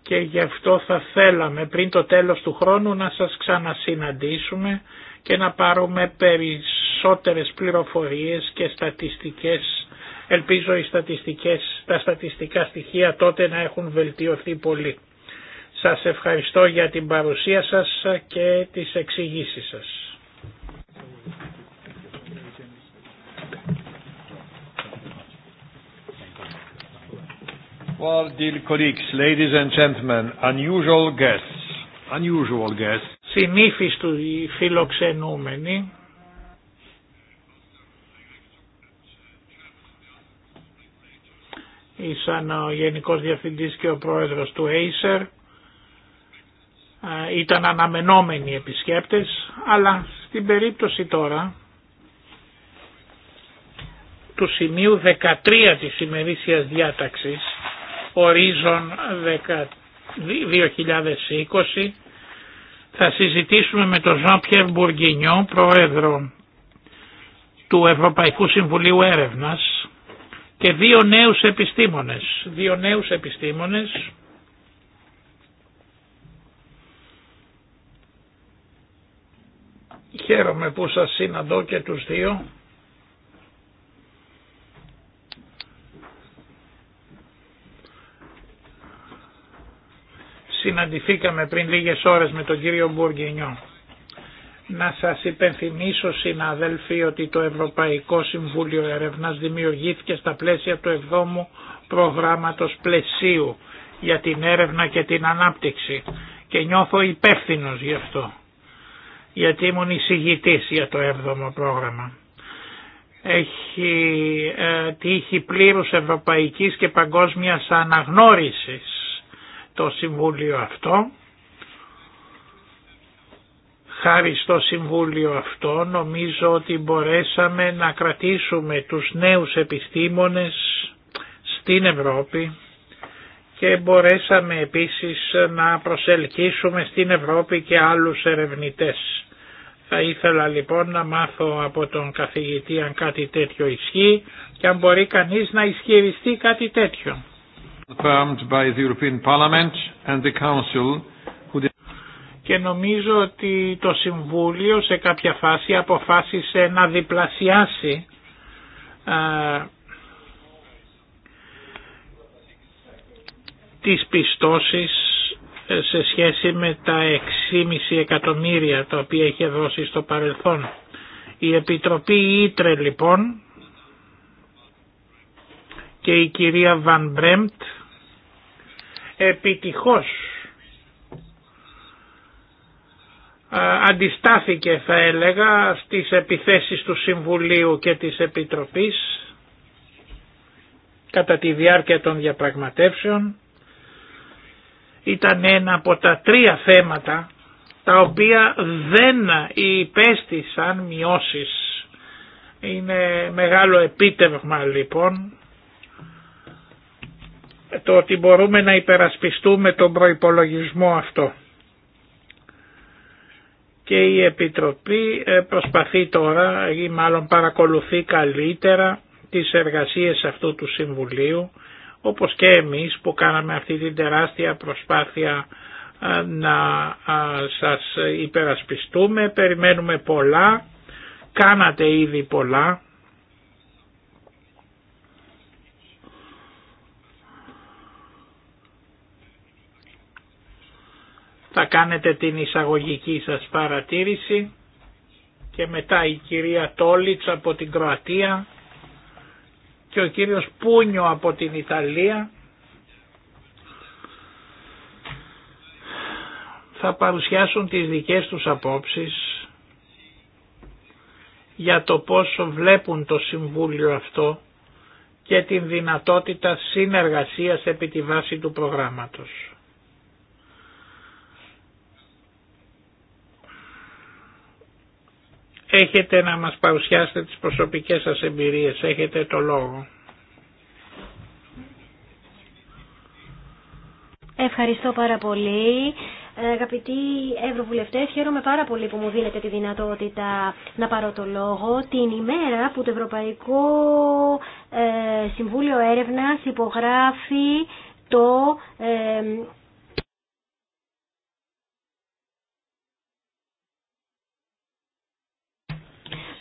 Speaker 4: και γι' αυτό θα θέλαμε πριν το τέλος του χρόνου να σας ξανασυναντήσουμε και να πάρουμε περισσότερες πληροφορίες και στατιστικές. Ελπίζω οι στατιστικές, τα στατιστικά στοιχεία τότε να έχουν βελτιωθεί πολύ. Σας ευχαριστώ για την παρουσία σας και τις εξηγήσεις σας. Well,
Speaker 1: dear colleagues, ladies and gentlemen, unusual guests, unusual guests.
Speaker 4: Συνήθις του φιλοξενούμενοι. Ήσαν ο Γενικός Διευθυντής και ο Πρόεδρος του Acer. Ήταν αναμενόμενοι επισκέπτες, αλλά στην περίπτωση τώρα του σημείου 13 της ημερήσιας διάταξης ορίζον 2020 θα συζητήσουμε με τον Ζαν Πιερ Μπουργκινιό, πρόεδρο του Ευρωπαϊκού Συμβουλίου Έρευνας και δύο νέους επιστήμονες, δύο νέους επιστήμονες Χαίρομαι που σας συναντώ και τους δύο. Συναντηθήκαμε πριν λίγες ώρες με τον κύριο Μπουργενιό. Να σας υπενθυμίσω συναδέλφοι ότι το Ευρωπαϊκό Συμβούλιο Ερευνάς δημιουργήθηκε στα πλαίσια του 7ου προγράμματος πλαισίου για την έρευνα και την ανάπτυξη και νιώθω υπεύθυνο γι' αυτό γιατί ήμουν εισηγητής για το 7ο πρόγραμμα. Έχει ε, τύχει πλήρους ευρωπαϊκής και παγκόσμιας αναγνώρισης το Συμβούλιο αυτό. Χάρη στο Συμβούλιο αυτό νομίζω ότι μπορέσαμε να κρατήσουμε τους νέους επιστήμονες στην Ευρώπη και μπορέσαμε επίσης να προσελκύσουμε στην Ευρώπη και άλλους ερευνητές. Θα ήθελα λοιπόν να μάθω από τον καθηγητή αν κάτι τέτοιο ισχύει και αν μπορεί κανείς να ισχυριστεί κάτι τέτοιο. Και νομίζω ότι το Συμβούλιο σε κάποια φάση αποφάσισε να διπλασιάσει ε, τις πιστώσεις ε, σε σχέση με τα 6,5 εκατομμύρια τα οποία είχε δώσει στο παρελθόν. Η Επιτροπή Ήτρε λοιπόν και η κυρία Βαν Μπρέμπτ επιτυχώς αντιστάθηκε θα έλεγα στις επιθέσεις του Συμβουλίου και της Επιτροπής κατά τη διάρκεια των διαπραγματεύσεων ήταν ένα από τα τρία θέματα τα οποία δεν υπέστησαν μειώσεις. Είναι μεγάλο επίτευγμα λοιπόν το ότι μπορούμε να υπερασπιστούμε τον προϋπολογισμό αυτό. Και η Επιτροπή ε, προσπαθεί τώρα ή μάλλον παρακολουθεί καλύτερα τις εργασίες αυτού του Συμβουλίου όπως και εμείς που κάναμε αυτή την τεράστια προσπάθεια ε, να ε, σας υπερασπιστούμε, περιμένουμε πολλά, κάνατε ήδη πολλά Θα κάνετε την εισαγωγική σας παρατήρηση και μετά η κυρία Τόλιτς από την Κροατία και ο κύριος Πούνιο από την Ιταλία θα παρουσιάσουν τις δικές τους απόψεις για το πόσο βλέπουν το Συμβούλιο αυτό και την δυνατότητα συνεργασίας επί τη βάση του προγράμματος. Έχετε να μας παρουσιάσετε τις προσωπικές σας εμπειρίες, έχετε το λόγο.
Speaker 2: Ευχαριστώ πάρα πολύ. Αγαπητοί Ευρωβουλευτές, χαίρομαι πάρα πολύ που μου δίνετε τη δυνατότητα να πάρω το λόγο. Την ημέρα που το Ευρωπαϊκό ε, Συμβούλιο Έρευνας υπογράφει το ε,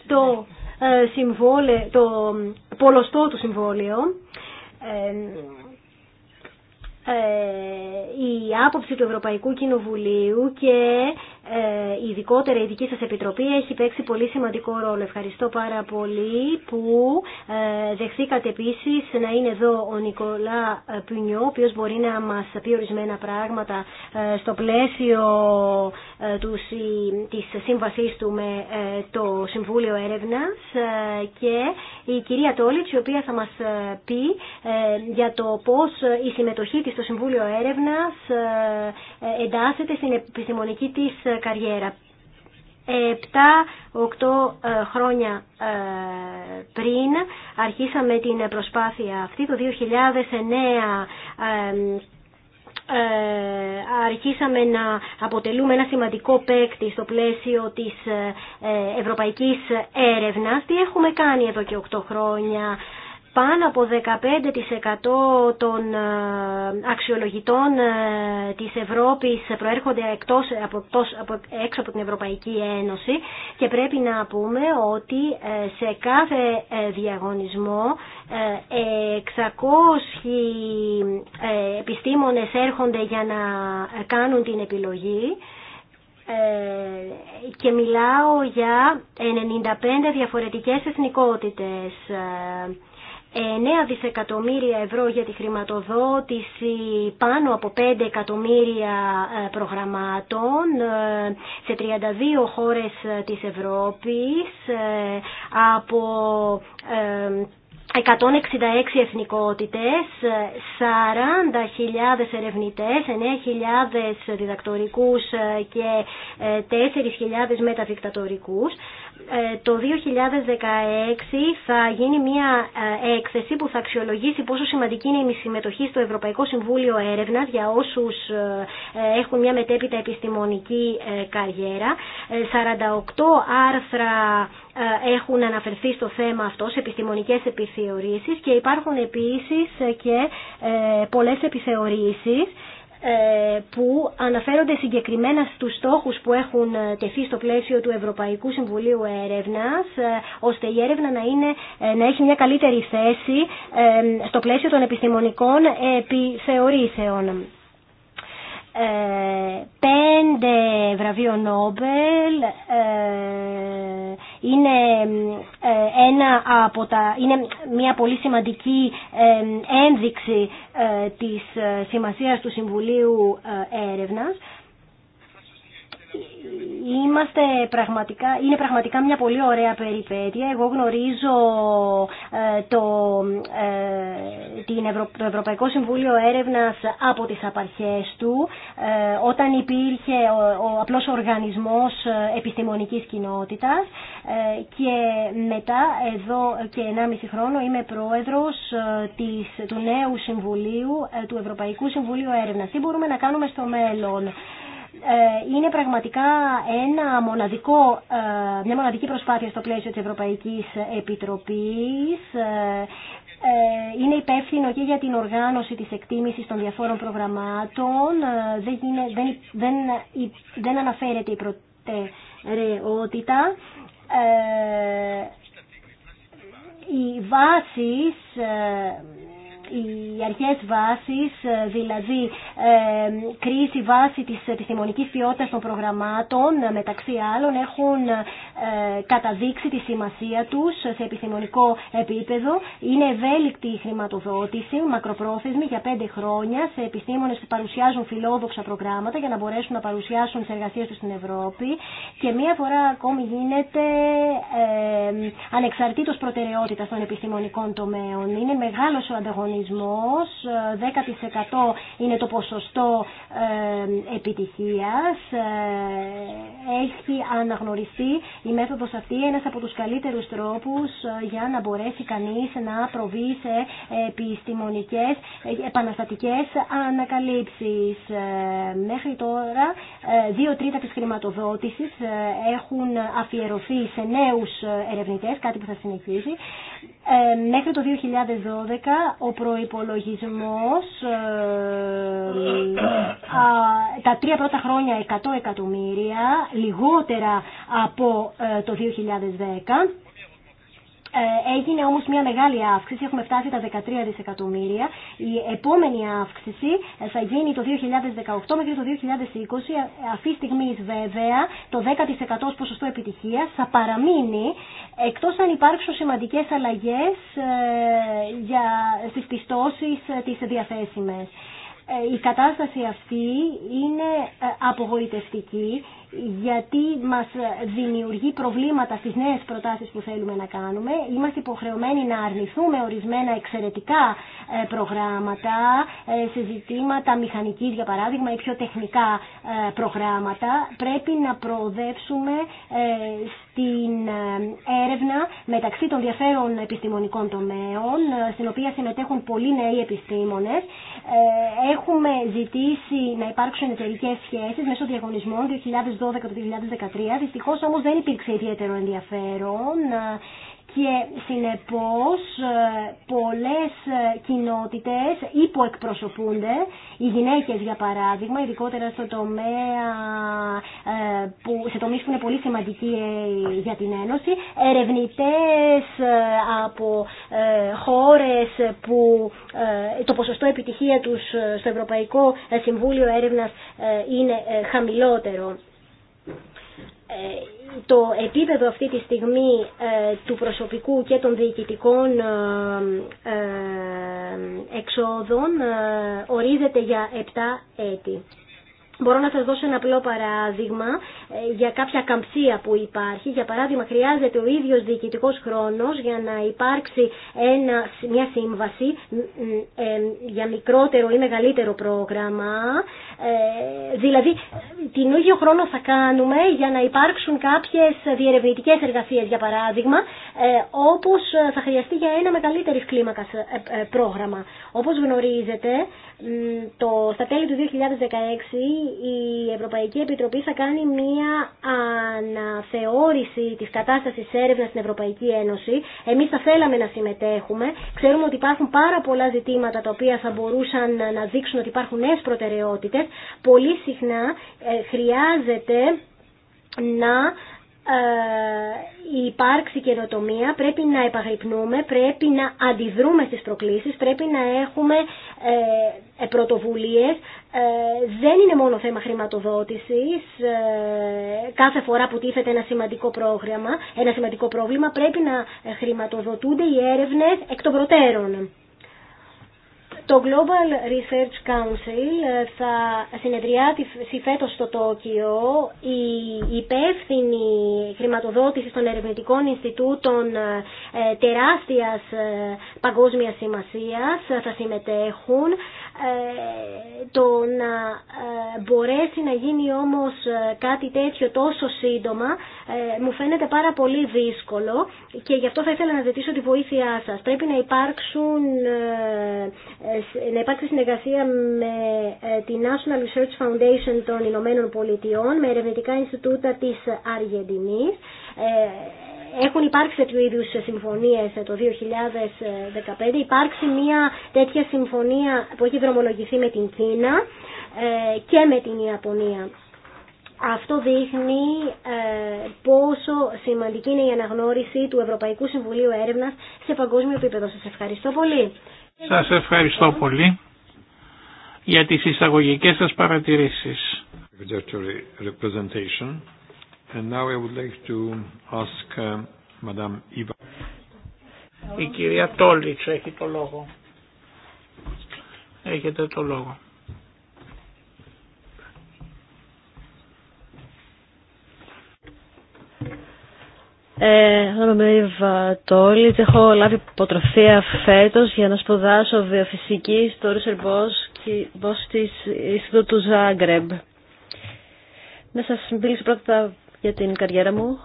Speaker 2: το, ε, συμβόλε το πολλωστό του συμβόλαιο, ε, ε, η άποψη του Ευρωπαϊκού Κοινοβουλίου και ε, ειδικότερα η δική σας επιτροπή έχει παίξει πολύ σημαντικό ρόλο. Ευχαριστώ πάρα πολύ που ε, δεχθήκατε επίσης να είναι εδώ ο Νικολά ε, Πουνιό, ο οποίος μπορεί να μας πει ορισμένα πράγματα στο πλαίσιο της σύμβασής του με το Συμβούλιο Έρευνας και η κυρία Τόλιτς, η οποία θα μας πει για το πώς η συμμετοχή της στο Συμβούλιο Έρευνας εντάσσεται στην επιστημονική της καριέρα. 7-8 ε, χρόνια ε, πριν αρχίσαμε την προσπάθεια αυτή. Το 2009 ε, αρχίσαμε να αποτελούμε ένα σημαντικό παίκτη στο πλαίσιο της ευρωπαϊκής έρευνας. Τι έχουμε κάνει εδώ και 8 χρόνια πάνω από 15% των ε, αξιολογητών ε, της Ευρώπης προέρχονται εκτός, από, από, έξω από την Ευρωπαϊκή Ένωση και πρέπει να πούμε ότι ε, σε κάθε διαγωνισμό 600 επιστήμονες έρχονται για να κάνουν την επιλογή και μιλάω για 95 διαφορετικές εθνικότητες. 9 δισεκατομμύρια ευρώ για τη χρηματοδότηση πάνω από 5 εκατομμύρια ε, προγραμμάτων ε, σε 32 χώρες ε, της Ευρώπης από 166 εθνικότητες, 40.000 ερευνητές, 9.000 διδακτορικούς και 4.000 ε, μεταδικτατορικούς. Ε, το 2016 θα γίνει μια ε, έκθεση που θα αξιολογήσει πόσο σημαντική είναι η συμμετοχή στο Ευρωπαϊκό Συμβούλιο Έρευνας για όσους έχουν μια μετέπειτα επιστημονική καριέρα. 48 άρθρα ε, έχουν αναφερθεί στο θέμα αυτό σε επιστημονικές επιθεωρήσεις και υπάρχουν επίσης και ε, πολλές επιθεωρήσεις ε, που αναφέρονται συγκεκριμένα στους στόχους που έχουν τεθεί στο πλαίσιο του Ευρωπαϊκού Συμβουλίου Έρευνας ώστε η έρευνα να, είναι, να έχει μια καλύτερη θέση στο πλαίσιο των επιστημονικών επιθεωρήσεων. Ε, πέντε βραβείο Νόμπελ ε, είναι, ε, ένα από τα, είναι μια πολύ σημαντική ένδειξη της σημασίας του Συμβουλίου Έρευνας Είμαστε πραγματικά, είναι πραγματικά μια πολύ ωραία περιπέτεια. Εγώ γνωρίζω ε, το, ε, την Ευρωπαϊκό Συμβούλιο Έρευνας από τις απαρχές του, ε, όταν υπήρχε ο, ο απλός οργανισμός επιστημονικής κοινότητας και μετά εδώ και 1,5 χρόνο είμαι πρόεδρος της, του νέου Συμβουλίου, του Ευρωπαϊκού Συμβουλίου Έρευνας. Τι μπορούμε να κάνουμε στο μέλλον. Ε, είναι πραγματικά ένα μοναδικό, ε, μια μοναδική προσπάθεια στο πλαίσιο της Ευρωπαϊκής Επιτροπής. Ε, είναι υπεύθυνο και για την οργάνωση της εκτίμησης των διαφόρων προγραμμάτων. Δεν, δεν, δεν, δεν αναφέρεται η προτεραιότητα. Οι βάσεις οι αρχές βάσεις, ε, δηλαδή ε, κρίση βάση της επιστημονική ποιότητας των προγραμμάτων, ε, μεταξύ άλλων, έχουν καταδείξει τη σημασία τους σε επιστημονικό επίπεδο. Είναι ευέλικτη η χρηματοδότηση, μακροπρόθεσμη για πέντε χρόνια, σε επιστήμονες που παρουσιάζουν φιλόδοξα προγράμματα για να μπορέσουν να παρουσιάσουν τις εργασίες τους στην Ευρώπη. Και μία φορά ακόμη γίνεται ε, ανεξαρτήτως προτεραιότητας των επιστημονικών τομέων. Είναι μεγάλος ο ανταγωνισμός 10% είναι το ποσοστό ε, επιτυχίας. Ε, έχει αναγνωριστεί η μέθοδος αυτή ένας από τους καλύτερους τρόπους ε, για να μπορέσει κανείς να προβεί σε επιστημονικές επαναστατικές ανακαλύψεις. Μέχρι τώρα δύο τρίτα της χρηματοδότησης έχουν αφιερωθεί σε νέους ερευνητές, κάτι που θα συνεχίσει. Μέχρι το 2012 ο προϋπολογισμός ε, τα τρία πρώτα χρόνια 100 εκατομμύρια λιγότερα από ε, το 2010 ε, έγινε όμως μια μεγάλη αύξηση, έχουμε φτάσει τα 13 δισεκατομμύρια. Η επόμενη αύξηση ε, θα γίνει το 2018 μέχρι το 2020. Ε, αυτή τη στιγμή βέβαια το 10% ποσοστό επιτυχίας θα παραμείνει εκτός αν υπάρξουν σημαντικές αλλαγές για, στις πιστώσεις τις διαθέσιμες. Η κατάσταση αυτή είναι απογοητευτική γιατί μας δημιουργεί προβλήματα στις νέες προτάσεις που θέλουμε να κάνουμε. Είμαστε υποχρεωμένοι να αρνηθούμε ορισμένα εξαιρετικά ε, προγράμματα σε ζητήματα μηχανικής για παράδειγμα ή πιο τεχνικά ε, προγράμματα. Πρέπει να προοδεύσουμε ε, την ε, έρευνα μεταξύ των διαφέρων επιστημονικών τομέων, ε, στην οποία συμμετέχουν πολλοί νέοι επιστήμονες. Ε, έχουμε ζητήσει να υπάρξουν εταιρικέ σχέσεις μέσω διαγωνισμών 2012-2013. Δυστυχώς όμως δεν υπήρξε ιδιαίτερο ενδιαφέρον και συνεπώς ε, πολλές ε, κοινότητες υποεκπροσωπούνται, οι γυναίκες για παράδειγμα, ειδικότερα στο τομέα ε, που, σε τομείς που είναι πολύ σημαντικοί για την Ένωση, ερευνητές από χώρες που το ποσοστό επιτυχία τους στο Ευρωπαϊκό Συμβούλιο Έρευνας είναι χαμηλότερο. Ε, το επίπεδο αυτή τη στιγμή ε, του προσωπικού και των διοικητικών ε, εξόδων ορίζεται για 7 έτη. Μπορώ να σας δώσω ένα απλό παράδειγμα ε, για κάποια καμψία που υπάρχει. Για παράδειγμα, χρειάζεται ο ίδιος διοικητικός χρόνος για να υπάρξει ένα, μια σύμβαση για μικρότερο ή μεγαλύτερο πρόγραμμα. Ε, δηλαδή, την ίδιο χρόνο θα κάνουμε για να υπάρξουν κάποιες διερευνητικές εργασίες, για παράδειγμα, ε, όπως θα χρειαστεί για ένα μεγαλύτερης κλίμακας πρόγραμμα. Όπως γνωρίζετε, το, στα τέλη του 2016 η Ευρωπαϊκή Επιτροπή θα κάνει μία αναθεώρηση της κατάστασης έρευνα στην Ευρωπαϊκή Ένωση. Εμείς θα θέλαμε να συμμετέχουμε. Ξέρουμε ότι υπάρχουν πάρα πολλά ζητήματα τα οποία θα μπορούσαν να δείξουν ότι υπάρχουν νέες προτεραιότητες. Πολύ συχνά ε, χρειάζεται να ε, η υπάρξει καινοτομία, πρέπει να επαγρυπνούμε, πρέπει να αντιδρούμε στις προκλήσεις, πρέπει να έχουμε ε, ε πρωτοβουλίες. Ε, δεν είναι μόνο θέμα χρηματοδότησης. κάθε φορά που τίθεται ένα σημαντικό, πρόγραμμα, ένα σημαντικό πρόβλημα πρέπει να χρηματοδοτούνται οι έρευνες εκ των προτέρων. Το Global Research Council ε, θα συνεδριάσει φέτος στο Τόκιο. η υπεύθυνη χρηματοδότηση των ερευνητικών Ινστιτούτων ε, τεράστιας ε, παγκόσμιας σημασίας θα συμμετέχουν. Το να μπορέσει να γίνει όμως κάτι τέτοιο τόσο σύντομα μου φαίνεται πάρα πολύ δύσκολο και γι' αυτό θα ήθελα να ζητήσω τη βοήθειά σας. Πρέπει να υπάρξουν ε, ε, να υπάρξει συνεργασία με ε, τη National Research Foundation των Ηνωμένων Πολιτειών, με ερευνητικά Ινστιτούτα της Αργεντινής. Έχουν υπάρξει τέτοιου είδου συμφωνίε το 2015. Υπάρξει μια τέτοια συμφωνία που έχει δρομολογηθεί με την Κίνα και με την Ιαπωνία. Αυτό δείχνει πόσο σημαντική είναι η αναγνώριση του Ευρωπαϊκού Συμβουλίου Έρευνας σε παγκόσμιο επίπεδο. Σας ευχαριστώ πολύ. Σας
Speaker 4: ευχαριστώ πολύ για τις εισαγωγικές σας παρατηρήσεις.
Speaker 1: Uh,
Speaker 4: Η κυρία Τόλιτς έχει το λόγο. Έχετε το λόγο.
Speaker 3: Ε, Ονομαμαι Βατόλη, έχω λάβει υποτροφία φέτος για να σπουδάσω βιοφυσική στο Ρούσερ Μπός της Ινστιτούτου του Ζάγκρεμπ. Να σας μιλήσω πρώτα για την καριέρα μου.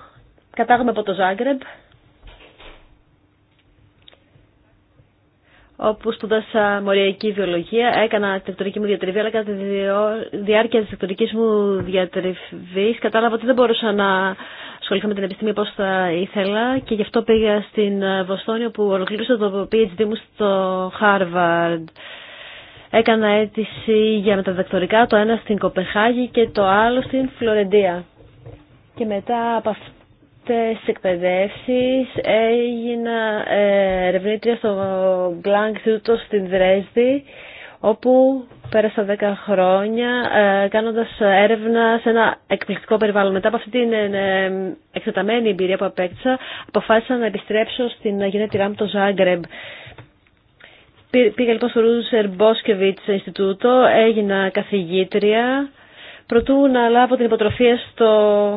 Speaker 3: Κατάγομαι από το Ζάγκρεμπ, όπου σπούδασα μοριακή βιολογία. Έκανα τεκτονική μου διατριβή, αλλά κατά τη διάρκεια της αρχιτεκτονικής μου διατριβής κατάλαβα ότι δεν μπορούσα να ασχολήθηκα με την επιστήμη πως θα ήθελα και γι' αυτό πήγα στην ε, Βοστόνη που ολοκλήρωσα το PhD μου στο Harvard. Έκανα αίτηση για μεταδεκτορικά το ένα στην Κοπεχάγη και το άλλο στην Φλωρεντία. Και μετά από αυτέ τι εκπαιδεύσει έγινα ε, ερευνήτρια στο Glang Institute στην Δρέσδη όπου πέρασα 10 χρόνια ε, κάνοντας έρευνα σε ένα εκπληκτικό περιβάλλον. Μετά από αυτή την ε, ε, εκτεταμένη εμπειρία που απέκτησα, αποφάσισα να επιστρέψω στην γενέτειρά μου το Ζάγκρεμπ. Πήγα λοιπόν στο Ρούζερ Μπόσκεβιτς Ινστιτούτο, έγινα καθηγήτρια, προτού να λάβω την υποτροφία στο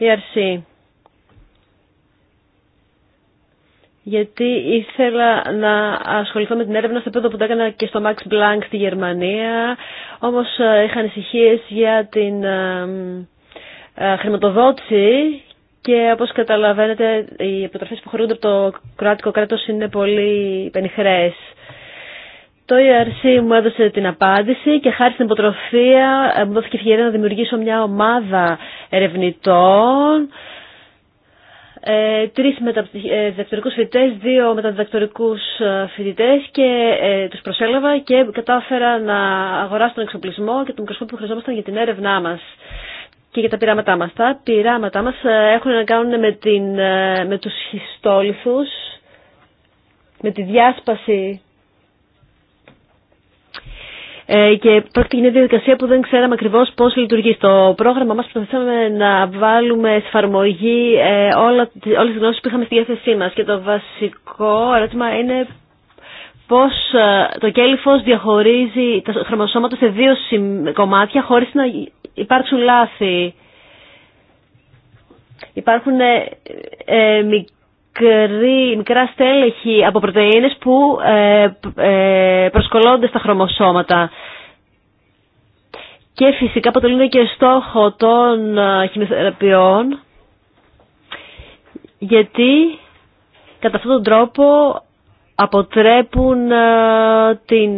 Speaker 3: ERC. γιατί ήθελα να ασχοληθώ με την έρευνα στο επίπεδο που τα έκανα και στο Max Planck στη Γερμανία, όμως ε, είχα ανησυχίε για την ε, χρηματοδότηση και όπως καταλαβαίνετε οι επιτροφές που χωρούνται από το κροάτικο κράτος είναι πολύ πενιχρές. Το ERC μου έδωσε την απάντηση και χάρη στην υποτροφία ε, μου δόθηκε ευκαιρία να δημιουργήσω μια ομάδα ερευνητών ε, τρεις μεταδιδακτορικούς ε, φοιτητές, δύο μεταδιδακτορικούς ε, φοιτητές και ε, τους προσέλαβα και κατάφερα να αγοράσω τον εξοπλισμό και τον μικροσκόπιο που χρειαζόμασταν για την έρευνά μας και για τα πειράματά μας. Τα πειράματά μας ε, έχουν να κάνουν με, την, με τους με τη διάσπαση ε, και πρόκειται για μια διαδικασία που δεν ξέραμε ακριβώ πώ λειτουργεί. Στο πρόγραμμα μα προσπαθήσαμε να βάλουμε σε εφαρμογή ε, όλε τι γνώσει που είχαμε στη διάθεσή μα. Και το βασικό ερώτημα είναι πώς ε, το κέλυφος διαχωρίζει τα χρωμοσώματα σε δύο κομμάτια χωρίς να υπάρξουν λάθη. Υπάρχουν ε, μικρή, μικρά στέλεχη από πρωτεΐνες που ε, ε, προσκολώνται στα χρωμοσώματα. Και φυσικά αποτελούν και στόχο των ε, χημιοθεραπείων γιατί κατά αυτόν τον τρόπο αποτρέπουν την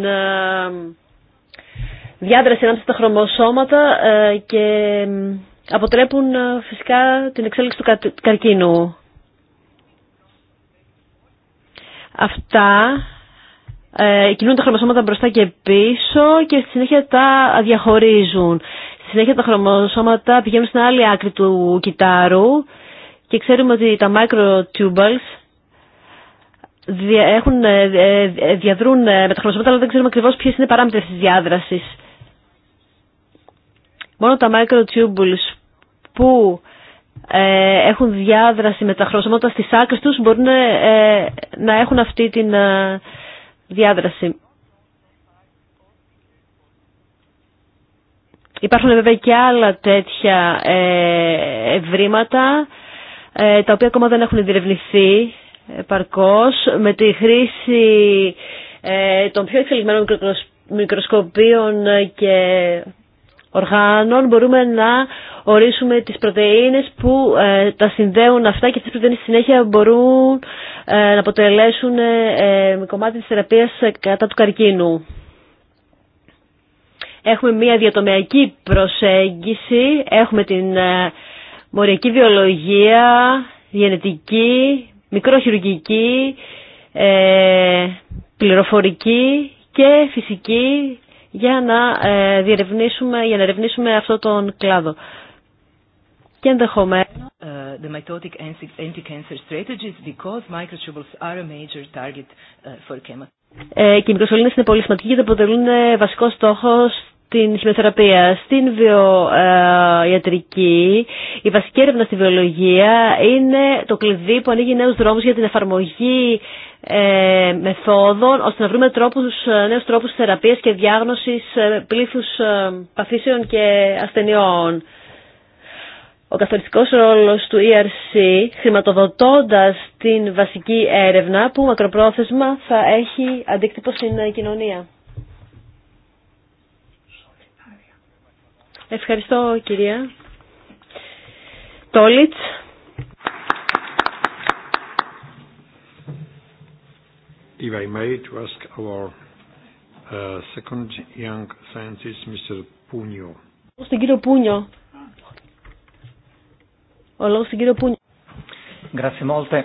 Speaker 3: διάδραση ανάμεσα στα χρωμοσώματα και αποτρέπουν φυσικά την εξέλιξη του καρκίνου. Αυτά ε, κινούν τα χρωμοσώματα μπροστά και πίσω και στη συνέχεια τα διαχωρίζουν. Στη συνέχεια τα χρωμοσώματα πηγαίνουν στην άλλη άκρη του κυτάρου και ξέρουμε ότι τα microtubules έχουν, ε, ε, διαδρούν ε, με τα χρωμοσώματα αλλά δεν ξέρουμε ακριβώς ποιες είναι οι παράμετρες της διάδρασης. Μόνο τα microtubules που ε, έχουν διάδραση με τα χρώσματα στις άκρες τους μπορούν ε, να έχουν αυτή την ε, διάδραση. Υπάρχουν βέβαια και άλλα τέτοια ευρήματα τα οποία ακόμα δεν έχουν διερευνηθεί παρκώς με τη χρήση των πιο εξελιγμένων μικροσκοπίων και οργάνων μπορούμε να ορίσουμε τις πρωτεΐνες που ε, τα συνδέουν αυτά και αυτές οι πρωτεΐνες συνέχεια μπορούν ε, να αποτελέσουν ε, κομμάτι της θεραπείας κατά του καρκίνου. Έχουμε μία διατομιακή προσέγγιση, έχουμε την μοριακή βιολογία, γενετική, μικροχειρουργική, πληροφορική και φυσική για να ε, διερευνήσουμε, για να ερευνήσουμε αυτό τον κλάδο. Και ενδεχομένως... Ε, the mitotic anti-cancer strategies because microtubules are a major target ε, for chemotherapy. Ε, και οι μικροσωλήνες είναι πολύ σημαντικοί γιατί αποτελούν βασικό στόχο την χημειοθεραπεία, στην βιοιατρική, η βασική έρευνα στη βιολογία είναι το κλειδί που ανοίγει νέους δρόμους για την εφαρμογή ε, μεθόδων, ώστε να βρούμε τρόπους, ε, νέους τρόπους θεραπείας και διάγνωσης ε, πλήθους ε, παθήσεων και ασθενειών. Ο καθοριστικός ρόλος του ERC χρηματοδοτώντας την βασική έρευνα που μακροπρόθεσμα θα έχει αντίκτυπο στην κοινωνία. Ευχαριστώ κυρία. Τόλιτς.
Speaker 1: If I may to ask our uh, second young scientist, Mr. Πούνιο.
Speaker 3: Στον κύριο Πούνιο.
Speaker 4: Ο λόγος στον κύριο Πούνιο. Grazie molte,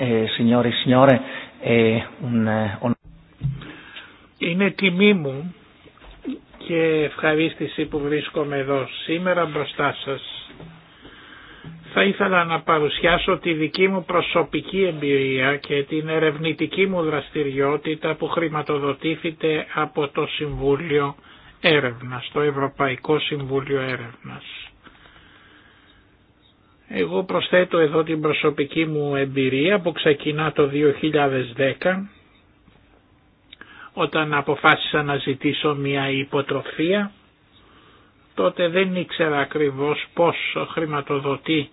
Speaker 4: eh, signore e signore. Eh, un, un... Ε, Είναι τιμή μου και ευχαρίστηση που βρίσκομαι εδώ σήμερα μπροστά σας. Θα ήθελα να παρουσιάσω τη δική μου προσωπική εμπειρία και την ερευνητική μου δραστηριότητα που χρηματοδοτήθηκε από το Συμβούλιο Έρευνας, το Ευρωπαϊκό Συμβούλιο Έρευνας. Εγώ προσθέτω εδώ την προσωπική μου εμπειρία που ξεκινά το 2010 όταν αποφάσισα να ζητήσω μια υποτροφία, τότε δεν ήξερα ακριβώς πώς χρηματοδοτεί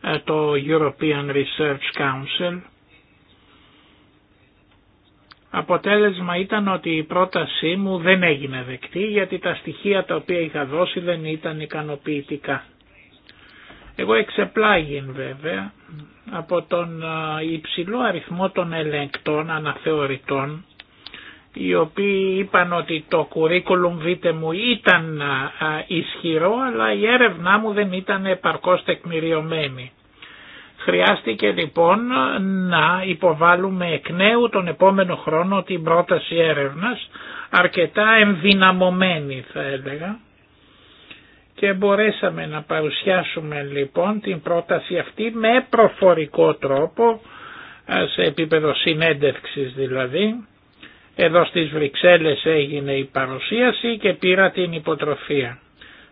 Speaker 4: ε, το European Research Council. Αποτέλεσμα ήταν ότι η πρότασή μου δεν έγινε δεκτή γιατί τα στοιχεία τα οποία είχα δώσει δεν ήταν ικανοποιητικά. Εγώ εξεπλάγιν βέβαια από τον ε, υψηλό αριθμό των ελεγκτών αναθεωρητών οι οποίοι είπαν ότι το κουρίκουλουμ βίτε μου ήταν ισχυρό αλλά η έρευνά μου δεν ήταν επαρκώς τεκμηριωμένη.
Speaker 5: Χρειάστηκε
Speaker 4: λοιπόν να υποβάλουμε εκ νέου τον επόμενο χρόνο την πρόταση έρευνας αρκετά ενδυναμωμένη θα έλεγα και μπορέσαμε να παρουσιάσουμε λοιπόν την πρόταση αυτή με προφορικό τρόπο σε επίπεδο συνέντευξης δηλαδή εδώ στις Βρυξέλλες έγινε η παρουσίαση και πήρα την υποτροφία.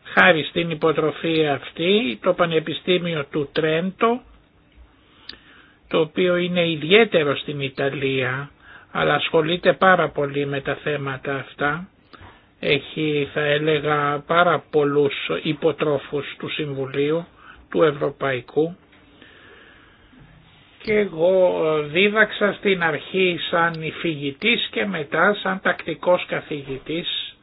Speaker 4: Χάρη στην υποτροφία αυτή το Πανεπιστήμιο του Τρέντο, το οποίο είναι ιδιαίτερο στην Ιταλία, αλλά ασχολείται πάρα πολύ με τα θέματα αυτά, έχει θα έλεγα πάρα πολλούς υποτρόφους του Συμβουλίου, του Ευρωπαϊκού, και εγώ ε, δίδαξα στην αρχή σαν υφηγητής και μετά σαν τακτικός καθηγητής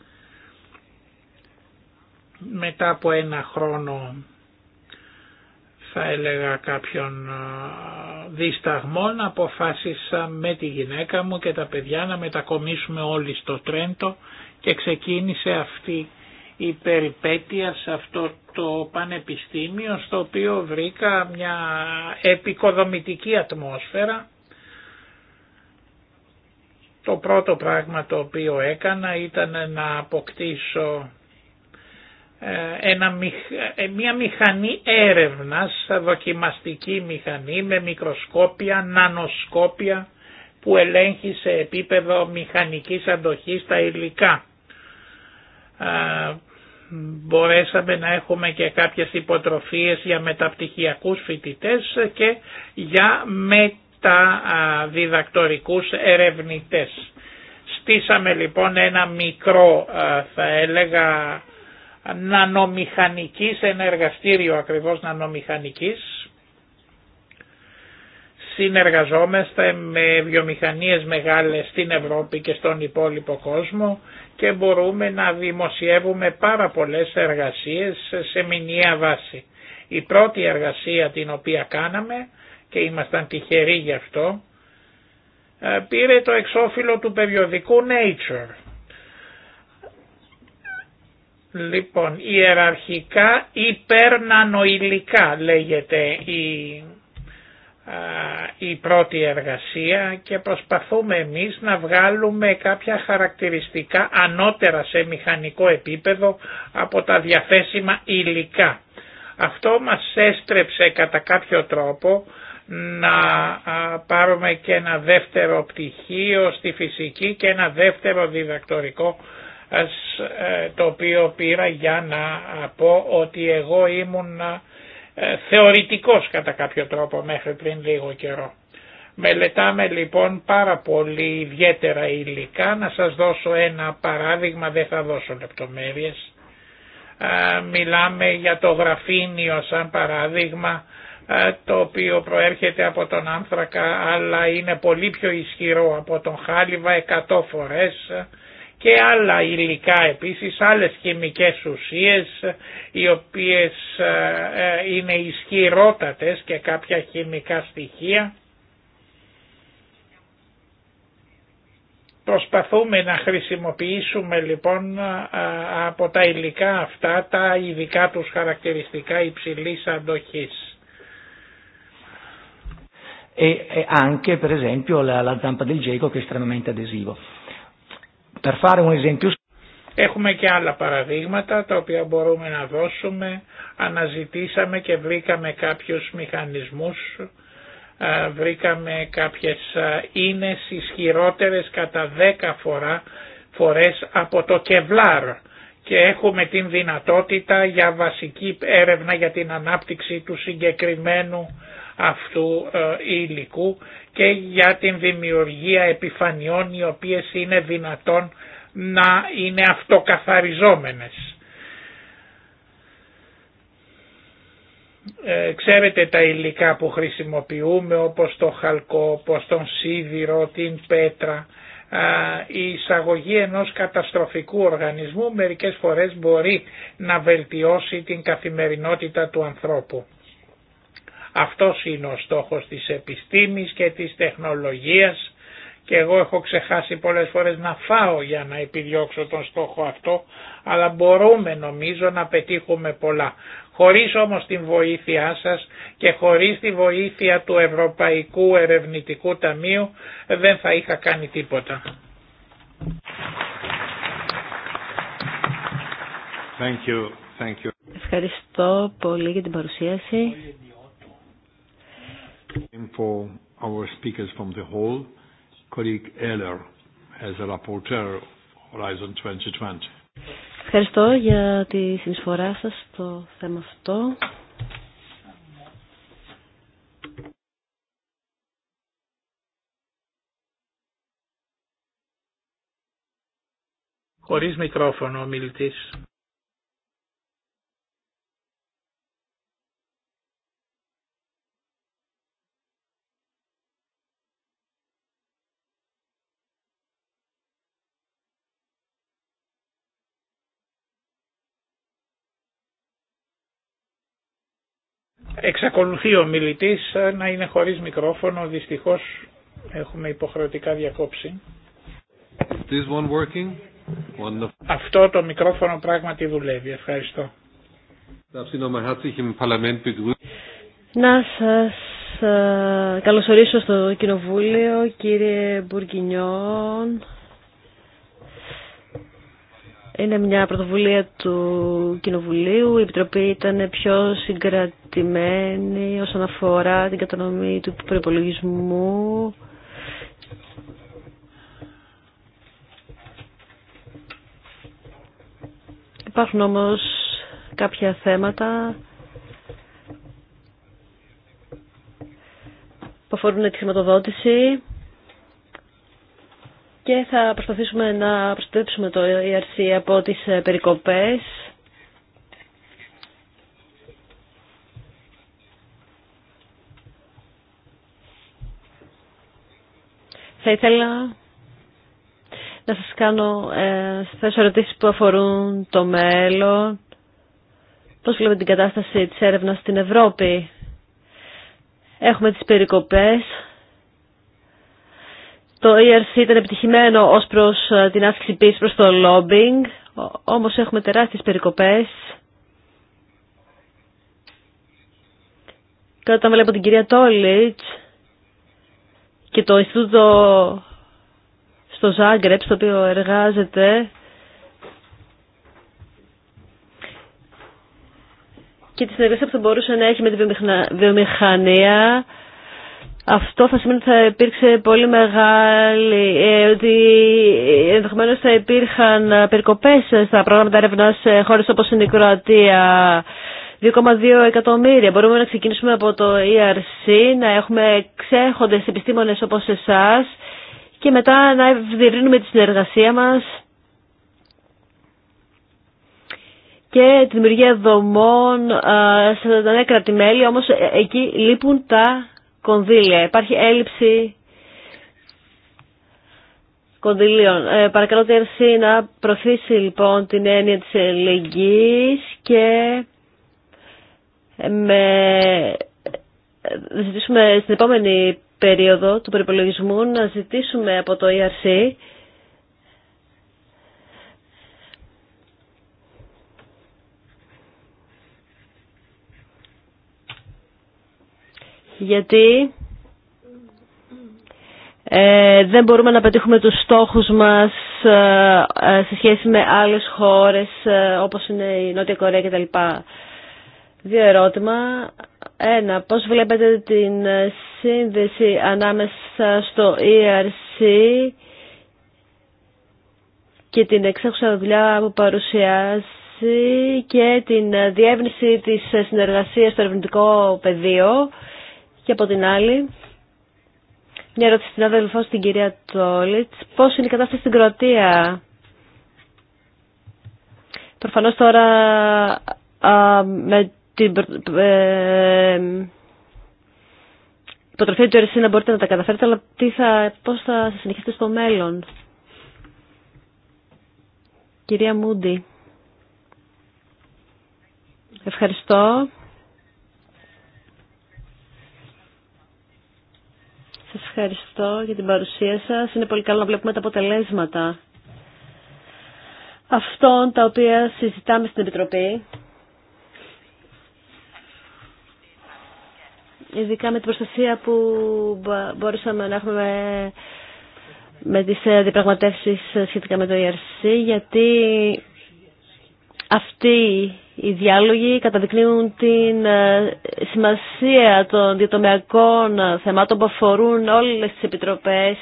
Speaker 4: μετά από ένα χρόνο θα έλεγα κάποιων ε, δισταγμών αποφάσισα με τη γυναίκα μου και τα παιδιά να μετακομίσουμε όλοι στο Τρέντο και ξεκίνησε αυτή η περιπέτεια σε αυτό το πανεπιστήμιο στο οποίο βρήκα μια επικοδομητική ατμόσφαιρα. Το πρώτο πράγμα το οποίο έκανα ήταν να αποκτήσω ε, ένα, ε, μια μηχανή έρευνας, δοκιμαστική μηχανή με μικροσκόπια, νανοσκόπια που ελέγχει σε επίπεδο μηχανικής αντοχής τα υλικά ε, μπορέσαμε να έχουμε και κάποιες υποτροφίες για μεταπτυχιακούς φοιτητές και για μεταδιδακτορικούς ερευνητές. Στήσαμε λοιπόν ένα μικρό θα έλεγα νανομηχανικής, ενεργαστήριο, εργαστήριο ακριβώς νανομηχανικής. Συνεργαζόμαστε με βιομηχανίες μεγάλες στην Ευρώπη και στον υπόλοιπο κόσμο και μπορούμε να δημοσιεύουμε πάρα πολλές εργασίες σε μηνιαία βάση. Η πρώτη εργασία την οποία κάναμε και ήμασταν τυχεροί γι' αυτό ε, πήρε το εξώφυλλο του περιοδικού Nature. Λοιπόν, ιεραρχικά υπερνανοηλικά λέγεται η η πρώτη εργασία και προσπαθούμε εμείς να βγάλουμε κάποια χαρακτηριστικά ανώτερα σε μηχανικό επίπεδο από τα διαθέσιμα υλικά. Αυτό μας έστρεψε κατά κάποιο τρόπο να πάρουμε και ένα δεύτερο πτυχίο στη φυσική και ένα δεύτερο διδακτορικό ε, το οποίο πήρα για να πω ότι εγώ ήμουν ε, θεωρητικός κατά κάποιο τρόπο μέχρι πριν λίγο καιρό. Μελετάμε λοιπόν πάρα πολύ ιδιαίτερα υλικά, να σας δώσω ένα παράδειγμα, δεν θα δώσω λεπτομέρειες. Ε, μιλάμε για το γραφήνιο σαν παράδειγμα, ε, το οποίο προέρχεται από τον άνθρακα αλλά είναι πολύ πιο ισχυρό από τον χάλιβα 100 φορές και άλλα υλικά επίσης, άλλες χημικές ουσίες οι οποίες ε, ε, είναι ισχυρότατες και κάποια χημικά στοιχεία. Προσπαθούμε να χρησιμοποιήσουμε λοιπόν ε, από τα υλικά αυτά τα ειδικά τους χαρακτηριστικά υψηλής αντοχής. E anche per esempio la, la zampa del geco Έχουμε και άλλα παραδείγματα τα οποία μπορούμε να δώσουμε. Αναζητήσαμε και βρήκαμε κάποιους μηχανισμούς, βρήκαμε κάποιες ίνες ισχυρότερες κατά δέκα φορά, φορές από το κεβλάρ και έχουμε την δυνατότητα για βασική έρευνα για την ανάπτυξη του συγκεκριμένου αυτού υλικού και για την δημιουργία επιφανειών οι οποίες είναι δυνατόν να είναι αυτοκαθαριζόμενες. Ε, ξέρετε τα υλικά που χρησιμοποιούμε όπως το χαλκό, όπως τον σίδηρο, την πέτρα. Η εισαγωγή ενός καταστροφικού οργανισμού μερικές φορές μπορεί να βελτιώσει την καθημερινότητα του ανθρώπου. Αυτό είναι ο στόχος της επιστήμης και της τεχνολογίας και εγώ έχω ξεχάσει πολλές φορές να φάω για να επιδιώξω τον στόχο αυτό, αλλά μπορούμε νομίζω να πετύχουμε πολλά. Χωρίς όμως την βοήθειά σας και χωρίς τη βοήθεια του Ευρωπαϊκού Ερευνητικού Ταμείου δεν θα είχα κάνει τίποτα.
Speaker 1: Thank you. Thank
Speaker 3: Ευχαριστώ πολύ για την παρουσίαση.
Speaker 1: For our speakers from the hall, colleague Eller as a rapporteur Horizon 2020.
Speaker 3: Ευχαριστώ για τη συνεισφορά σας στο θέμα αυτό.
Speaker 4: Χωρίς μικρόφωνο ο μιλητής. Εξακολουθεί ο μιλητής ε, να είναι χωρίς μικρόφωνο, δυστυχώς έχουμε υποχρεωτικά διακόψει.
Speaker 1: one
Speaker 4: Αυτό το μικρόφωνο πράγματι δουλεύει. Ευχαριστώ.
Speaker 3: Να σας ε, καλωσορίσω στο Κοινοβούλιο, κύριε Μπουργκινιόν. Είναι μια πρωτοβουλία του Κοινοβουλίου. Η Επιτροπή ήταν πιο συγκρατημένη όσον αφορά την κατανομή του προπολογισμού. Υπάρχουν όμως κάποια θέματα που αφορούν τη χρηματοδότηση και θα προσπαθήσουμε να προστατεύσουμε το ERC από τις ε, περικοπές. Θα ήθελα να σας κάνω ε, που αφορούν το μέλλον. Πώς βλέπετε την κατάσταση της έρευνας στην Ευρώπη. Έχουμε τις περικοπές το ERC ήταν επιτυχημένο ως προς ε, την άσκηση πίσω προς το lobbying, όμως έχουμε τεράστιες περικοπές. Και όταν βλέπω την κυρία Τόλιτς και το Ινστιτούτο στο Ζάγκρεπ, στο οποίο εργάζεται, και τη συνεργασία που θα μπορούσε να έχει με τη βιομηχανία, αυτό θα σημαίνει ότι θα υπήρξε πολύ μεγάλη, ε, ότι ενδεχομένω θα υπήρχαν ε, περικοπές στα πρόγραμματα έρευνα σε χώρε όπω είναι η Κροατία. 2,2 εκατομμύρια. Μπορούμε να ξεκινήσουμε από το ERC, να έχουμε ξέχοντες επιστήμονες όπως εσάς και μετά να διευρύνουμε τη συνεργασία μας και τη δημιουργία δομών ε, σε τα νέα κρατημέλη, όμως εκεί λείπουν τα κονδύλια. Υπάρχει έλλειψη κονδυλίων. Ε, παρακαλώ την ΕΡΣΥ να προθίσει λοιπόν την έννοια της ελεγγύης και ε, με... Ε, ζητήσουμε στην επόμενη περίοδο του περιπολογισμού να ζητήσουμε από το ERC γιατί ε, δεν μπορούμε να πετύχουμε τους στόχους μας ε, ε, σε σχέση με άλλες χώρες όπως είναι η Νότια Κορέα κτλ. Δύο ερώτημα. Ένα, πώς βλέπετε την σύνδεση ανάμεσα στο ERC και την εξέχουσα δουλειά που παρουσιάζει και την διεύνηση της συνεργασίας στο ερευνητικό πεδίο και από την άλλη, μια ερώτηση στην αδελφό στην κυρία Τόλιτς. Πώς είναι η κατάσταση στην Κροατία. Προφανώς τώρα α, με την ε, υποτροφία του ΕΡΣΥ να μπορείτε να τα καταφέρετε, αλλά πώ θα, πώς θα συνεχίσετε στο μέλλον. Κυρία Μούντι. Ευχαριστώ. Ευχαριστώ για την παρουσία σας. Είναι πολύ καλό να βλέπουμε τα αποτελέσματα αυτών τα οποία συζητάμε στην Επιτροπή. Ειδικά με την προστασία που μπορούσαμε να έχουμε με τις ε, διαπραγματεύσεις σχετικά με το ERC, γιατί αυτή οι διάλογοι καταδεικνύουν την ε, σημασία των διατομιακών ε, θεμάτων που αφορούν όλες τις επιτροπές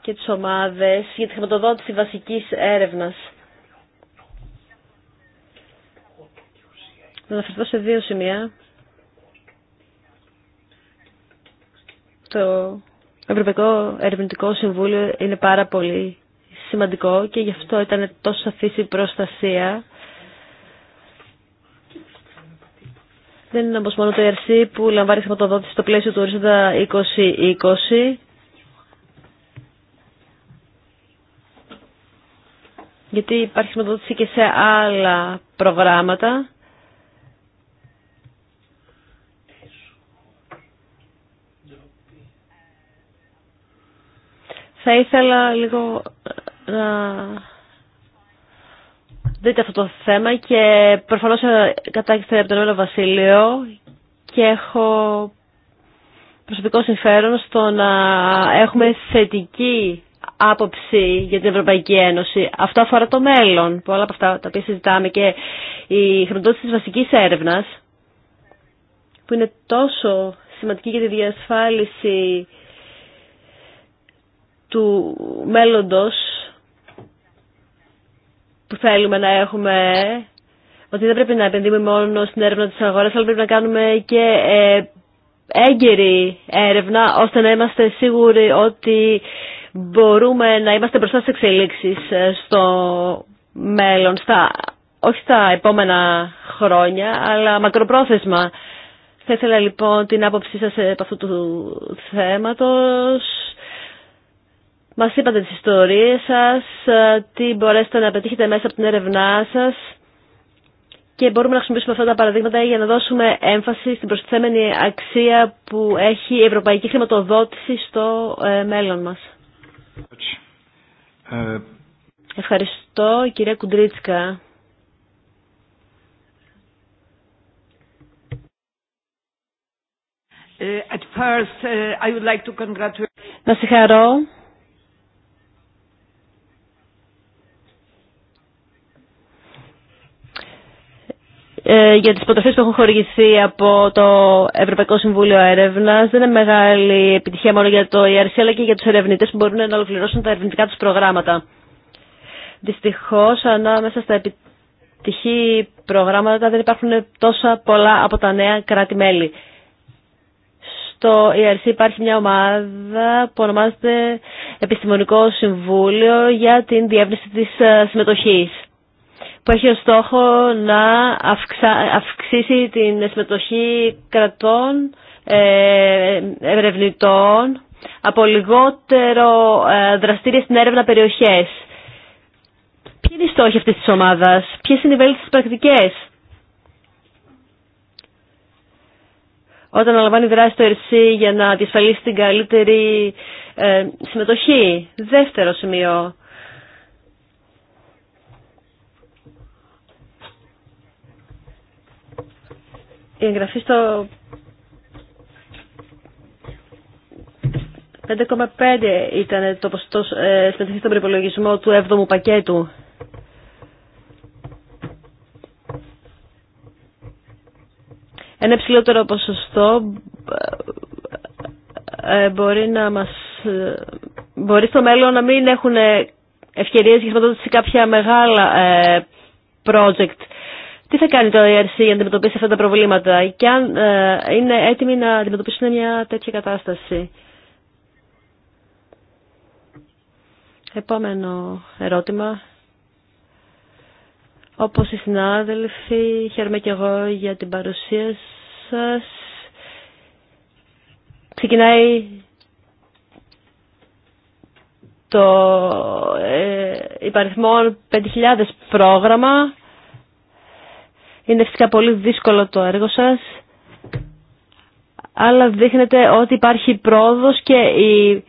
Speaker 3: και τις ομάδες για τη χρηματοδότηση βασικής έρευνας. Να αναφερθώ σε δύο σημεία. Το Ευρωπαϊκό Ερευνητικό Συμβούλιο είναι πάρα πολύ σημαντικό και γι' αυτό ήταν τόσο σαφής η προστασία Δεν είναι όπως μόνο το ERC που λαμβάνει χρηματοδότηση στο πλαίσιο του ορίζοντα 2020. Γιατί υπάρχει χρηματοδότηση και σε άλλα προγράμματα. Θα ήθελα λίγο να δείτε αυτό το θέμα και προφανώς ε, κατάγεστε από τον Ηνωμένο Βασίλειο και έχω προσωπικό συμφέρον στο να έχουμε θετική άποψη για την Ευρωπαϊκή Ένωση. Αυτό αφορά το μέλλον, πολλά από αυτά τα οποία συζητάμε και η χρηματοδότηση της βασικής έρευνας που είναι τόσο σημαντική για τη διασφάλιση του μέλλοντος που θέλουμε να έχουμε, ότι δεν πρέπει να επενδύουμε μόνο στην έρευνα της αγοράς, αλλά πρέπει να κάνουμε και ε, έγκαιρη έρευνα, ώστε να είμαστε σίγουροι ότι μπορούμε να είμαστε μπροστά στις εξελίξεις ε, στο μέλλον, στα, όχι στα επόμενα χρόνια, αλλά μακροπρόθεσμα. Θα ήθελα λοιπόν την άποψή σας από αυτού του θέματος. Μας είπατε τις ιστορίες σας, ε, τι μπορέσετε να πετύχετε μέσα από την έρευνά σας και μπορούμε να χρησιμοποιήσουμε αυτά τα παραδείγματα για να δώσουμε έμφαση στην προστιθέμενη αξία που έχει η ευρωπαϊκή χρηματοδότηση στο ε, μέλλον μας. Ε, Ευχαριστώ, κυρία Κουντρίτσκα. Να συγχαρώ Ε, για τις υποτροφίες που έχουν χορηγηθεί από το Ευρωπαϊκό Συμβούλιο Έρευνας. Δεν είναι μεγάλη επιτυχία μόνο για το ERC αλλά και για τους ερευνητές που μπορούν να ολοκληρώσουν τα ερευνητικά τους προγράμματα. Δυστυχώς ανάμεσα στα επιτυχή προγράμματα δεν υπάρχουν τόσα πολλά από τα νέα κράτη-μέλη. Στο ERC υπάρχει μια ομάδα που ονομάζεται Επιστημονικό Συμβούλιο για την διεύρυνση της συμμετοχής που έχει ως στόχο να αυξήσει την συμμετοχή κρατών, ε, ερευνητών από λιγότερο ε, δραστήρια στην έρευνα περιοχές. Ποιοι είναι οι στόχοι αυτής της ομάδας, ποιες είναι οι της πρακτικές. Όταν αναλαμβάνει δράση το ΕΡΣΥ για να διασφαλίσει την καλύτερη ε, συμμετοχή. Δεύτερο σημείο η εγγραφή στο 5,5 ήταν το ποσοστό ε, συμμετοχή στον προπολογισμό του 7ου πακέτου. Ένα υψηλότερο ποσοστό ε, ε, μπορεί να μας... Ε, μπορεί στο μέλλον να μην έχουν ευκαιρίες για χρηματοδότηση κάποια μεγάλα project. Τι θα κάνει το ERC για να αντιμετωπίσει αυτά τα προβλήματα και αν ε, είναι έτοιμοι να αντιμετωπίσουν μια τέτοια κατάσταση. Επόμενο ερώτημα. Όπως οι συνάδελφοι, χαίρομαι και εγώ για την παρουσία σας. Ξεκινάει το ε, υπαριθμό 5.000 πρόγραμμα είναι φυσικά πολύ δύσκολο το έργο σας, αλλά δείχνετε ότι υπάρχει πρόοδος και η,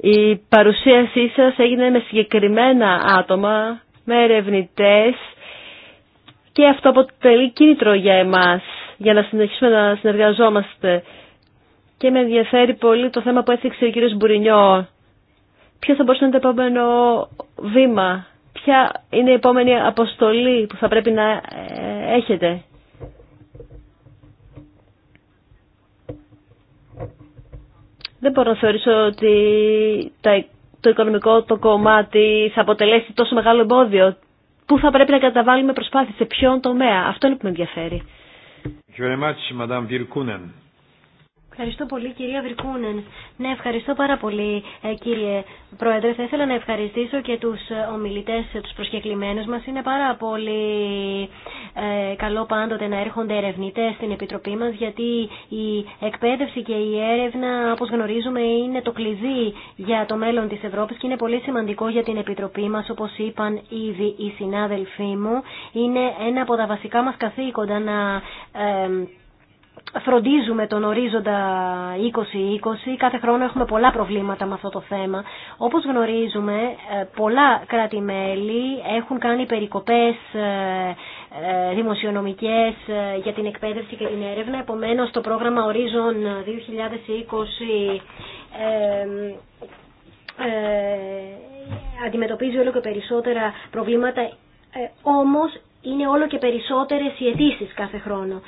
Speaker 3: η παρουσίασή σας έγινε με συγκεκριμένα άτομα, με ερευνητές και αυτό αποτελεί κίνητρο για εμάς, για να συνεχίσουμε να συνεργαζόμαστε. Και με ενδιαφέρει πολύ το θέμα που έθιξε ο κύριος Μπουρινιό. Ποιο θα μπορούσε να είναι το επόμενο βήμα ποια είναι η επόμενη αποστολή που θα πρέπει να ε, έχετε. Δεν μπορώ να θεωρήσω ότι το οικονομικό το κομμάτι θα αποτελέσει τόσο μεγάλο εμπόδιο. Πού θα πρέπει να καταβάλουμε προσπάθειες, σε ποιον τομέα. Αυτό είναι που με
Speaker 2: ενδιαφέρει. Ευχαριστώ πολύ κυρία Βρικούνεν. Ναι, ευχαριστώ πάρα πολύ ε, κύριε Πρόεδρε. Θα ήθελα να ευχαριστήσω και τους ε, ομιλητές, ε, τους προσκεκλημένους μας. Είναι πάρα πολύ καλό πάντοτε να έρχονται ερευνητές στην Επιτροπή μας γιατί η εκπαίδευση και η έρευνα, όπως γνωρίζουμε, είναι το κλειδί για το μέλλον της Ευρώπης και είναι πολύ σημαντικό για την Επιτροπή μας, όπως είπαν ήδη οι συνάδελφοί μου. Είναι ένα από τα βασικά μας καθήκοντα να φροντίζουμε τον ορίζοντα 2020. Κάθε χρόνο έχουμε πολλά προβλήματα με αυτό το θέμα. Όπως γνωρίζουμε, ε, πολλά κράτη-μέλη έχουν κάνει περικοπές ε, ε, δημοσιονομικές για την εκπαίδευση και την έρευνα. Επομένως, το πρόγραμμα Ορίζον 2020 αντιμετωπίζει όλο και περισσότερα προβλήματα, όμως είναι όλο και περισσότερες οι αιτήσει κάθε χρόνο.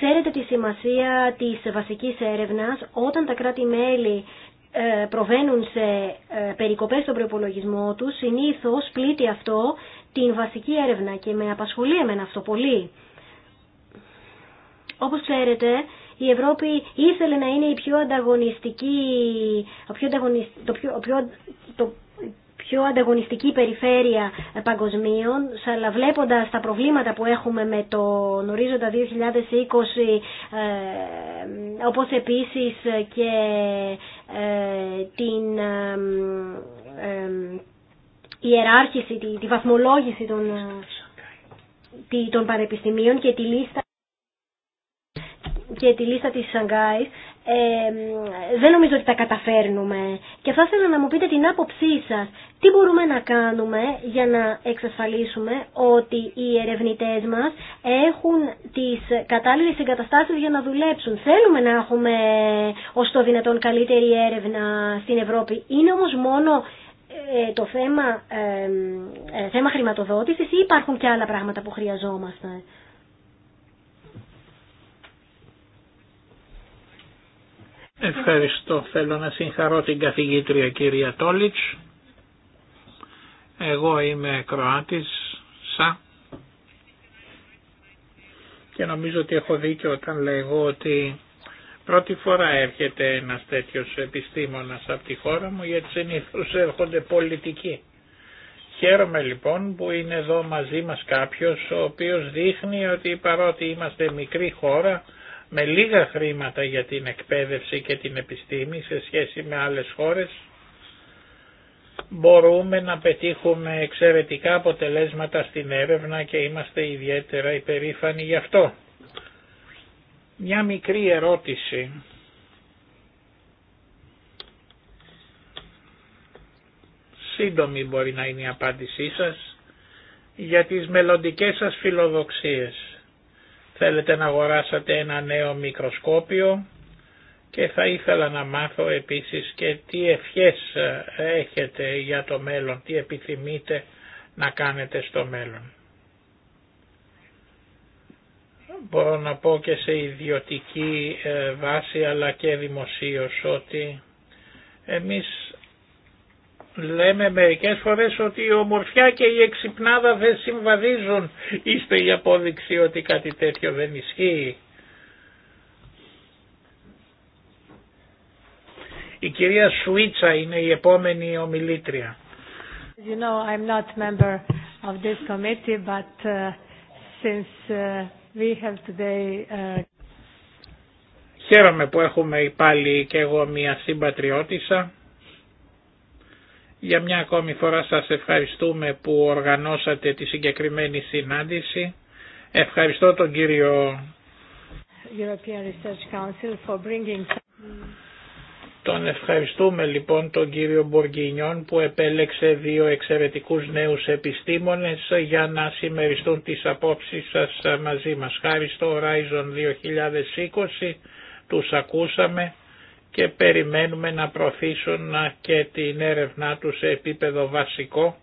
Speaker 2: Ξέρετε τη σημασία της βασικής έρευνας όταν τα κράτη-μέλη ε, προβαίνουν σε ε, περικοπές στον προπολογισμό τους, συνήθως πλήττει αυτό την βασική έρευνα και με απασχολεί εμένα αυτό πολύ. Όπως ξέρετε, η Ευρώπη ήθελε να είναι η πιο ανταγωνιστική, το πιο, το πιο, το πιο ανταγωνιστική περιφέρεια ε, παγκοσμίων, αλλά βλέποντα τα προβλήματα που έχουμε με το ορίζοντα 2020, ε, όπως επίσης και ε, την ιεράρχηση, τη, τη βαθμολόγηση των, των πανεπιστημίων και τη λίστα και τη λίστα της Σανγκάης δεν νομίζω ότι τα καταφέρνουμε και θα ήθελα να μου πείτε την άποψή σας. Τι μπορούμε να κάνουμε για να εξασφαλίσουμε ότι οι ερευνητές μας έχουν τις κατάλληλες εγκαταστάσεις για να δουλέψουν. Θέλουμε να έχουμε ως το δυνατόν καλύτερη έρευνα στην Ευρώπη. Είναι όμως μόνο ε, το θέμα, ε, ε, θέμα χρηματοδότησης ή υπάρχουν και άλλα πράγματα που χρειαζόμαστε.
Speaker 4: Ευχαριστώ. Θέλω να συγχαρώ την καθηγήτρια κυρία Τόλιτς. Εγώ είμαι Κροάτης, σα. Και νομίζω ότι έχω δίκιο όταν λέγω ότι πρώτη φορά έρχεται ένας τέτοιος επιστήμονας από τη χώρα μου γιατί συνήθω έρχονται πολιτικοί. Χαίρομαι λοιπόν που είναι εδώ μαζί μας κάποιος ο οποίος δείχνει ότι παρότι είμαστε μικρή χώρα με λίγα χρήματα για την εκπαίδευση και την επιστήμη σε σχέση με άλλες χώρες μπορούμε να πετύχουμε εξαιρετικά αποτελέσματα στην έρευνα και είμαστε ιδιαίτερα υπερήφανοι γι' αυτό. Μια μικρή ερώτηση. Σύντομη μπορεί να είναι η απάντησή σας για τις μελλοντικές σας φιλοδοξίες. Θέλετε να αγοράσατε ένα νέο μικροσκόπιο και θα ήθελα να μάθω επίσης και τι ευχές ε, έχετε για το μέλλον, τι επιθυμείτε να κάνετε στο μέλλον. Μπορώ να πω και σε ιδιωτική ε, βάση αλλά και δημοσίως ότι εμείς Λέμε μερικές φορές ότι η ομορφιά και η εξυπνάδα δεν συμβαδίζουν. Είστε η απόδειξη ότι κάτι τέτοιο δεν ισχύει. Η κυρία Σουίτσα είναι η επόμενη ομιλήτρια. You Χαίρομαι που έχουμε πάλι και εγώ μια συμπατριώτησα. Για μια ακόμη φορά σας ευχαριστούμε που οργανώσατε τη συγκεκριμένη συνάντηση. Ευχαριστώ τον κύριο
Speaker 3: European Research Council
Speaker 4: Τον ευχαριστούμε λοιπόν τον κύριο Μποργινιόν που επέλεξε δύο εξαιρετικούς νέους επιστήμονες για να συμμεριστούν τις απόψεις σας μαζί μας. Χάρη στο Horizon 2020 τους ακούσαμε και περιμένουμε να προωθήσουν και την έρευνά τους σε επίπεδο βασικό.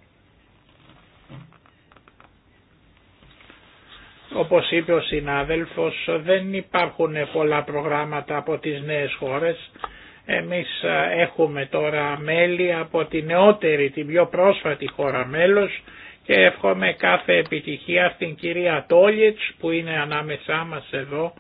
Speaker 4: Όπως είπε ο συνάδελφος, δεν υπάρχουν πολλά προγράμματα από τις νέες χώρες. Εμείς έχουμε τώρα μέλη από τη νεότερη, την πιο πρόσφατη χώρα μέλος και εύχομαι κάθε επιτυχία στην κυρία Τόλιτς που είναι ανάμεσά μας εδώ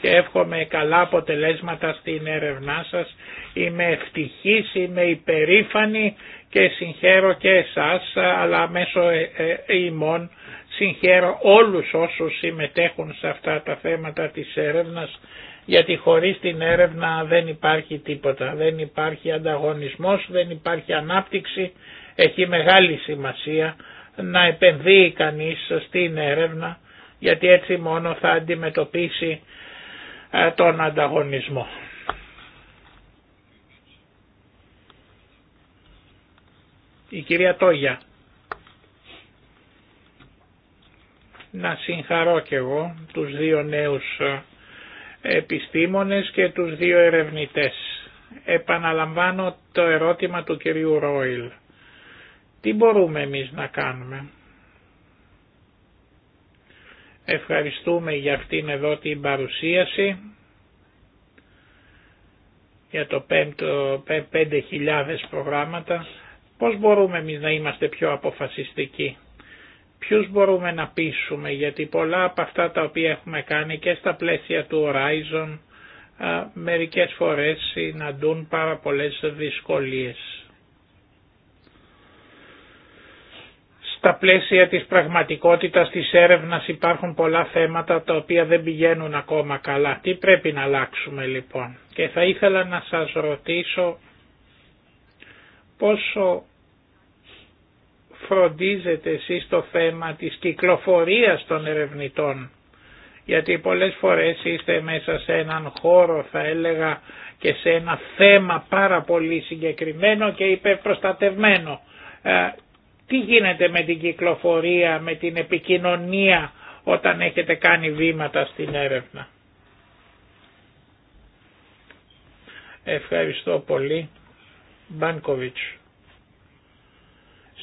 Speaker 4: και εύχομαι καλά αποτελέσματα στην έρευνά σας. Είμαι ευτυχής, είμαι υπερήφανη και συγχαίρω και εσάς, αλλά μέσω ε, ε, ημών συγχαίρω όλους όσους συμμετέχουν σε αυτά τα θέματα της έρευνας, γιατί χωρίς την έρευνα δεν υπάρχει τίποτα, δεν υπάρχει ανταγωνισμός, δεν υπάρχει ανάπτυξη, έχει μεγάλη σημασία να επενδύει κανείς στην έρευνα, γιατί έτσι μόνο θα αντιμετωπίσει ε, τον ανταγωνισμό. Η κυρία Τόγια. Να συγχαρώ και εγώ τους δύο νέους ε, επιστήμονες και τους δύο ερευνητές. Επαναλαμβάνω το ερώτημα του κυρίου Ρόιλ. Τι μπορούμε εμείς να κάνουμε. Ευχαριστούμε για αυτήν εδώ την παρουσίαση για το 5.000 προγράμματα. Πώς μπορούμε εμείς να είμαστε πιο αποφασιστικοί. Ποιους μπορούμε να πείσουμε γιατί πολλά από αυτά τα οποία έχουμε κάνει και στα πλαίσια του Horizon μερικές φορές συναντούν πάρα πολλές δυσκολίες. Στα πλαίσια της πραγματικότητας της έρευνας υπάρχουν πολλά θέματα τα οποία δεν πηγαίνουν ακόμα καλά. Τι πρέπει να αλλάξουμε λοιπόν. Και θα ήθελα να σας ρωτήσω πόσο φροντίζετε εσείς το θέμα της κυκλοφορίας των ερευνητών. Γιατί πολλές φορές είστε μέσα σε έναν χώρο θα έλεγα και σε ένα θέμα πάρα πολύ συγκεκριμένο και υπερπροστατευμένο ε, τι γίνεται με την κυκλοφορία, με την επικοινωνία όταν έχετε κάνει βήματα στην έρευνα. Ευχαριστώ πολύ. Μπάνκοβιτς.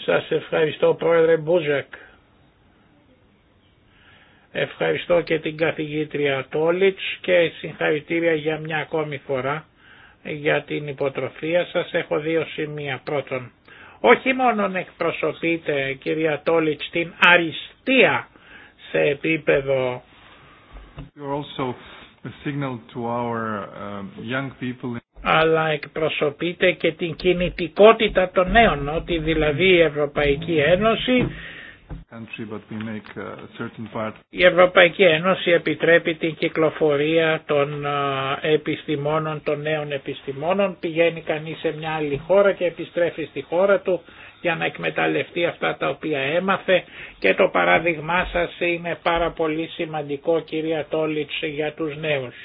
Speaker 4: Σας ευχαριστώ πρόεδρε Μπούζακ. Ευχαριστώ και την καθηγήτρια Τόλιτς και συγχαρητήρια για μια ακόμη φορά για την υποτροφία σας. Έχω δύο σημεία. Πρώτον, όχι μόνο εκπροσωπείται κυρία Τόλιτς την αριστεία σε επίπεδο uh, αλλά εκπροσωπείται και την κινητικότητα των νέων, ότι δηλαδή η Ευρωπαϊκή Ένωση Uh, Η Ευρωπαϊκή Ένωση επιτρέπει την κυκλοφορία των επιστημόνων, των νέων επιστημόνων. Πηγαίνει κανείς σε μια άλλη χώρα και επιστρέφει στη χώρα του για να εκμεταλλευτεί αυτά τα οποία έμαθε και το παράδειγμά σας είναι πάρα πολύ σημαντικό κυρία Τόλιτς για τους νέους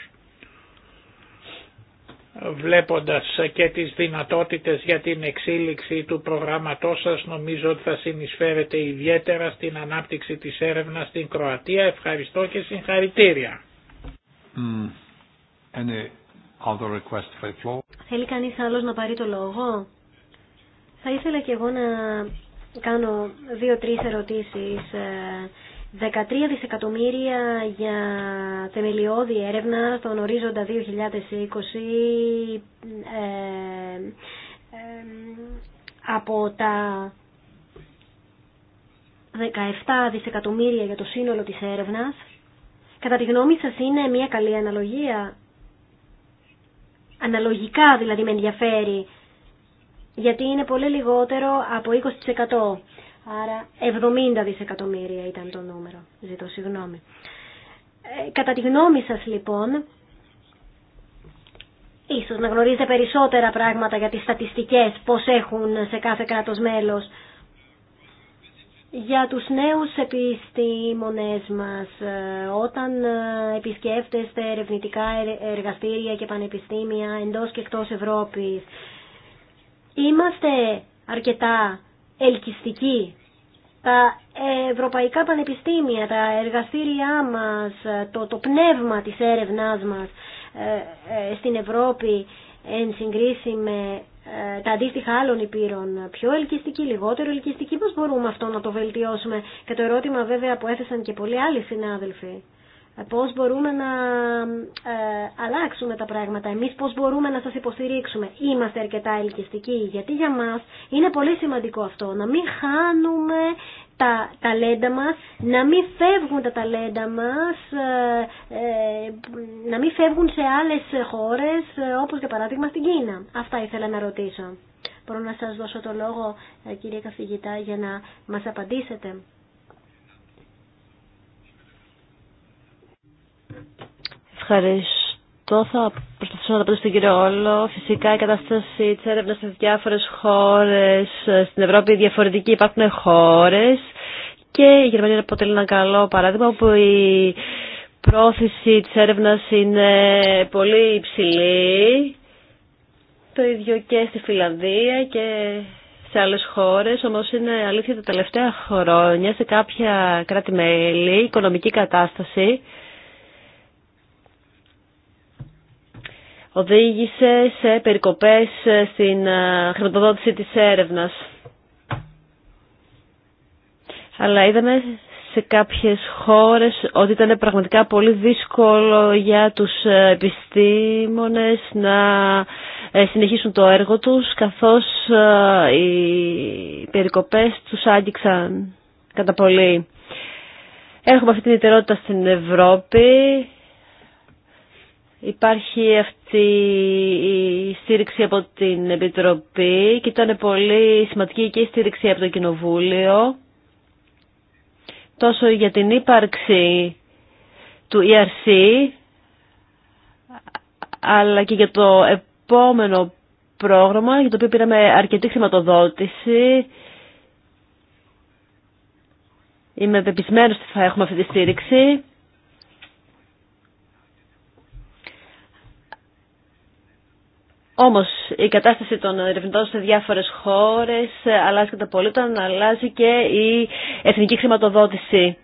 Speaker 4: βλέποντας και τις δυνατότητες για την εξήλιξη του προγράμματός σας νομίζω ότι θα συνεισφέρετε ιδιαίτερα στην ανάπτυξη της έρευνας στην Κροατία. Ευχαριστώ και συγχαρητήρια.
Speaker 1: Mm.
Speaker 2: Θέλει κανείς άλλος να πάρει το λόγο. Θα ήθελα και εγώ να κάνω δύο-τρεις ερωτήσεις ε, 13 δισεκατομμύρια για θεμελιώδη έρευνα στον ορίζοντα 2020 ε, ε, από τα 17 δισεκατομμύρια για το σύνολο της έρευνας. Κατά τη γνώμη σας είναι μια καλή αναλογία. Αναλογικά δηλαδή με ενδιαφέρει, γιατί είναι πολύ λιγότερο από 20%. Άρα 70 δισεκατομμύρια ήταν το νούμερο. Ζητώ συγγνώμη. Ε, κατά τη γνώμη σας λοιπόν, ίσως να γνωρίζετε περισσότερα πράγματα για τις στατιστικές, πώς έχουν σε κάθε κράτος μέλος. Για τους νέους επιστήμονες μας, ε, όταν ε, επισκέφτεστε ερευνητικά εργαστήρια και πανεπιστήμια εντός και εκτός Ευρώπης, είμαστε αρκετά ελκυστική. Τα ευρωπαϊκά πανεπιστήμια, τα εργαστήριά μας, το, το πνεύμα της έρευνάς μας ε, ε, στην Ευρώπη εν συγκρίση με ε, τα αντίστοιχα άλλων υπήρων πιο ελκυστική, λιγότερο ελκυστική, πώς μπορούμε αυτό να το βελτιώσουμε. Και το ερώτημα βέβαια που έθεσαν και πολλοί άλλοι συνάδελφοι πώς μπορούμε να ε, αλλάξουμε τα πράγματα, εμείς πώς μπορούμε να σας υποστηρίξουμε. Είμαστε αρκετά ελκυστικοί, γιατί για μας είναι πολύ σημαντικό αυτό, να μην χάνουμε τα ταλέντα μας, να μην φεύγουν τα ταλέντα μας, ε, ε, να μην φεύγουν σε άλλες χώρες, όπως για παράδειγμα στην Κίνα. Αυτά ήθελα να ρωτήσω. Μπορώ να σας δώσω το λόγο, κυρία καθηγητά, για να μας απαντήσετε.
Speaker 3: Ευχαριστώ. Θα προσπαθήσω να τα πω στον κύριο Όλο. Φυσικά η κατάσταση τη έρευνα σε διάφορε χώρε στην Ευρώπη διαφορετική. Υπάρχουν χώρε και η Γερμανία αποτελεί ένα καλό παράδειγμα όπου η πρόθεση τη έρευνα είναι πολύ υψηλή. Το ίδιο και στη Φιλανδία και σε άλλες χώρες, όμως είναι αλήθεια τα τελευταία χρόνια σε κάποια κράτη-μέλη η οικονομική κατάσταση οδήγησε σε περικοπές στην ε, χρηματοδότηση της έρευνας. Αλλά είδαμε σε κάποιες χώρες ότι ήταν πραγματικά πολύ δύσκολο για τους ε, επιστήμονες να ε, συνεχίσουν το έργο τους καθώς οι περικοπές τους άγγιξαν κατά πολύ. Έχουμε αυτή την ιτερότητα στην Ευρώπη Υπάρχει αυτή η στήριξη από την Επιτροπή και ήταν πολύ σημαντική και η στήριξη από το Κοινοβούλιο τόσο για την ύπαρξη του ERC αλλά και για το επόμενο πρόγραμμα για το οποίο πήραμε αρκετή χρηματοδότηση. Είμαι πεπισμένος ότι θα έχουμε αυτή τη στήριξη. Όμω, η κατάσταση των ερευνητών σε διάφορες χώρε αλλάζει κατά πολύ όταν αλλάζει και η εθνική χρηματοδότηση.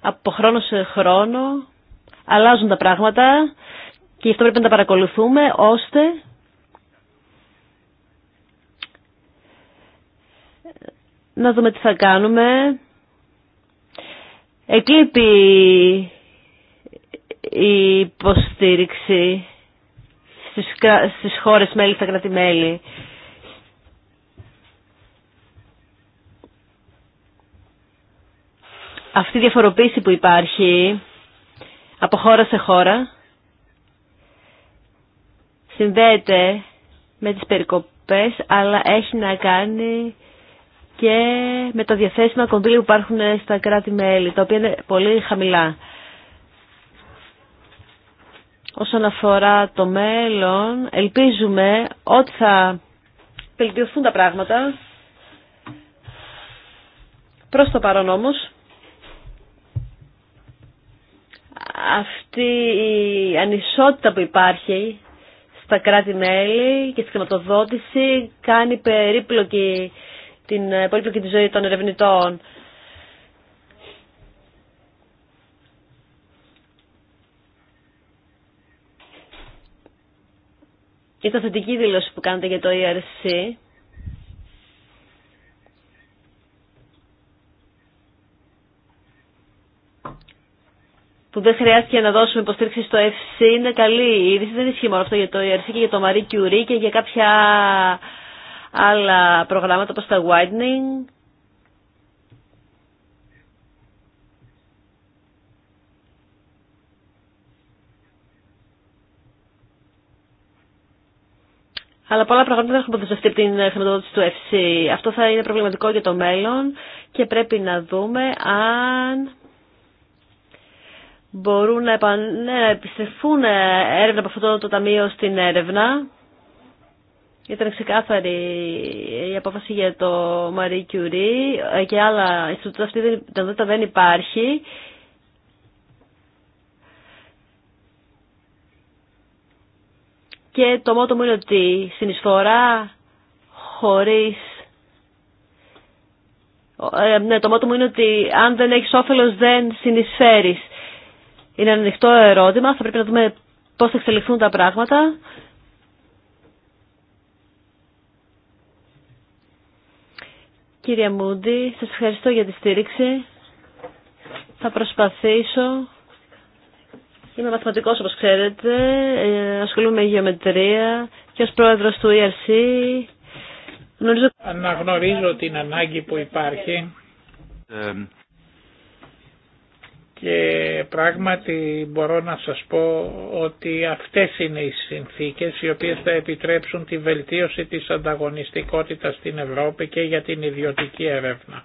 Speaker 3: Από χρόνο σε χρόνο αλλάζουν τα πράγματα και αυτό πρέπει να τα παρακολουθούμε ώστε να δούμε τι θα κάνουμε. Εκλείπει η υποστήριξη στις χώρες μέλη, στα κράτη-μέλη. Αυτή η διαφοροποίηση που υπάρχει από χώρα σε χώρα συνδέεται με τις περικοπές αλλά έχει να κάνει και με το διαθέσιμα κονδύλια που υπάρχουν στα κράτη-μέλη, τα οποία είναι πολύ χαμηλά. Όσον αφορά το μέλλον, ελπίζουμε ότι θα βελτιωθούν τα πράγματα. Προς το παρόν όμως, αυτή η ανισότητα που υπάρχει στα κράτη-μέλη και στη χρηματοδότηση κάνει περίπλοκη την πολύπλοκη τη ζωή των ερευνητών. και το θετική δήλωση που κάνετε για το ERC. που δεν χρειάστηκε να δώσουμε υποστήριξη στο FC είναι καλή είδηση. Δεν ισχύει μόνο αυτό για το ERC και για το Marie Curie και για κάποια άλλα προγράμματα όπως τα Widening. Αλλά πολλά πράγματα δεν έχουν αποδεσμευτεί από την χρηματοδότηση του ΕΦΣΥ. Αυτό θα είναι προβληματικό για το μέλλον και πρέπει να δούμε αν μπορούν ναι, να, επιστρεφούν έρευνα από αυτό το ταμείο στην έρευνα. Ήταν ξεκάθαρη η απόφαση για το Marie Curie ε, και άλλα ιστοτήτα αυτή δεν, δεν υπάρχει. Και το μότο μου είναι ότι εισφορά, χωρίς... Ε, ναι, το μότο μου είναι ότι αν δεν έχεις όφελος δεν συνεισφέρεις. Είναι ένα ανοιχτό ερώτημα, θα πρέπει να δούμε πώς θα εξελιχθούν τα πράγματα. Κύριε Μούντι, σας ευχαριστώ για τη στήριξη. Θα προσπαθήσω Είμαι μαθηματικό όπω ξέρετε, ε, ασχολούμαι με γεωμετρία και ω πρόεδρο του ERC γνωρίζω...
Speaker 4: Αναγνωρίζω την ανάγκη που υπάρχει ε, και πράγματι μπορώ να σας πω ότι αυτές είναι οι συνθήκες οι οποίες θα επιτρέψουν τη βελτίωση της ανταγωνιστικότητας στην Ευρώπη και για την ιδιωτική έρευνα.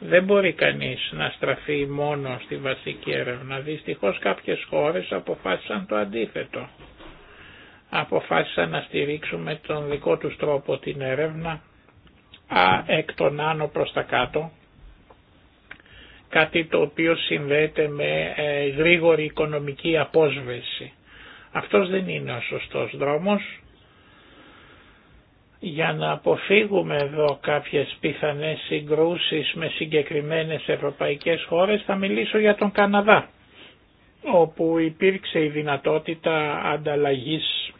Speaker 4: Δεν μπορεί κανείς να στραφεί μόνο στη βασική έρευνα. Δυστυχώς κάποιες χώρες αποφάσισαν το αντίθετο. Αποφάσισαν να με τον δικό τους τρόπο την έρευνα α, εκ των άνω προς τα κάτω. Κάτι το οποίο συνδέεται με ε, γρήγορη οικονομική απόσβεση. Αυτός δεν είναι ο σωστός δρόμος για να αποφύγουμε εδώ κάποιες πιθανές συγκρούσεις με συγκεκριμένες ευρωπαϊκές χώρες θα μιλήσω για τον Καναδά όπου υπήρξε η δυνατότητα ανταλλαγής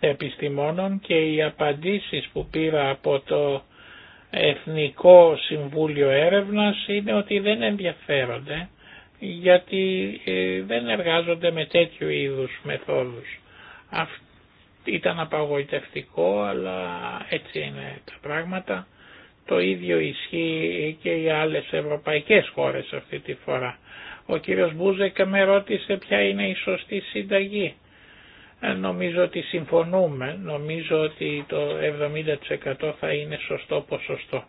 Speaker 4: επιστημόνων και οι απαντήσεις που πήρα από το Εθνικό Συμβούλιο Έρευνας είναι ότι δεν ενδιαφέρονται γιατί ε, δεν εργάζονται με τέτοιου είδους μεθόδους. Ήταν απαγοητευτικό, αλλά έτσι είναι τα πράγματα. Το ίδιο ισχύει και για άλλες ευρωπαϊκές χώρες αυτή τη φορά. Ο κύριος Μπούζεκ με ρώτησε ποια είναι η σωστή συνταγή. Ε, νομίζω ότι συμφωνούμε, νομίζω ότι το 70% θα είναι σωστό ποσοστό.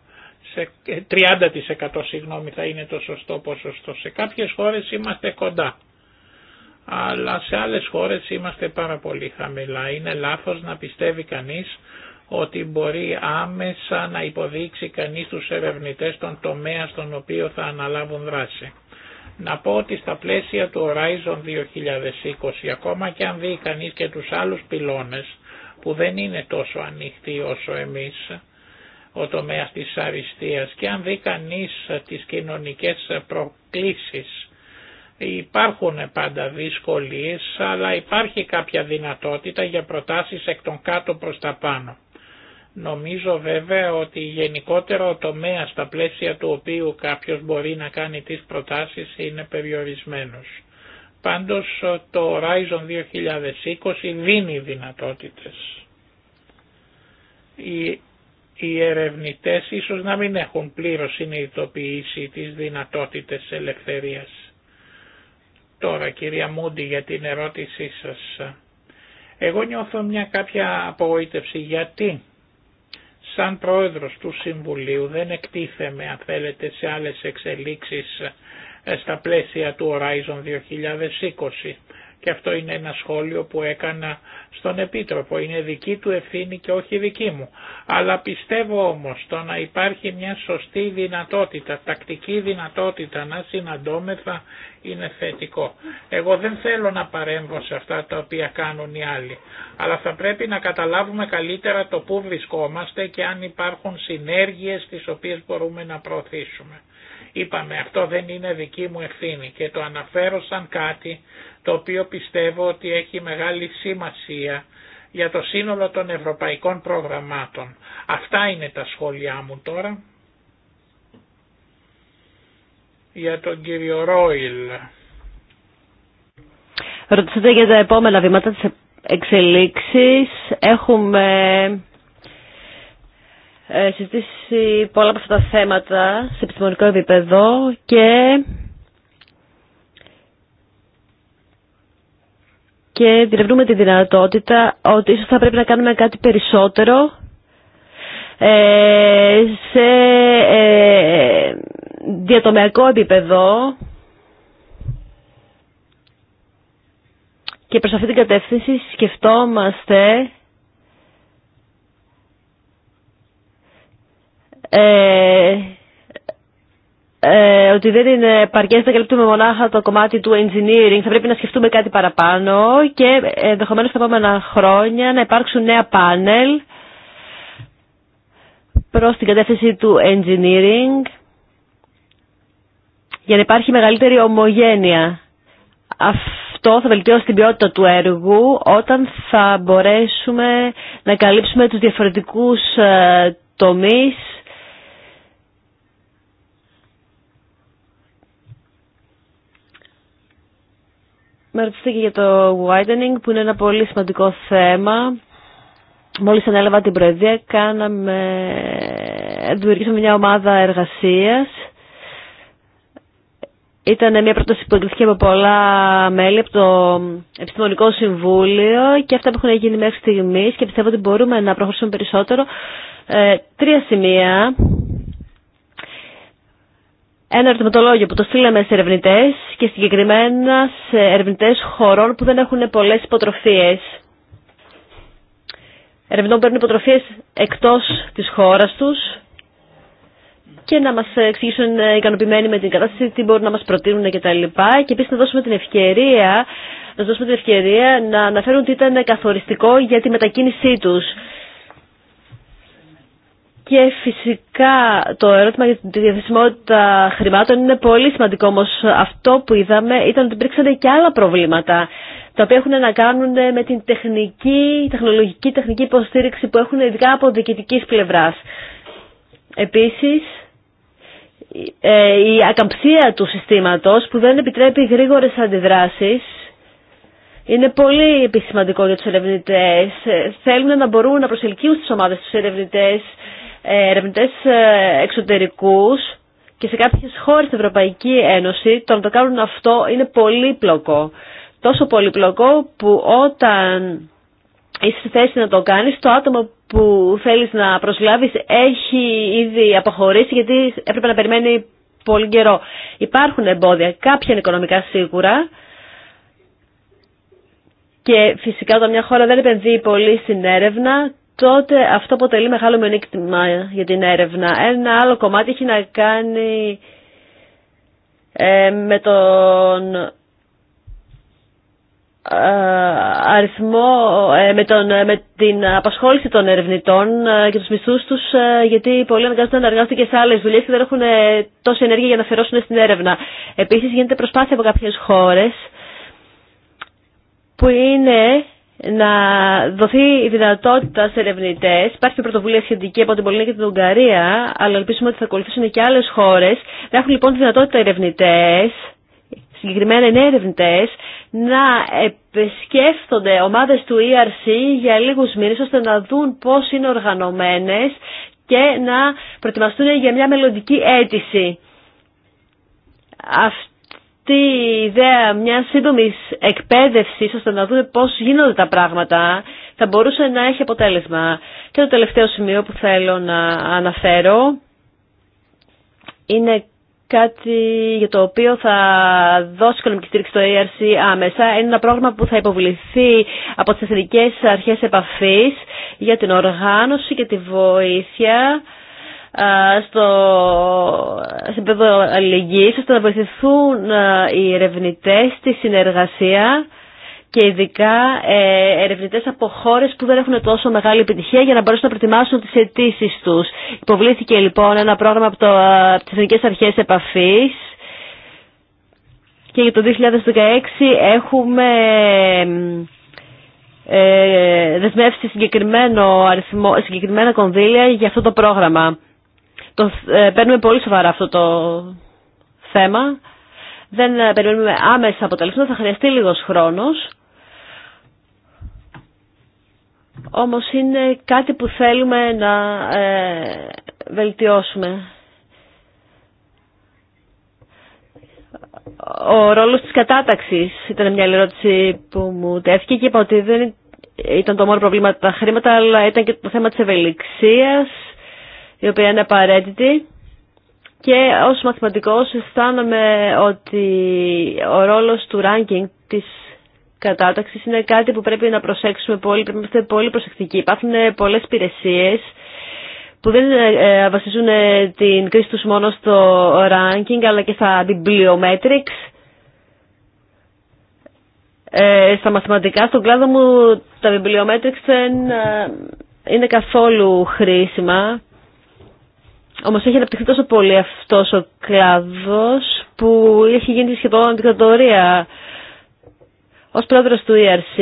Speaker 4: 30% ε, συγγνώμη θα είναι το σωστό ποσοστό. Σε κάποιες χώρες είμαστε κοντά αλλά σε άλλες χώρες είμαστε πάρα πολύ χαμηλά. Είναι λάθος να πιστεύει κανείς ότι μπορεί άμεσα να υποδείξει κανείς τους ερευνητές τον τομέα στον οποίο θα αναλάβουν δράση. Να πω ότι στα πλαίσια του Horizon 2020, ακόμα και αν δει κανείς και τους άλλους πυλώνες, που δεν είναι τόσο ανοιχτοί όσο εμείς, ο τομέας της αριστείας, και αν δει κανείς τις κοινωνικές προκλήσεις Υπάρχουν πάντα δυσκολίες, αλλά υπάρχει κάποια δυνατότητα για προτάσεις εκ των κάτω προς τα πάνω. Νομίζω βέβαια ότι γενικότερα ο τομέας στα πλαίσια του οποίου κάποιος μπορεί να κάνει τις προτάσεις είναι περιορισμένος. Πάντως το Horizon 2020 δίνει δυνατότητες. Οι, οι ερευνητές ίσως να μην έχουν πλήρως συνειδητοποιήσει τις δυνατότητες ελευθερίας Τώρα κυρία Μούντι για την ερώτησή σας. Εγώ νιώθω μια κάποια απογοήτευση γιατί σαν πρόεδρος του Συμβουλίου δεν εκτίθεμαι αν θέλετε σε άλλες εξελίξεις ε, στα πλαίσια του Horizon 2020 και αυτό είναι ένα σχόλιο που έκανα στον Επίτροπο. Είναι δική του ευθύνη και όχι δική μου. Αλλά πιστεύω όμως το να υπάρχει μια σωστή δυνατότητα, τακτική δυνατότητα να συναντώμεθα είναι θετικό. Εγώ δεν θέλω να παρέμβω σε αυτά τα οποία κάνουν οι άλλοι. Αλλά θα πρέπει να καταλάβουμε καλύτερα το πού βρισκόμαστε και αν υπάρχουν συνέργειες τις οποίες μπορούμε να προωθήσουμε. Είπαμε αυτό δεν είναι δική μου ευθύνη και το αναφέρω σαν κάτι το οποίο πιστεύω ότι έχει μεγάλη σημασία για το σύνολο των ευρωπαϊκών προγραμμάτων. Αυτά είναι τα σχόλιά μου τώρα. Για τον κύριο Ρόιλ.
Speaker 3: Ρωτήσατε για τα επόμενα βήματα της εξελίξης. Έχουμε ε, συζητήσει πολλά από αυτά τα θέματα σε επιστημονικό επίπεδο και και διευρύνουμε τη δυνατότητα ότι ίσως θα πρέπει να κάνουμε κάτι περισσότερο ε, σε ε, διατομιακό επίπεδο και προς αυτή την κατεύθυνση σκεφτόμαστε ε, ε, ότι δεν είναι παρκές να καλύπτουμε μονάχα το κομμάτι του engineering. Θα πρέπει να σκεφτούμε κάτι παραπάνω και ενδεχομένω τα επόμενα χρόνια να υπάρξουν νέα πάνελ προς την κατεύθυνση του engineering για να υπάρχει μεγαλύτερη ομογένεια. Αυτό θα βελτιώσει την ποιότητα του έργου όταν θα μπορέσουμε να καλύψουμε τους διαφορετικούς ε, τομείς με ρωτήσετε και για το widening που είναι ένα πολύ σημαντικό θέμα. Μόλις ανέλαβα την Προεδρία κάναμε, δημιουργήσαμε μια ομάδα εργασίας. Ήταν μια πρόταση που εγκριθήκε από πολλά μέλη από το Επιστημονικό Συμβούλιο και αυτά που έχουν γίνει μέχρι στιγμής και πιστεύω ότι μπορούμε να προχωρήσουμε περισσότερο. Ε, τρία σημεία ένα ερωτηματολόγιο που το στείλαμε σε ερευνητέ και συγκεκριμένα σε ερευνητέ χωρών που δεν έχουν πολλέ υποτροφίε. που παίρνουν υποτροφίε εκτό τη χώρα του και να μα εξηγήσουν ε, ικανοποιημένοι με την κατάσταση, τι μπορούν να μα προτείνουν κτλ. Και επίση να δώσουμε την ευκαιρία να δώσουμε την ευκαιρία να αναφέρουν τι ήταν καθοριστικό για τη μετακίνησή τους και φυσικά το ερώτημα για τη διαθεσιμότητα χρημάτων είναι πολύ σημαντικό, όμω αυτό που είδαμε ήταν ότι υπήρξαν και άλλα προβλήματα, τα οποία έχουν να κάνουν με την τεχνική, τεχνολογική, τεχνική υποστήριξη που έχουν ειδικά από διοικητική πλευρά. Επίσης, ε, η ακαμψία του συστήματος που δεν επιτρέπει γρήγορες αντιδράσεις είναι πολύ επισημαντικό για τους ερευνητές. Θέλουν να μπορούν να προσελκύουν στις ομάδες τους ερευνητές ε, Ερευνητέ ε, εξωτερικούς και σε κάποιες χώρες στην Ευρωπαϊκή Ένωση το να το κάνουν αυτό είναι πολύπλοκο. Τόσο πολύπλοκο που όταν είσαι στη θέση να το κάνεις, το άτομο που θέλεις να προσλάβεις έχει ήδη αποχωρήσει γιατί έπρεπε να περιμένει πολύ καιρό. Υπάρχουν εμπόδια, κάποια είναι οικονομικά σίγουρα και φυσικά όταν μια χώρα δεν επενδύει πολύ στην έρευνα τότε αυτό αποτελεί μεγάλο μειονέκτημα για την έρευνα. Ένα άλλο κομμάτι έχει να κάνει ε, με τον ε, αριθμό ε, με, τον, με την απασχόληση των ερευνητών και τους μισθούς τους γιατί πολλοί αναγκάζονται να εργάζονται και σε άλλες δουλειές και δεν έχουν τόση ενέργεια για να αφαιρώσουν στην έρευνα. Επίσης γίνεται προσπάθεια από κάποιες χώρες που είναι να δοθεί η δυνατότητα σε ερευνητέ. Υπάρχει μια πρωτοβουλία σχετική από την Πολωνία και την Ουγγαρία, αλλά ελπίζουμε ότι θα ακολουθήσουν και άλλε χώρε. Να έχουν λοιπόν τη δυνατότητα ερευνητέ, συγκεκριμένα νέοι ερευνητέ, να επισκέφτονται ομάδε του ERC για λίγου μήνε, ώστε να δουν πώ είναι οργανωμένε και να προετοιμαστούν για μια μελλοντική αίτηση. Τη ιδέα μια σύντομη εκπαίδευση ώστε να δούμε πώ γίνονται τα πράγματα θα μπορούσε να έχει αποτέλεσμα. Και το τελευταίο σημείο που θέλω να αναφέρω είναι κάτι για το οποίο θα δώσει οικονομική στήριξη στο ARC άμεσα. Είναι ένα πρόγραμμα που θα υποβληθεί από τις εθνικές αρχές επαφής για την οργάνωση και τη βοήθεια στο επίπεδο αλληλεγγύης ώστε να βοηθηθούν οι ερευνητές στη συνεργασία και ειδικά ε, ερευνητές από χώρε που δεν έχουν τόσο μεγάλη επιτυχία για να μπορέσουν να προετοιμάσουν τις αιτήσει τους. Υποβλήθηκε λοιπόν ένα πρόγραμμα από, από τις Εθνικές Αρχές Επαφής και για το 2016 έχουμε ε, δεσμεύσει συγκεκριμένο αριθμό, συγκεκριμένα κονδύλια για αυτό το πρόγραμμα. Το, ε, παίρνουμε πολύ σοβαρά αυτό το θέμα. Δεν ε, περιμένουμε άμεσα αποτελέσματα, θα χρειαστεί λίγος χρόνος. Όμως είναι κάτι που θέλουμε να ε, βελτιώσουμε. Ο ρόλος της κατάταξης ήταν μια ερώτηση που μου τέθηκε και είπα ότι δεν ήταν το μόνο πρόβλημα τα χρήματα, αλλά ήταν και το θέμα της ευελιξίας η οποία είναι απαραίτητη και ως μαθηματικός αισθάνομαι ότι ο ρόλος του ranking της κατάταξης είναι κάτι που πρέπει να προσέξουμε πολύ, πρέπει να είμαστε πολύ προσεκτικοί. Υπάρχουν πολλές υπηρεσίε που δεν ε, ε, βασίζουν ε, την κρίση τους μόνο στο ranking αλλά και στα bibliometrics στα μαθηματικά, στον κλάδο μου τα bibliometrics δεν είναι καθόλου χρήσιμα. Όμω έχει αναπτυχθεί τόσο πολύ αυτό ο κλάδο που έχει γίνει σχεδόν δικτατορία. ω πρόεδρο του ERC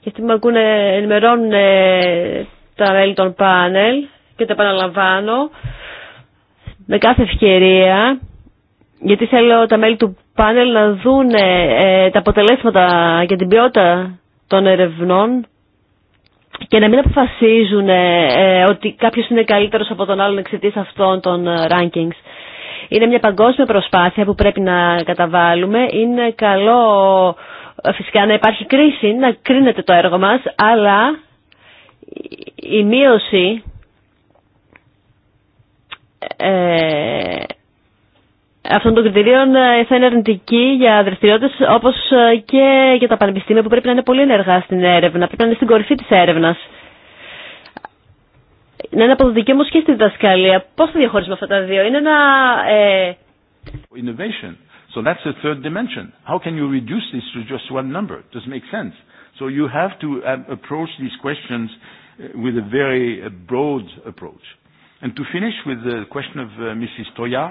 Speaker 3: και αυτοί με ακούνε, ενημερώνουν τα μέλη των πάνελ και τα επαναλαμβάνω με κάθε ευκαιρία γιατί θέλω τα μέλη του πάνελ να δουν ε, τα αποτελέσματα και την ποιότητα των ερευνών και να μην αποφασίζουν ε, ε, ότι κάποιος είναι καλύτερος από τον άλλον εξαιτίας αυτών των ε, rankings. Είναι μια παγκόσμια προσπάθεια που πρέπει να καταβάλουμε. Είναι καλό φυσικά να υπάρχει κρίση, να κρίνεται το έργο μας, αλλά η μείωση αυτών των κριτηρίων ε, θα είναι αρνητική για δραστηριότητε όπω ε, και για τα πανεπιστήμια που πρέπει να είναι πολύ ενεργά στην έρευνα, πρέπει να είναι στην κορυφή τη έρευνα. Να είναι αποδοτική όμω και στη διδασκαλία. Πώ θα διαχωρίσουμε αυτά τα δύο, Είναι ένα. Ε...
Speaker 1: Innovation. So that's the third dimension. How can you reduce this to just one number? It doesn't make sense. So you have to um, approach these questions uh, with a very uh, broad approach. And to finish with the question of uh, Mrs. Toya,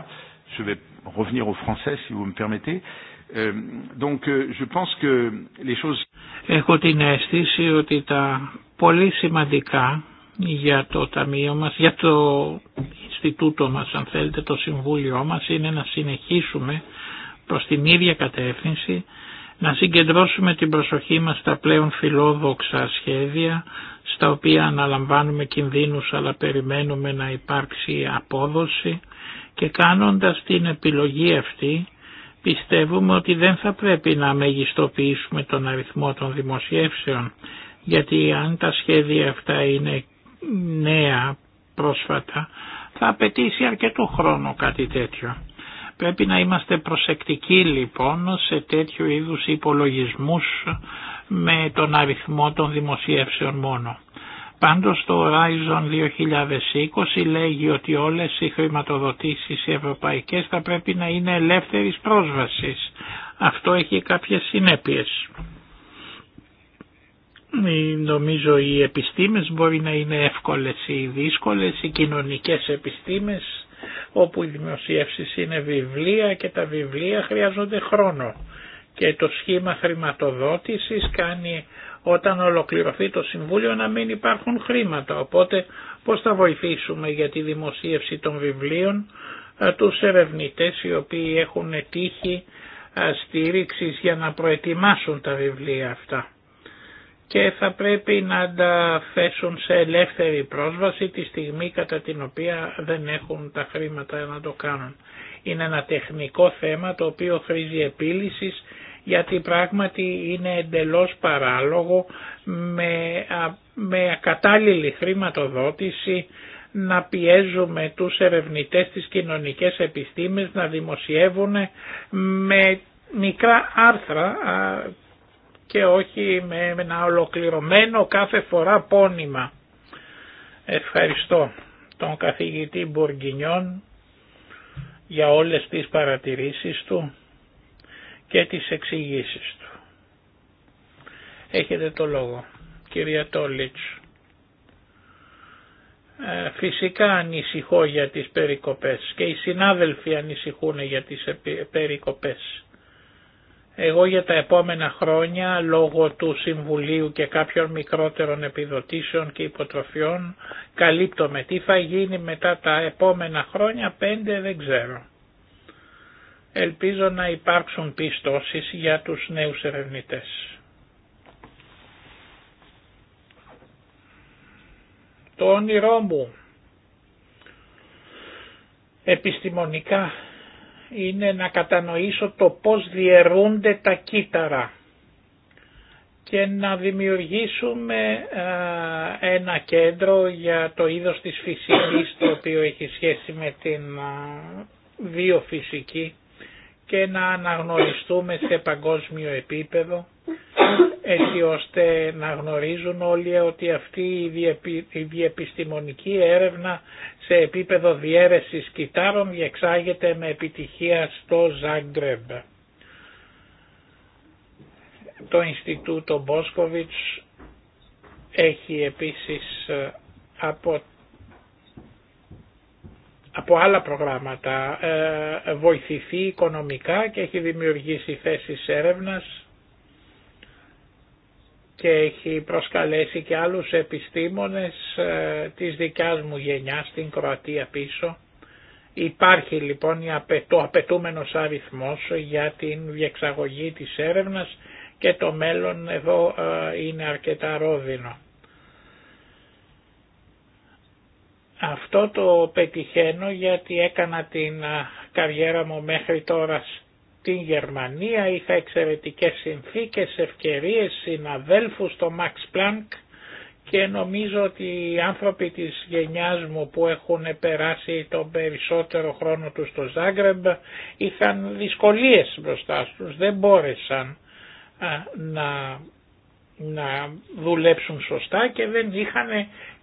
Speaker 1: je vais revenir Français, si vous me permettez. Euh, donc, euh,
Speaker 4: Έχω την αίσθηση ότι τα πολύ σημαντικά για το Ταμείο μας, για το Ινστιτούτο μα, αν θέλετε, το Συμβούλιο μας, είναι να συνεχίσουμε προς την ίδια κατεύθυνση, να συγκεντρώσουμε την προσοχή μας στα πλέον φιλόδοξα σχέδια, στα οποία αναλαμβάνουμε κινδύνους αλλά περιμένουμε να υπάρξει απόδοση, και κάνοντας την επιλογή αυτή πιστεύουμε ότι δεν θα πρέπει να μεγιστοποιήσουμε τον αριθμό των δημοσιεύσεων γιατί αν τα σχέδια αυτά είναι νέα πρόσφατα θα απαιτήσει αρκετό χρόνο κάτι τέτοιο. Πρέπει να είμαστε προσεκτικοί λοιπόν σε τέτοιου είδους υπολογισμούς με τον αριθμό των δημοσιεύσεων μόνο. Πάντως το Horizon 2020 λέγει ότι όλες οι χρηματοδοτήσεις οι ευρωπαϊκές θα πρέπει να είναι ελεύθερης πρόσβασης. Αυτό έχει κάποιες συνέπειες. Νομίζω οι επιστήμες μπορεί να είναι εύκολες ή δύσκολες, οι κοινωνικές επιστήμες όπου οι δημοσιεύσεις είναι βιβλία και τα βιβλία χρειάζονται χρόνο και το σχήμα χρηματοδότησης κάνει όταν ολοκληρωθεί το Συμβούλιο να μην υπάρχουν χρήματα. Οπότε πώς θα βοηθήσουμε για τη δημοσίευση των βιβλίων ε, τους ερευνητές οι οποίοι έχουν τύχει στήριξης για να προετοιμάσουν τα βιβλία αυτά και θα πρέπει να τα θέσουν σε ελεύθερη πρόσβαση τη στιγμή κατά την οποία δεν έχουν τα χρήματα να το κάνουν. Είναι ένα τεχνικό θέμα το οποίο χρήζει επίλυσης γιατί πράγματι είναι εντελώς παράλογο με, με ακατάλληλη χρηματοδότηση να πιέζουμε τους ερευνητές της κοινωνικές επιστήμες να δημοσιεύουν με μικρά άρθρα και όχι με ένα ολοκληρωμένο κάθε φορά πόνημα. Ευχαριστώ τον καθηγητή Μπουργκινιόν για όλες τις παρατηρήσεις του και τις εξηγήσει του. Έχετε το λόγο, κυρία Τόλιτς. Ε, φυσικά ανησυχώ για τις περικοπές και οι συνάδελφοι ανησυχούν για τις περικοπές. Εγώ για τα επόμενα χρόνια λόγω του Συμβουλίου και κάποιων μικρότερων επιδοτήσεων και υποτροφιών καλύπτομαι τι θα γίνει μετά τα επόμενα χρόνια πέντε δεν ξέρω. Ελπίζω να υπάρξουν πιστώσεις για τους νέους ερευνητές. Το όνειρό μου επιστημονικά είναι να κατανοήσω το πώς διαιρούνται τα κύτταρα και να δημιουργήσουμε ένα κέντρο για το είδος της φυσικής το οποίο έχει σχέση με την βιοφυσική και να αναγνωριστούμε σε παγκόσμιο επίπεδο έτσι ώστε να γνωρίζουν όλοι ότι αυτή η διεπιστημονική έρευνα σε επίπεδο διέρεσης κιτάρων διεξάγεται με επιτυχία στο Ζάγκρεμπ. Το Ινστιτούτο Μπόσκοβιτς έχει επίσης από από άλλα προγράμματα ε, βοηθηθεί οικονομικά και έχει δημιουργήσει θέσεις έρευνας και έχει προσκαλέσει και άλλους επιστήμονες ε, της δικιάς μου γενιάς στην Κροατία πίσω. Υπάρχει λοιπόν το απαιτούμενος αριθμός για την διεξαγωγή της έρευνας και το μέλλον εδώ ε, είναι αρκετά ρόδινο. Αυτό το πετυχαίνω γιατί έκανα την καριέρα μου μέχρι τώρα στην Γερμανία, είχα εξαιρετικές συνθήκες, ευκαιρίες, συναδέλφους στο Max Planck και νομίζω ότι οι άνθρωποι της γενιάς μου που έχουν περάσει τον περισσότερο χρόνο τους στο Ζάγκρεμπ είχαν δυσκολίες μπροστά τους, δεν μπόρεσαν να, να δουλέψουν σωστά και δεν είχαν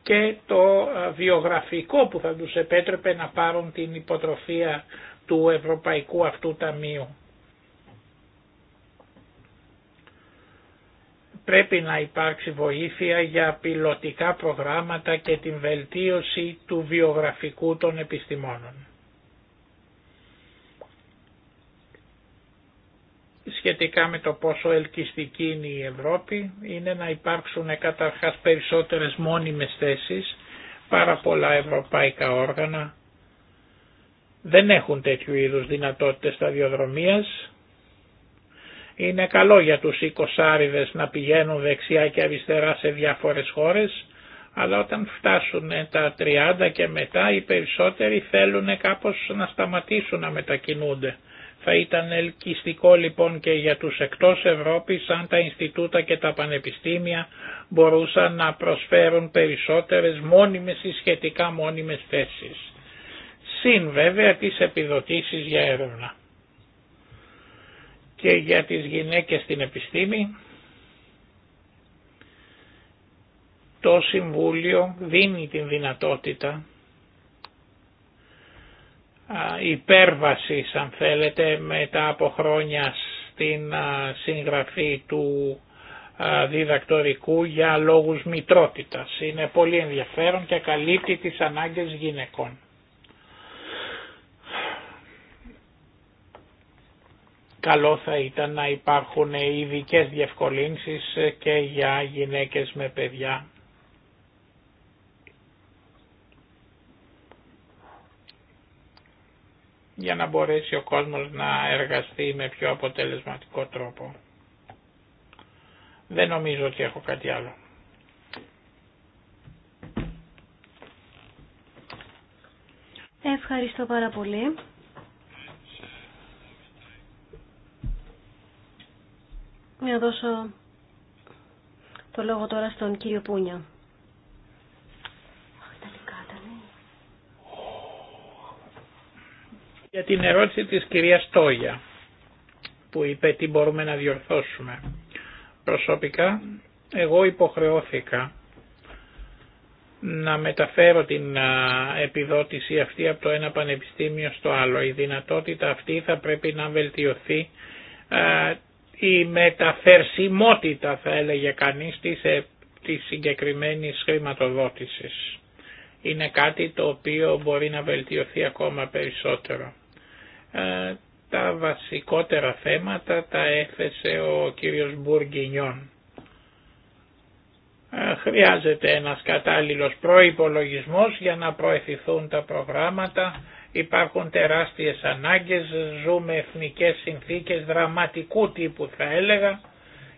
Speaker 4: και το ε, βιογραφικό που θα τους επέτρεπε να πάρουν την υποτροφία του Ευρωπαϊκού αυτού Ταμείου. Πρέπει να υπάρξει βοήθεια για πιλωτικά προγράμματα και την βελτίωση του βιογραφικού των επιστημόνων. σχετικά με το πόσο ελκυστική είναι η Ευρώπη είναι να υπάρξουν καταρχάς περισσότερες μόνιμες θέσεις, πάρα πολλά ευρωπαϊκά όργανα δεν έχουν τέτοιου είδους δυνατότητες σταδιοδρομίας. Είναι καλό για τους οικοσάριδες να πηγαίνουν δεξιά και αριστερά σε διάφορες χώρες, αλλά όταν φτάσουν τα 30 και μετά οι περισσότεροι θέλουν κάπως να σταματήσουν να μετακινούνται. Θα ήταν ελκυστικό λοιπόν και για τους εκτός Ευρώπης αν τα Ινστιτούτα και τα Πανεπιστήμια μπορούσαν να προσφέρουν περισσότερες μόνιμες ή σχετικά μόνιμες θέσεις. Συν βέβαια τις επιδοτήσεις για έρευνα.
Speaker 5: Και για τις
Speaker 4: γυναίκες στην επιστήμη το Συμβούλιο δίνει την δυνατότητα υπέρβαση αν θέλετε μετά από χρόνια στην συγγραφή του διδακτορικού για λόγους μητρότητας. Είναι πολύ ενδιαφέρον και καλύπτει τις ανάγκες γυναικών. Καλό θα ήταν να υπάρχουν ειδικέ διευκολύνσεις και για γυναίκες με παιδιά για να μπορέσει ο κόσμος να εργαστεί με πιο αποτελεσματικό τρόπο. Δεν νομίζω ότι έχω κάτι άλλο.
Speaker 3: Ευχαριστώ πάρα πολύ. Να δώσω
Speaker 2: το λόγο τώρα στον κύριο Πούνια.
Speaker 4: για την ερώτηση της κυρίας Τόγια που είπε τι μπορούμε να διορθώσουμε. Προσωπικά εγώ υποχρεώθηκα να μεταφέρω την επιδότηση αυτή από το ένα πανεπιστήμιο στο άλλο. Η δυνατότητα αυτή θα πρέπει να βελτιωθεί η μεταφερσιμότητα θα έλεγε κανείς της, ε, της συγκεκριμένης χρηματοδότησης. Είναι κάτι το οποίο μπορεί να βελτιωθεί ακόμα περισσότερο. Ε, τα βασικότερα θέματα τα έθεσε ο κύριος Μπουργκινιόν. Ε, χρειάζεται ένας κατάλληλος προϋπολογισμός για να προεθηθούν τα προγράμματα. Υπάρχουν τεράστιες ανάγκες, ζούμε εθνικές συνθήκες δραματικού τύπου θα έλεγα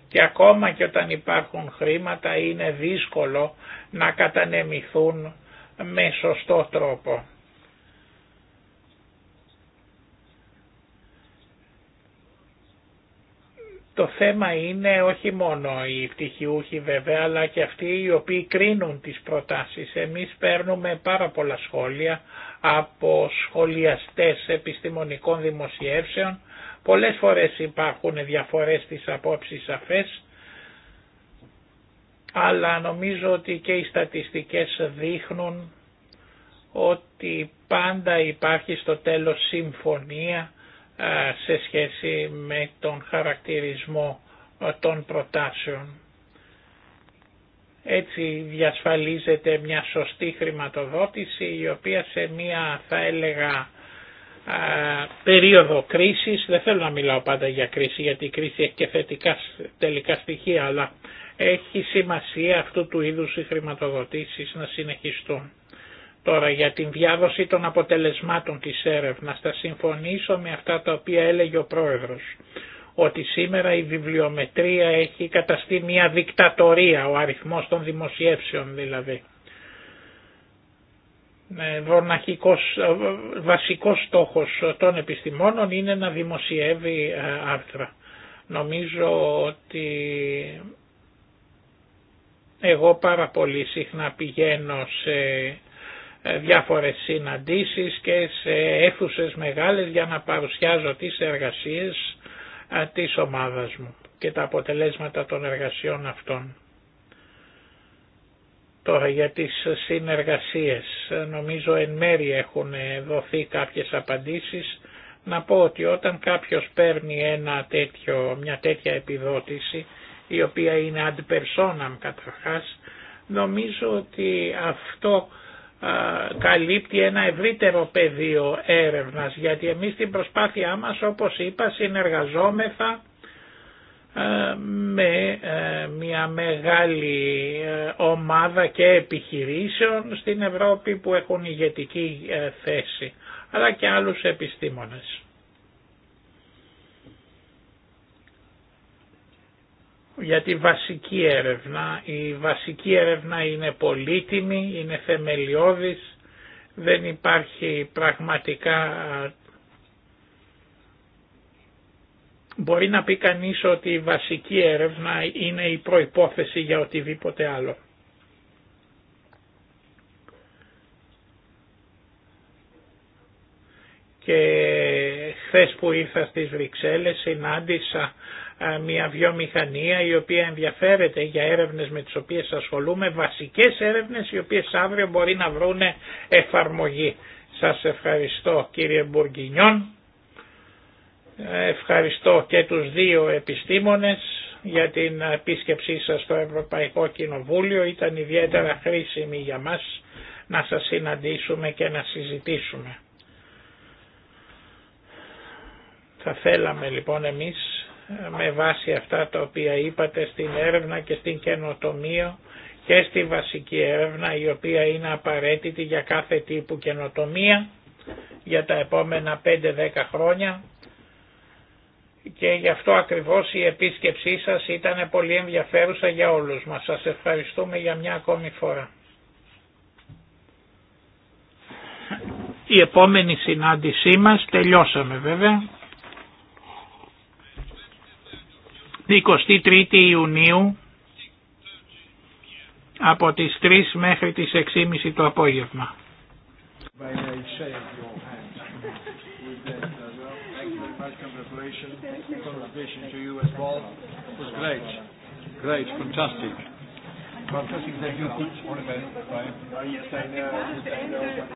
Speaker 4: και ακόμα και όταν υπάρχουν χρήματα είναι δύσκολο να κατανεμηθούν με σωστό τρόπο. Το θέμα είναι όχι μόνο οι πτυχιούχοι βέβαια, αλλά και αυτοί οι οποίοι κρίνουν τις προτάσεις. Εμείς παίρνουμε πάρα πολλά σχόλια από σχολιαστές επιστημονικών δημοσιεύσεων. Πολλές φορές υπάρχουν διαφορές στις απόψεις αφές, αλλά νομίζω ότι και οι στατιστικές δείχνουν ότι πάντα υπάρχει στο τέλος συμφωνία σε σχέση με τον χαρακτηρισμό των προτάσεων. Έτσι διασφαλίζεται μια σωστή χρηματοδότηση η οποία σε μια θα έλεγα περίοδο κρίσης, δεν θέλω να μιλάω πάντα για κρίση γιατί η κρίση έχει και θετικά τελικά στοιχεία αλλά έχει σημασία αυτού του είδους οι χρηματοδοτήσεις να συνεχιστούν. Τώρα για την διάδοση των αποτελεσμάτων της έρευνας θα συμφωνήσω με αυτά τα οποία έλεγε ο πρόεδρος ότι σήμερα η βιβλιομετρία έχει καταστεί μια δικτατορία, ο αριθμός των δημοσιεύσεων δηλαδή. Ε, Βασικό ε, βασικός στόχος των επιστημόνων είναι να δημοσιεύει ε, άρθρα. Νομίζω ότι εγώ πάρα πολύ συχνά πηγαίνω σε ε, διάφορες συναντήσεις και σε αίθουσες μεγάλες για να παρουσιάζω τις εργασίες ε, της ομάδας μου και τα αποτελέσματα των εργασιών αυτών. Τώρα για τις συνεργασίες, ε, νομίζω εν μέρη έχουν δοθεί κάποιες απαντήσεις. Να πω ότι όταν κάποιος παίρνει ένα μια τέτοια επιδότηση, η οποία είναι ad personam καταρχάς, νομίζω ότι αυτό ε, καλύπτει ένα ευρύτερο πεδίο έρευνας γιατί εμείς στην προσπάθειά μας όπως είπα συνεργαζόμεθα ε, με ε, μια μεγάλη ομάδα και επιχειρήσεων στην Ευρώπη που έχουν ηγετική θέση
Speaker 5: αλλά και άλλους
Speaker 4: επιστήμονες. για τη βασική έρευνα. Η βασική έρευνα είναι πολύτιμη, είναι θεμελιώδης, δεν υπάρχει πραγματικά... Μπορεί να πει κανείς ότι η βασική έρευνα είναι η προϋπόθεση για οτιδήποτε άλλο. Και χθες που ήρθα στις Βρυξέλλες συνάντησα μια βιομηχανία η οποία ενδιαφέρεται για έρευνες με τις οποίες ασχολούμαι, βασικές έρευνες οι οποίες αύριο μπορεί να βρούνε εφαρμογή. Σας ευχαριστώ κύριε Μπουργκινιόν, ευχαριστώ και τους δύο επιστήμονες για την επίσκεψή σας στο Ευρωπαϊκό Κοινοβούλιο, ήταν ιδιαίτερα χρήσιμη για μας να σας συναντήσουμε και να συζητήσουμε. Θα θέλαμε λοιπόν εμείς με βάση αυτά τα οποία είπατε στην έρευνα και στην καινοτομία και στη βασική έρευνα η οποία είναι απαραίτητη για κάθε τύπου καινοτομία για τα επόμενα 5-10 χρόνια και γι' αυτό ακριβώς η επίσκεψή σας ήταν πολύ ενδιαφέρουσα για όλους μας. Σας ευχαριστούμε για μια ακόμη φορά. Η επόμενη συνάντησή μας τελειώσαμε βέβαια. 23 η Ιουνίου από τις 3 μέχρι τις 6.30 το απόγευμα.